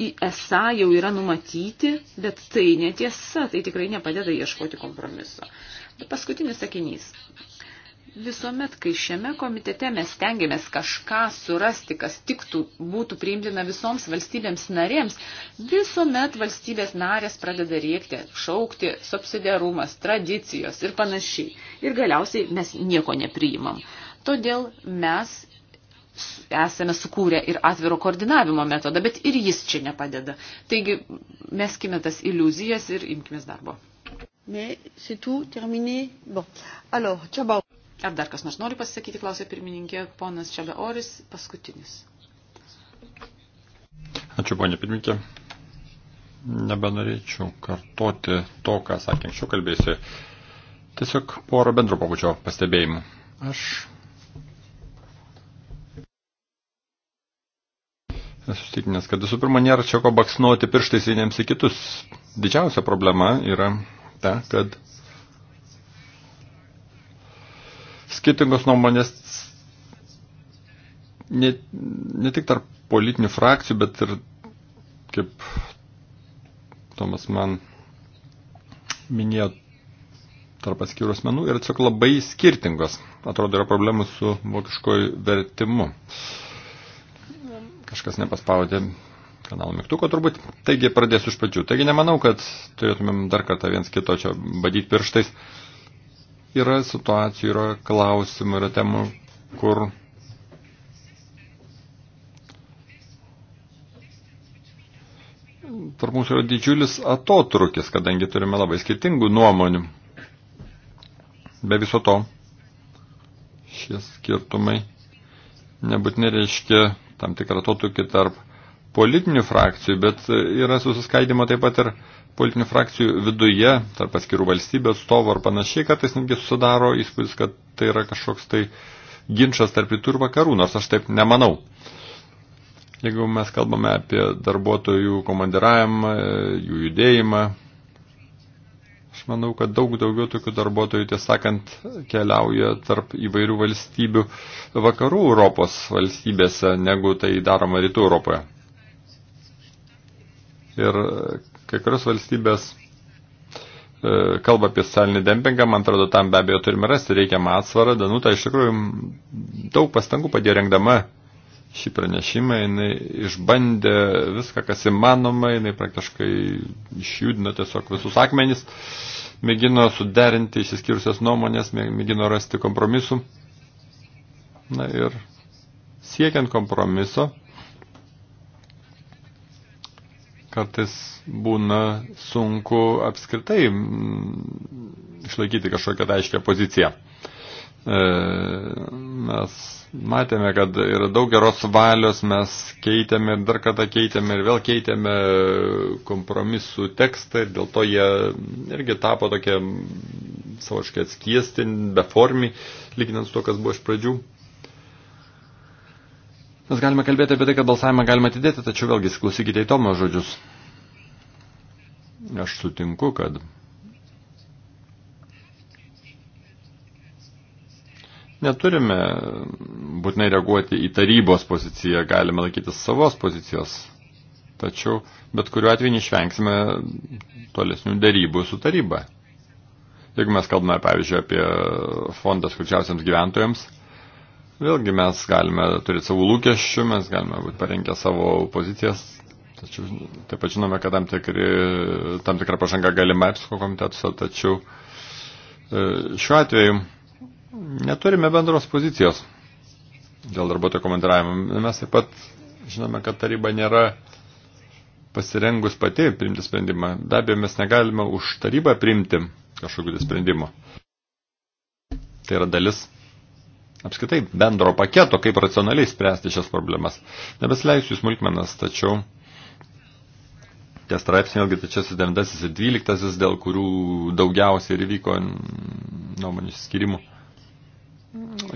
į esą jau yra numatyti, bet tai netiesa, tai tikrai nepadeda ieškoti kompromiso. Bet paskutinis sakinys visuomet, kai šiame komitete mes stengiamės kažką surasti, kas tiktų, būtų priimtina visoms valstybėms narėms, visuomet valstybės narės pradeda rėkti, šaukti subsidiarumas, tradicijos ir panašiai. Ir galiausiai mes nieko nepriimam. Todėl mes esame sukūrę ir atviro koordinavimo metodą, bet ir jis čia nepadeda. Taigi meskime tas iliuzijas ir imkime darbo. Mais c'est tout terminé. Bon. Alors, ciao. Ar dar kas nors nori pasisakyti, klausė pirmininkė, ponas Čiabe Oris, paskutinis. Ačiū, ponė pirmininkė. Nebenorėčiau kartoti to, ką sakė anksčiau kalbėsiu. Tiesiog porą bendro pabučio pastebėjimų. Aš esu stikinęs, kad visų pirma nėra čia ko baksnuoti pirštais vieniems į kitus. Didžiausia problema yra ta, kad skirtingos nuomonės ne, ne tik tarp politinių frakcijų, bet ir kaip Tomas man minėjo tarp atskirų asmenų yra tiesiog labai skirtingos. Atrodo, yra problemų su vokiškoju vertimu. Kažkas nepaspaudė kanalo mygtuko turbūt. Taigi pradėsiu iš pačių. Taigi nemanau, kad turėtumėm dar kartą viens kito čia badyti pirštais. Uh, Yra situacijų, yra klausimų, yra temų, kur tarp mūsų yra didžiulis atotrukis, kadangi turime labai skirtingų nuomonių. Be viso to, šie skirtumai nebūtinai reiškia tam tikrą atotrukį tarp politinių frakcijų, bet e, yra susiskaidimo taip pat ir politinių frakcijų viduje, tarp atskirų valstybių atstovų ar panašiai, kartais netgi susidaro įspūdis, kad tai yra kažkoks tai ginčas tarp rytų ir vakarų, nors aš taip nemanau. Jeigu mes kalbame apie darbuotojų komandiravimą, e, jų judėjimą, aš manau, kad daug daugiau tokių darbuotojų, tiesąkant, keliauja tarp įvairių valstybių vakarų Europos valstybėse, negu tai daroma rytų Europoje. Ir e, kai kurios valstybės e, kalba apie socialinį dempingą, man atrodo, tam be abejo turime rasti reikiamą atsvarą. Danuta iš tikrųjų daug pastangų padėjo rengdama šį pranešimą, jinai išbandė viską, kas įmanoma, jinai praktiškai išjudino tiesiog visus akmenis, mėgino suderinti išsiskyrusias nuomonės, mėgino rasti kompromisų. Na ir siekiant kompromiso, kartais būna sunku apskritai mm, išlaikyti kažkokią aiškę poziciją. E, mes matėme, kad yra daug geros valios, mes keitėme, dar kartą keitėme ir vėl keitėme kompromisų tekstą ir dėl to jie irgi tapo tokie savoškai atskiesti, beformi, lyginant su to, kas buvo iš pradžių. Mes galime kalbėti apie tai, kad balsavimą galima atidėti, tačiau vėlgi įsiklausykite į Tomo žodžius. Aš sutinku, kad neturime būtinai reaguoti į tarybos poziciją, galime laikytis savos pozicijos. Tačiau bet kuriuo atveju neišvengsime tolesnių darybų su taryba. Jeigu mes kalbame, pavyzdžiui, apie fondą skurdžiausiams gyventojams, Vėlgi mes galime turėti savo lūkesčių, mes galime būti parengę savo pozicijas, tačiau taip pat žinome, kad tam, tikri, tam tikra pažanga galima EPSCO komitetuose, tačiau e, šiuo atveju neturime bendros pozicijos dėl darbuotojų komandiravimo. Mes taip pat žinome, kad taryba nėra pasirengus pati priimti sprendimą. Be abejo, mes negalime už tarybą priimti kažkokių tai sprendimų. Tai yra dalis apskaitai bendro paketo, kaip racionaliai spręsti šias problemas. Nebesileisiu smulkmenas, tačiau tie straipsniai, vėlgi, tačiasis 9 ir 12, dėl kurių daugiausiai ir vyko nuomonių skirimų,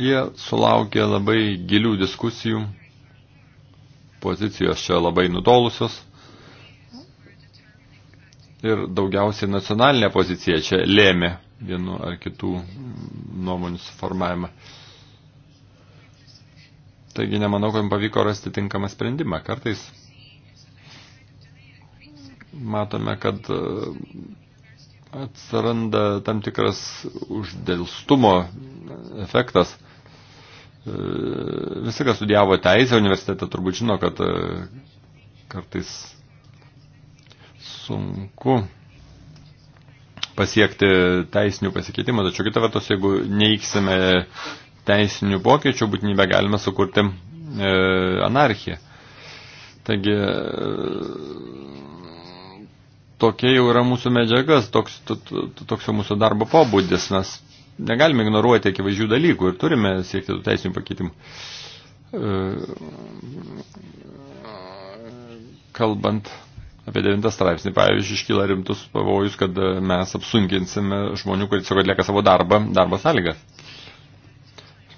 jie sulaukė labai gilių diskusijų, pozicijos čia labai nutolusios. Ir daugiausiai nacionalinė pozicija čia lėmė vienu ar kitų nuomonių suformavimą. Taigi nemanau, kad pavyko rasti tinkamą sprendimą. Kartais matome, kad e, atsiranda tam tikras uždėlstumo efektas. E, visi, kas studijavo teisę universitete, turbūt žino, kad e, kartais sunku pasiekti teisinių pasikeitimų, tačiau kitą vertus, jeigu neiksime teisinių pokyčių būtinybę galime sukurti e, anarchiją. Taigi, e, tokia jau yra mūsų medžiagas, toks, to, to, toks jau mūsų darbo pobūdis, mes negalime ignoruoti akivaizdžių dalykų ir turime siekti tų teisinių pakeitimų. E, kalbant apie devintą straipsnį, pavyzdžiui, iškyla rimtus pavojus, kad mes apsunkinsime žmonių, kurie tiesiog atlieka savo darbą, darbo sąlygas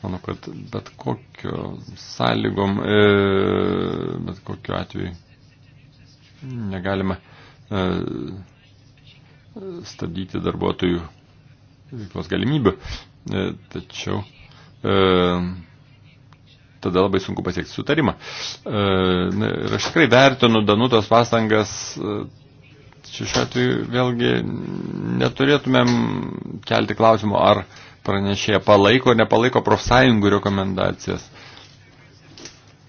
manau, kad bet kokio sąlygom, e, bet kokiu atveju negalima e, stabdyti darbuotojų veiklos galimybių. E, tačiau tada labai sunku pasiekti sutarimą. Ir aš tikrai vertinu Danutos pastangas, šiuo atveju vėlgi neturėtumėm kelti klausimo, ar pranešėja palaiko ir nepalaiko profsąjungų rekomendacijas.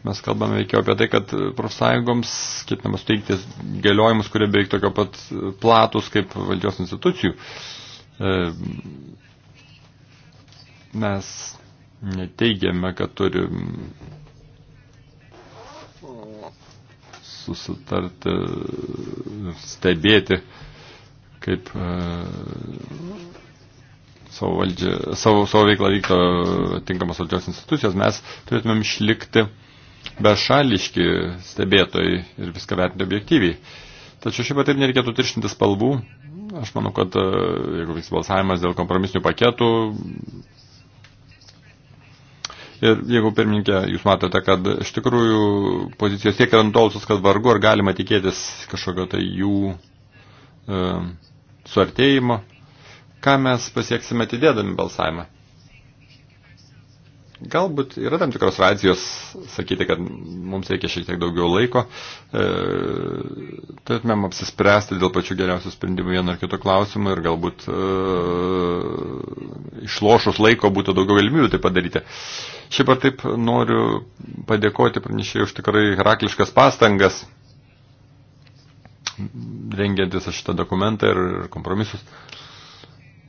Mes kalbame veikiau apie tai, kad profsąjungoms ketinama suteikti galiojimus, kurie beveik tokio pat platus kaip valdžios institucijų. E, mes neteigiame, kad turi susitarti, stebėti, kaip e, savo, valdžią, savo, savo veiklą vykdo tinkamos valdžios institucijos, mes turėtumėm išlikti bešališki stebėtojai ir viską vertinti objektyviai. Tačiau šiaip taip nereikėtų tirštinti spalvų. Aš manau, kad e, jeigu vyks balsavimas dėl kompromisinių paketų, Ir jeigu pirmininkė, jūs matote, kad iš tikrųjų pozicijos tiek yra nutolusios, kad vargu ar galima tikėtis kažkokio tai jų e, suartėjimo ką mes pasieksime atidėdami balsavimą. Galbūt yra tam tikros racijos sakyti, kad mums reikia šiek tiek daugiau laiko, e, turėtumėm apsispręsti dėl pačių geriausių sprendimų vieno ar kito klausimo ir galbūt e, išlošus laiko būtų daugiau galimybių tai padaryti. Šiaip ar taip noriu padėkoti pranešėjai už tikrai herakliškas pastangas, rengiantis šitą dokumentą ir kompromisus. E,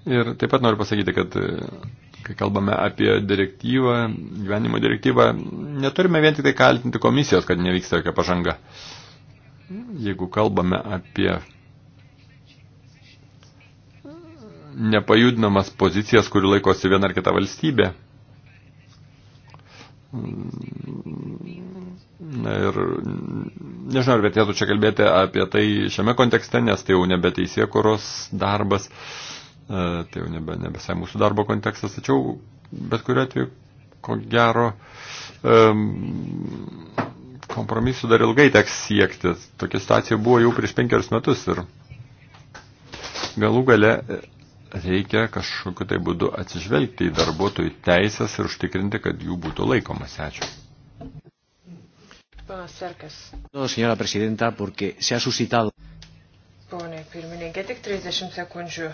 Ir taip pat noriu pasakyti, kad e, kai kalbame apie direktyvą, gyvenimo direktyvą, neturime vien tik tai kaltinti komisijos, kad nevyksta jokia pažanga. Jeigu kalbame apie e, nepajudinamas pozicijas, kurių laikosi viena ar kita valstybė. Mm, na ir nežinau, ar vertėtų čia kalbėti apie tai šiame kontekste, nes tai jau nebe teisėkuros darbas. Uh, E, tai jau nebe, nebesai mūsų darbo kontekstas, tačiau bet kuriuo atveju, ko gero, kompromisų dar ilgai teks siekti. Tokia situacija buvo jau prieš penkerius metus ir galų gale e, reikia kažkokiu tai būdu atsižvelgti į darbuotojų teisės ir užtikrinti, kad jų būtų laikomas. Ačiū. Ponas Serkas. No, señora presidenta, porque se ha suscitado. Pone pirmininkė, tik 30 sekundžių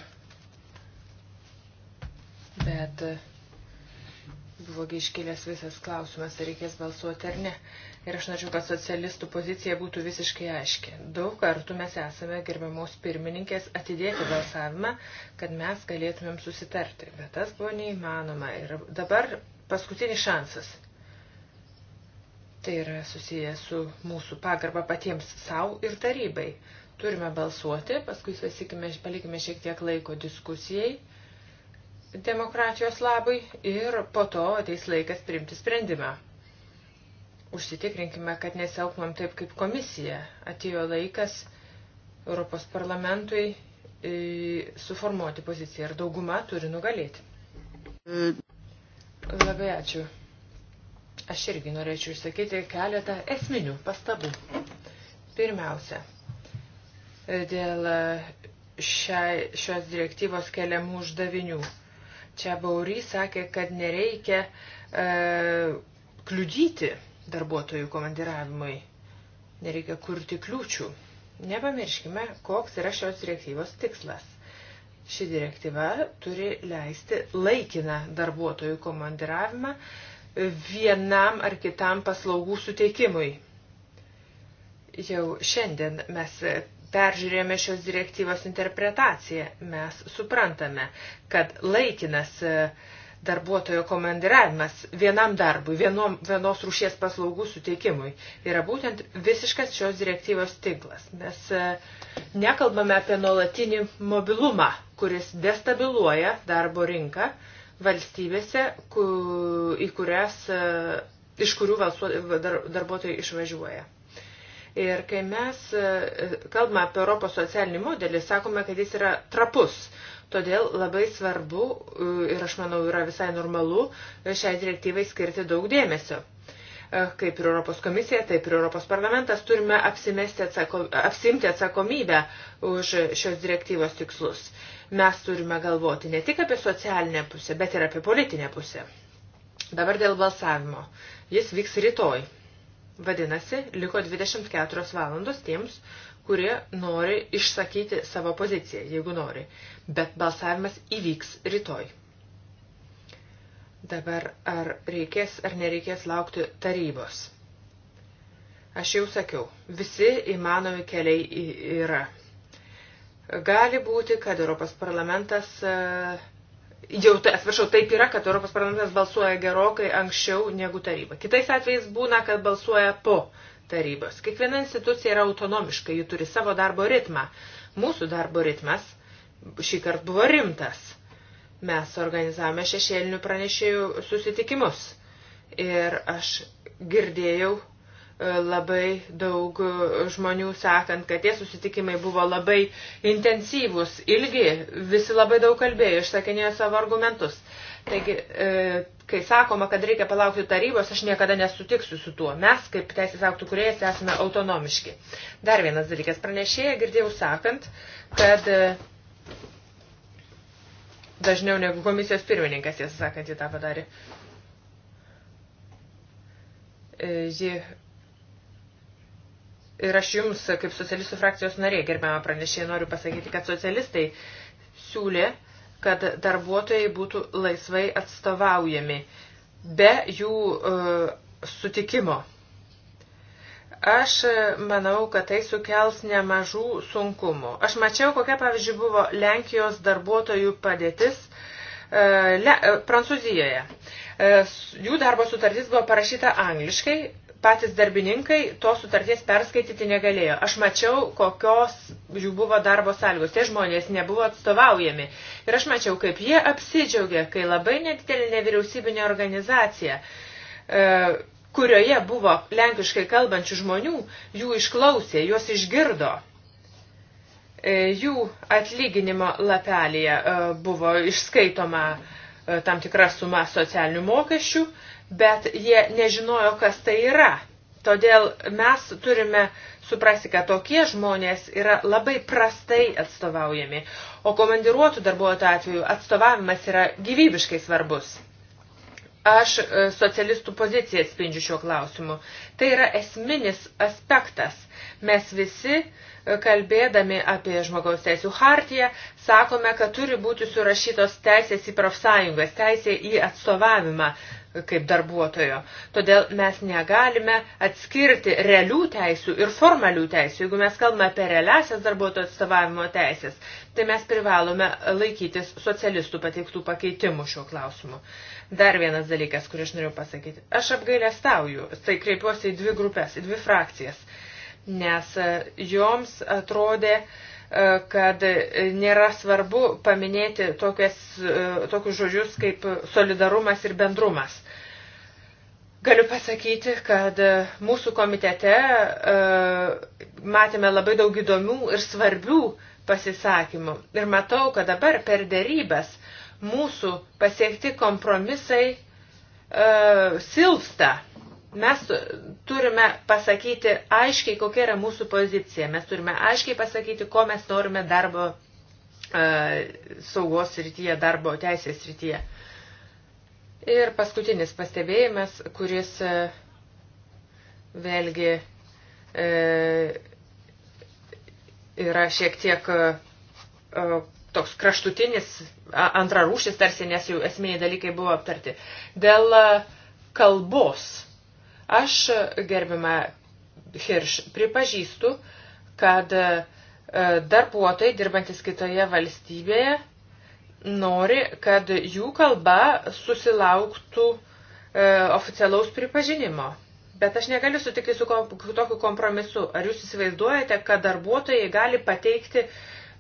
bet e, buvo iškilęs visas klausimas, ar reikės balsuoti ar ne. Ir aš norėčiau, kad socialistų pozicija būtų visiškai aiški. Daug kartų mes esame gerbiamos pirmininkės atidėti balsavimą, kad mes galėtumėm susitarti. Bet tas buvo neįmanoma. Ir dabar paskutinis šansas. Tai yra susijęs su mūsų pagarba patiems savo ir tarybai. Turime balsuoti, paskui pasikime, palikime šiek tiek laiko diskusijai demokratijos labai ir po to ateis laikas priimti sprendimą. Užsitikrinkime, kad nesielgtumėm taip kaip komisija. Atėjo laikas Europos parlamentui e, suformuoti poziciją ir dauguma turi nugalėti. Labai ačiū. Aš irgi norėčiau išsakyti keletą esminių pastabų. Pirmiausia, dėl šiai, šios direktyvos keliamų uždavinių. Čia Baury sakė, kad nereikia e, kliudyti darbuotojų komandiravimui, nereikia kurti kliūčių. Nepamirškime, koks yra šios direktyvos tikslas. Ši direktyva turi leisti laikiną darbuotojų komandiravimą vienam ar kitam paslaugų suteikimui. Jau šiandien mes peržiūrėjome šios direktyvos interpretaciją, mes suprantame, kad laikinas e, darbuotojo komandiravimas vienam darbui, vienom, vienos rūšies paslaugų suteikimui yra būtent visiškas šios direktyvos tinklas. Mes e, nekalbame apie nuolatinį mobilumą, kuris destabiluoja darbo rinką valstybėse, ku, į kurias, e, iš kurių valsuo, dar, darbuotojai išvažiuoja. Ir kai mes e, kalbame apie Europos socialinį modelį, sakome, kad jis yra trapus. Todėl labai svarbu e, ir aš manau yra visai normalu e, šiai direktyvai skirti daug dėmesio. Kaip ir Europos komisija, taip ir Europos parlamentas turime atsako, apsimti atsakomybę už šios direktyvos tikslus. Mes turime galvoti ne tik apie socialinę pusę, bet ir apie politinę pusę. Dabar dėl balsavimo. Jis vyks rytoj. Vadinasi, liko 24 valandos tiems, kurie nori išsakyti savo poziciją, jeigu nori. Bet balsavimas įvyks rytoj. Dabar ar reikės ar nereikės laukti tarybos? Aš jau sakiau, visi įmanomi keliai yra. Gali būti, kad Europos parlamentas uh, jau, tai, atsiprašau, taip yra, kad Europos parlamentas balsuoja gerokai anksčiau negu taryba. Kitais atvejais būna, kad balsuoja po tarybos. Kiekviena institucija yra autonomiška, ji turi savo darbo ritmą. Mūsų darbo ritmas šį kartą buvo rimtas. Mes organizavome šešėlinių pranešėjų susitikimus. Ir aš girdėjau labai daug e, žmonių sakant, kad tie susitikimai buvo labai intensyvūs, ilgi, visi labai daug kalbėjo, išsakinėjo savo argumentus. Taigi, e, kai sakoma, kad reikia palaukti tarybos, aš niekada nesutiksiu su tuo. Mes, kaip teisės aktų kuriejas, esame autonomiški. Dar vienas dalykas. Pranešėja girdėjau sakant, kad e, dažniau negu komisijos pirmininkas, tiesą sakant, jį tą padarė. Ji Ir aš jums, kaip socialistų frakcijos narė, gerbiamą pranešėją, noriu pasakyti, kad socialistai siūlė, kad darbuotojai būtų laisvai atstovaujami be jų uh, sutikimo. Aš e, manau, kad tai sukels nemažų sunkumų. Aš mačiau, kokia, pavyzdžiui, buvo Lenkijos darbuotojų padėtis uh, Le, uh, Prancūzijoje. Uh, jų darbo sutartis buvo parašyta angliškai, patys darbininkai tos sutarties perskaityti negalėjo. Aš mačiau, kokios jų buvo darbo sąlygos. Tie žmonės nebuvo atstovaujami. Ir aš mačiau, kaip jie apsidžiaugė, kai labai nedidelė nevyriausybinė organizacija, e, kurioje buvo lenkiškai kalbančių žmonių, jų išklausė, juos išgirdo. E, jų atlyginimo lapelėje e, buvo išskaitoma tam tikra suma socialinių mokesčių bet jie nežinojo, kas tai yra. Todėl mes turime suprasti, kad tokie žmonės yra labai prastai atstovaujami, o komandiruotų darbuotojų atveju atstovavimas yra gyvybiškai svarbus. Aš e, socialistų poziciją spindžiu šiuo klausimu. Tai yra esminis aspektas. Mes visi, e, kalbėdami apie žmogaus teisų hartiją, sakome, kad turi būti surašytos teisės į profsąjungas, teisė į atstovavimą kaip darbuotojo. Todėl mes negalime atskirti realių teisių ir formalių teisių. Jeigu mes kalbame apie realiasias darbuotojo atstovavimo teisės, tai mes privalome laikytis socialistų pateiktų pakeitimų šiuo klausimu. Dar vienas dalykas, kurį aš noriu pasakyti. Aš apgailestauju, tai kreipiuosi į dvi grupės, į dvi frakcijas, nes e, joms atrodė, e, kad e, nėra svarbu paminėti tokias, tokius žodžius kaip solidarumas ir bendrumas. Galiu pasakyti, kad e, mūsų komitete e, matėme labai daug įdomių ir svarbių pasisakymų. Ir matau, kad dabar per dėrybas mūsų pasiekti kompromisai e, silpsta. Mes turime pasakyti aiškiai, kokia yra mūsų pozicija. Mes turime aiškiai pasakyti, ko mes norime darbo saugos srityje, darbo teisės srityje. Ir paskutinis pastebėjimas, kuris e, vėlgi e, yra šiek tiek e, e toks kraštutinis, antrarūšis tarsi, nes jų esminiai dalykai buvo aptarti. Dėl e, kalbos. Aš, gerbima Hirš, pripažįstu, kad darbuotojai dirbantis kitoje valstybėje nori, kad jų kalba susilauktų e, oficialaus pripažinimo. Bet aš negaliu sutikti su kom, tokiu kompromisu. Ar jūs įsivaizduojate, kad darbuotojai gali pateikti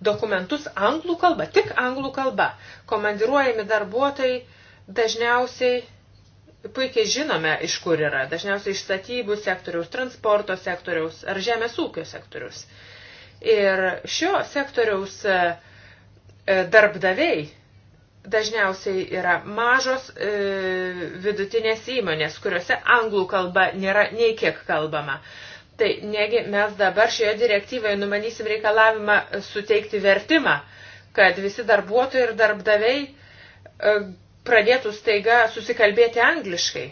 dokumentus anglų kalba, tik anglų kalba? Komandiruojami darbuotojai dažniausiai puikiai žinome, iš kur yra. Dažniausiai iš statybų sektoriaus, transporto sektoriaus ar žemės ūkio sektoriaus. Ir šio sektoriaus uh, E, darbdaviai dažniausiai yra mažos e, vidutinės įmonės, kuriuose anglų kalba nėra nei kiek kalbama. Tai negi mes dabar šioje direktyvoje numanysim reikalavimą suteikti vertimą, kad visi darbuotojai ir darbdaviai e, pradėtų staiga susikalbėti angliškai.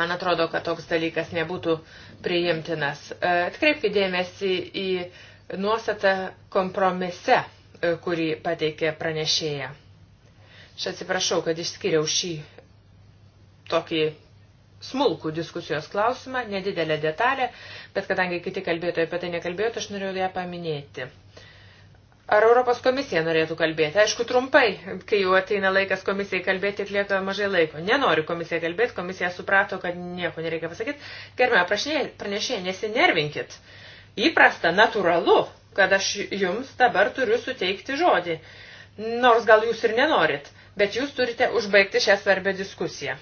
Man atrodo, kad toks dalykas nebūtų priimtinas. E, Atkreipkite dėmesį į nuostatą kompromise E, kurį pateikė pranešėja. Aš atsiprašau, kad išskiriau šį tokį smulkų diskusijos klausimą, nedidelę detalę, bet kadangi kiti kalbėtojai apie tai nekalbėjo, tai aš norėjau ją paminėti. Ar Europos komisija norėtų kalbėti? Aišku, trumpai, kai jau ateina laikas komisijai kalbėti, tiek lieka mažai laiko. Nenoriu komisijai kalbėti, komisija suprato, kad nieko nereikia pasakyti. Gerbime, pranešėjai, nesinervinkit. Įprasta, natūralu, kad aš jums dabar turiu suteikti žodį. Nors gal jūs ir nenorit, bet jūs turite užbaigti šią svarbę diskusiją.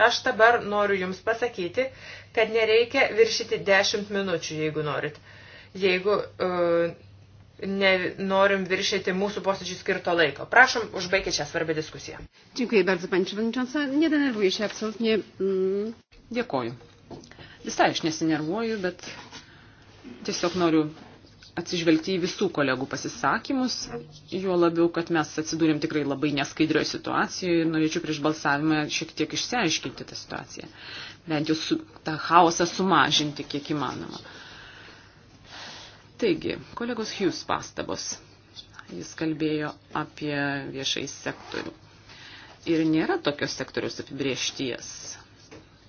Aš dabar noriu jums pasakyti, kad nereikia viršyti 10 minučių, jeigu norit. Jeigu uh, e, nenorim viršyti mūsų posėdžių skirto laiko. Prašom, užbaigti šią svarbę diskusiją. Dziękuję bardzo, pani przewodnicząca. Nie denerwuję się absolutnie. Mm. Dėkoju. Visai aš nesinervuoju, bet tiesiog noriu atsižvelgti į visų kolegų pasisakymus, juo labiau, kad mes atsidūrėm tikrai labai neskaidrioje situacijoje ir norėčiau prieš balsavimą šiek tiek išsiaiškinti tą situaciją. Bent jau su, tą chaosą sumažinti kiek įmanoma. Taigi, kolegos Hughes pastabos. Jis kalbėjo apie viešai sektorių. Ir nėra tokios sektoriaus apibriešties.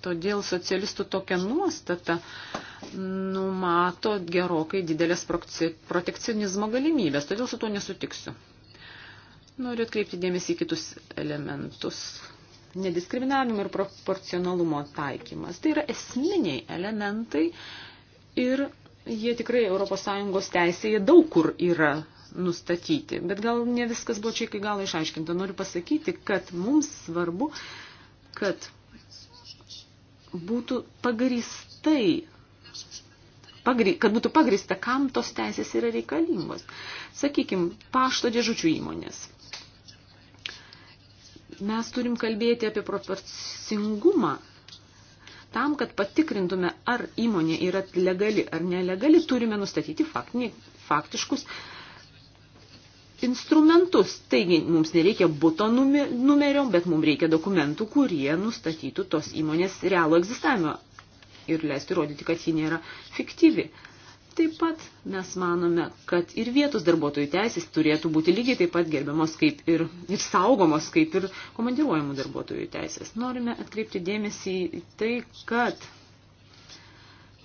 Todėl socialistų tokia nuostata, uh, numato gerokai didelės protekcionizmo galimybės, todėl su tuo nesutiksiu. Noriu atkreipti dėmesį į kitus elementus. Nediskriminavimo ir proporcionalumo taikymas. Tai yra esminiai elementai ir jie tikrai ES teisėje daug kur yra nustatyti. Bet gal ne viskas buvo čia iki galo išaiškinta. Noriu pasakyti, kad mums svarbu, kad būtų pagrįstai pagri, kad būtų pagrista, kam tos teisės yra reikalingos. Sakykime, pašto dėžučių įmonės. Mes turim kalbėti apie proporcingumą tam, kad patikrintume, ar įmonė yra legali ar nelegali, turime nustatyti faktinį, faktiškus instrumentus. Taigi, mums nereikia būto numerio, bet mums reikia dokumentų, kurie nustatytų tos įmonės realų egzistavimą ir leisti rodyti, kad ji nėra fiktyvi. Taip pat mes manome, kad ir vietos darbuotojų teisės turėtų būti lygiai taip pat gerbiamos kaip ir, ir saugomos kaip ir komandiruojamų darbuotojų teisės. Norime atkreipti dėmesį į tai, kad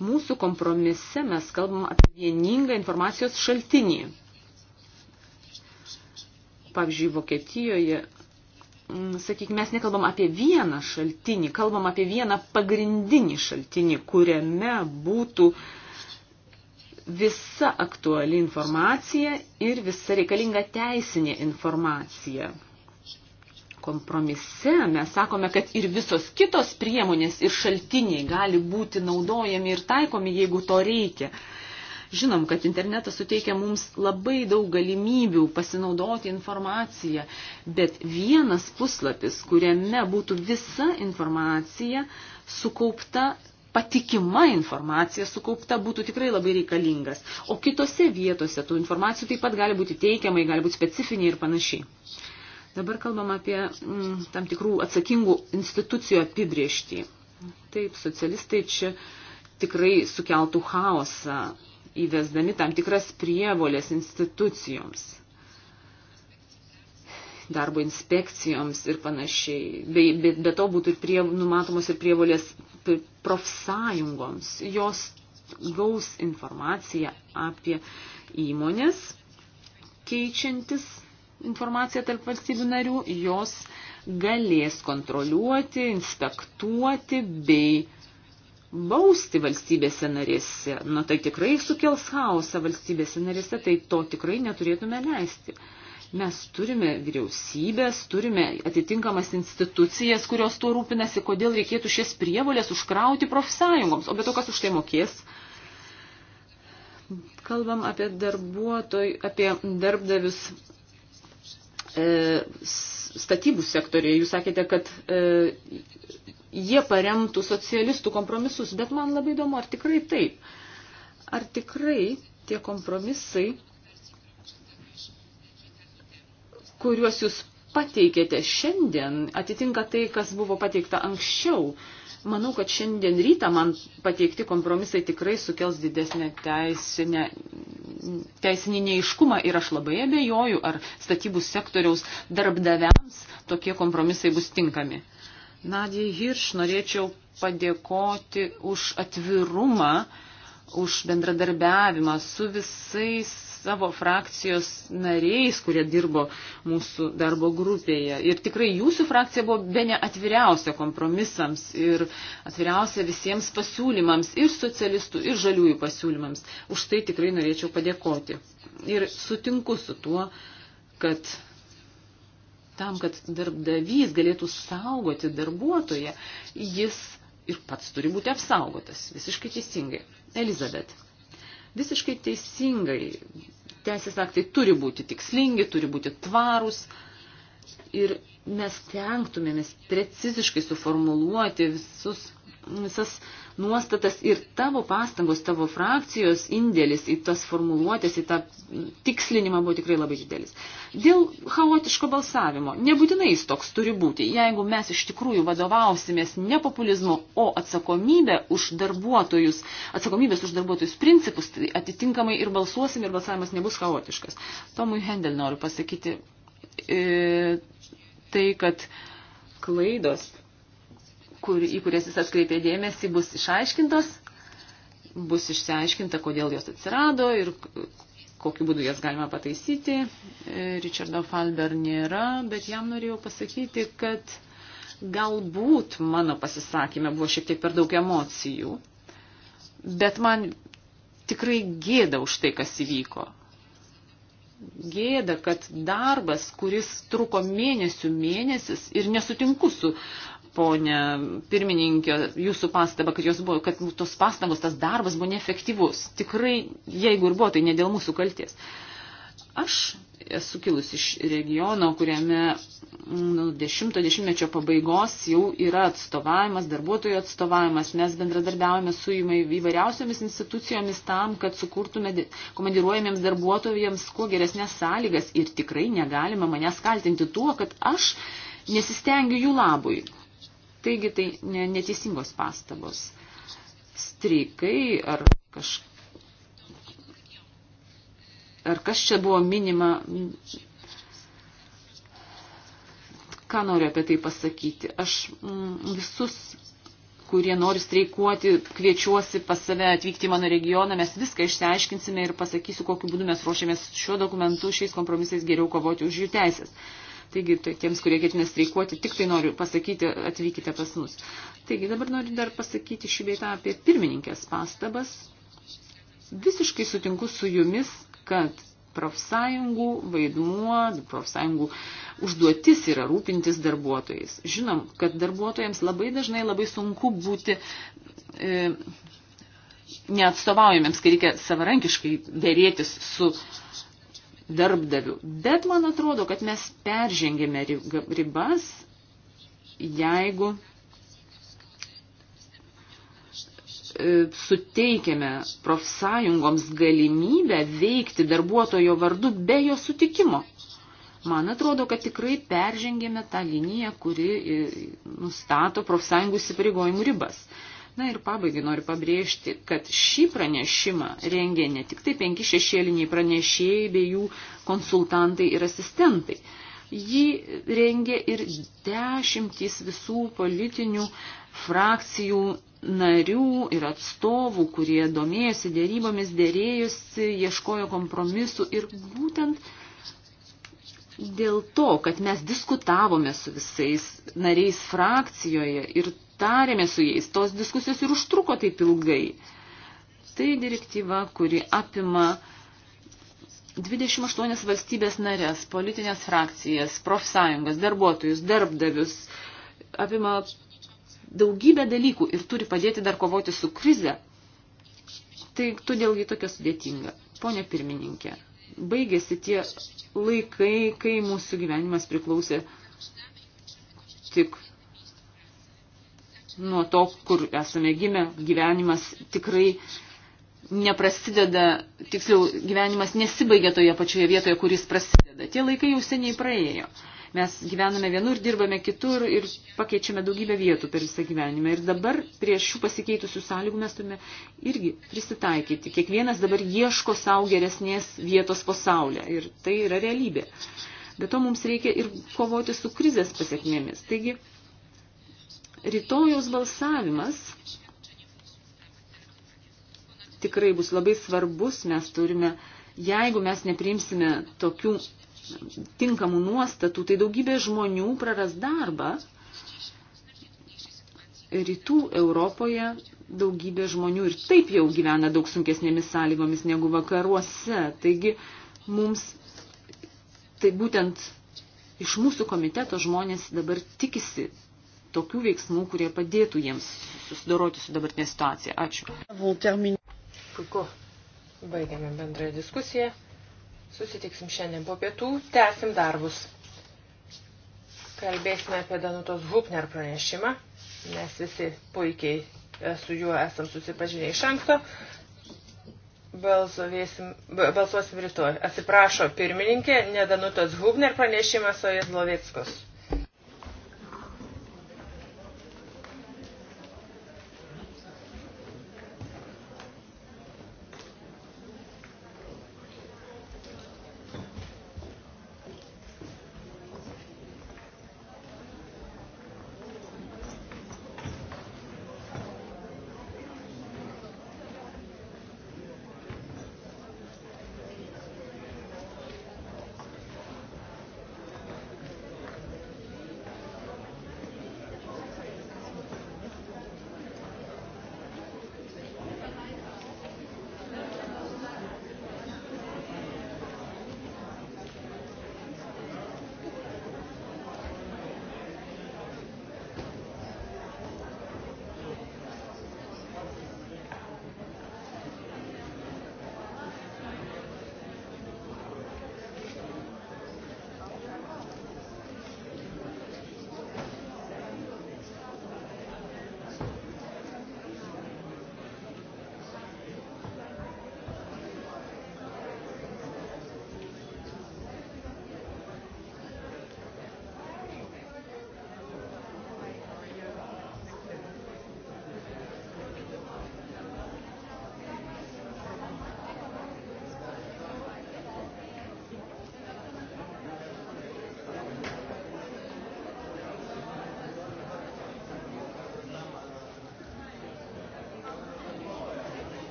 mūsų kompromise mes kalbam apie vieningą informacijos šaltinį. Pavyzdžiui, Vokietijoje Mm, sakykime, mes nekalbam apie vieną šaltinį, kalbam apie vieną pagrindinį šaltinį, kuriame būtų visa aktuali informacija ir visa reikalinga teisinė informacija. Kompromise mes sakome, kad ir visos kitos priemonės ir šaltiniai gali būti naudojami ir taikomi, jeigu to reikia. Uh, Žinom, kad internetas suteikia mums labai daug galimybių pasinaudoti informaciją, bet vienas puslapis, kuriame būtų visa informacija sukaupta patikima informacija sukaupta būtų tikrai labai reikalingas. O kitose vietose tų informacijų taip pat gali būti teikiamai, gali būti specifiniai ir panašiai. Dabar kalbam apie mm, tam tikrų atsakingų institucijų apibriežtį. Taip, socialistai čia tikrai sukeltų chaosą įvesdami tam tikras prievolės institucijoms, darbo inspekcijoms ir panašiai. Be, be, be to būtų ir prie, numatomos ir prievolės profsąjungoms. Jos gaus informaciją apie įmonės, keičiantis informaciją tarp valstybių narių, jos galės kontroliuoti, inspektuoti bei bausti valstybėse narėse, nu tai tikrai sukels chaosą valstybėse narėse, tai to tikrai neturėtume leisti. Mes turime vyriausybės, turime atitinkamas institucijas, kurios tuo rūpinasi, kodėl reikėtų šias prievolės užkrauti profsąjungoms, o be to kas už tai mokės. Kalbam apie darbuotojų, apie darbdavius e, statybų sektorėje. Jūs sakėte, kad e, jie paremtų socialistų kompromisus, bet man labai įdomu, ar tikrai taip. Ar tikrai tie kompromisai, kuriuos jūs pateikėte šiandien, atitinka tai, kas buvo pateikta anksčiau. Manau, kad šiandien rytą man pateikti kompromisai tikrai sukels didesnę teisinę, teisinį neiškumą ir aš labai abejoju, ar statybų sektoriaus darbdaviams tokie kompromisai bus tinkami. Nadijai Hirš norėčiau padėkoti už atvirumą, už bendradarbiavimą su visais savo frakcijos nariais, kurie dirbo mūsų darbo grupėje. Ir tikrai jūsų frakcija buvo be ne atviriausia kompromisams ir atviriausia visiems pasiūlymams, ir socialistų, ir žaliųjų pasiūlymams. Už tai tikrai norėčiau padėkoti. Ir sutinku su tuo, kad tam, kad darbdavys galėtų saugoti darbuotoją, jis ir pats turi būti apsaugotas. Visiškai teisingai. Elizabet, visiškai teisingai. Teisės aktai turi būti tikslingi, turi būti tvarūs. Ir mes tenktumėmės preciziškai suformuluoti visus visas nuostatas ir tavo pastangos, tavo frakcijos indėlis į tas formuluotės, į tą tikslinimą buvo tikrai labai didelis. Dėl chaotiško balsavimo, nebūtinai jis toks turi būti. Jeigu mes iš tikrųjų vadovausimės ne populizmu, o atsakomybė už darbuotojus, atsakomybės už darbuotojus principus, tai atitinkamai ir balsuosim ir balsavimas nebus chaotiškas. Tomui Hendel noriu pasakyti e, tai, kad klaidos kur, į kurias jis atkreipė dėmesį, bus išaiškintos, bus išsiaiškinta, kodėl jos atsirado ir kokiu būdu jas galima pataisyti. E, Richardo Falber nėra, bet jam norėjau pasakyti, kad galbūt mano pasisakymė buvo šiek tiek per daug emocijų, bet man tikrai gėda už tai, kas įvyko. Gėda, kad darbas, kuris truko mėnesių mėnesis ir nesutinku su ponia pirmininkė, jūsų pastaba, kad, jos buvo, kad tos pastangos, tas darbas buvo neefektyvus. Tikrai, jeigu ir buvo, tai ne dėl mūsų kalties. Aš esu kilus iš regiono, kuriame nu, 10-mečio pabaigos jau yra atstovavimas, darbuotojų atstovavimas. Mes bendradarbiaujame su įvairiausiomis institucijomis tam, kad sukurtume komandiruojamiems darbuotojams kuo geresnės sąlygas ir tikrai negalima manęs kaltinti tuo, kad aš nesistengiu jų labui. Taigi tai neteisingos pastabos. Streikai ar kažkas. Ar kas čia buvo minima, ką noriu apie tai pasakyti. Aš mm, visus, kurie nori streikuoti, kviečiuosi pas save atvykti į mano regioną, mes viską išsiaiškinsime ir pasakysiu, kokiu būdu mes ruošiamės šiuo dokumentu, šiais kompromisais geriau kovoti už jų teisės. Uh, Taigi, tai tiems, kurie ketina streikuoti, tik tai noriu pasakyti, atvykite pas mus. Taigi, dabar noriu dar pasakyti šį beitą apie pirmininkės pastabas. Visiškai sutinku su jumis, kad profsąjungų vaidmuo, profsąjungų užduotis yra rūpintis darbuotojais. Žinom, kad darbuotojams labai dažnai labai sunku būti e, neatstovaujamiems, kai reikia savarankiškai dėrėtis su darbdavių. Bet man atrodo, kad mes peržengėme ribas, jeigu e, suteikėme profsąjungoms galimybę veikti darbuotojo vardu be jo sutikimo. Man atrodo, kad tikrai peržengėme tą liniją, kuri e, nustato profsąjungų įsipareigojimų ribas. Na ir pabaigai noriu pabrėžti, kad šį pranešimą rengė ne tik tai penki šešėliniai pranešėjai bei jų konsultantai ir asistentai. Jį rengė ir dešimtys visų politinių frakcijų narių ir atstovų, kurie domėjosi dėrybomis, dėrėjosi, ieškojo kompromisų ir būtent dėl to, kad mes diskutavome su visais nariais frakcijoje ir tarėme su jais. Tos diskusijos ir užtruko taip ilgai. Tai direktyva, kuri apima 28 valstybės narės, politinės frakcijas, profsąjungas, darbuotojus, darbdavius, apima daugybę dalykų ir turi padėti dar kovoti su krize. Tai todėl ji tokia sudėtinga. Pone pirmininkė, baigėsi tie laikai, kai mūsų gyvenimas priklausė tik nuo to, kur esame gimę, gyvenimas tikrai neprasideda, tiksliau, gyvenimas nesibaigia toje pačioje vietoje, kuris prasideda. Tie laikai jau seniai praėjo. Mes gyvename vienur, dirbame kitur ir pakeičiame daugybę vietų per visą gyvenimą. Ir dabar prie šių pasikeitusių sąlygų mes turime irgi prisitaikyti. Kiekvienas dabar ieško savo geresnės vietos pasaulyje. Ir tai yra realybė. Be to mums reikia ir kovoti su krizės pasiekmėmis. Taigi, rytojaus balsavimas tikrai bus labai svarbus, mes turime, jeigu mes nepriimsime tokių tinkamų nuostatų, tai daugybė žmonių praras darbą. Rytų Europoje daugybė žmonių ir taip jau gyvena daug sunkesnėmis sąlygomis negu vakaruose. Taigi mums, tai būtent iš mūsų komiteto žmonės dabar tikisi tokių veiksmų, kurie padėtų jiems susidoroti su dabartinė situacija. Ačiū. Puiku. Baigiame bendrąją diskusiją. Susitiksim šiandien po pietų, tęsim darbus. Kalbėsime apie Danutos Hupner pranešimą, nes visi puikiai e, su juo esam susipažinę iš anksto. Balsuosim, balsuosim rytoj. Atsiprašo pirmininkė, ne Danutos Hubner pranešimas, o Jazlovickos.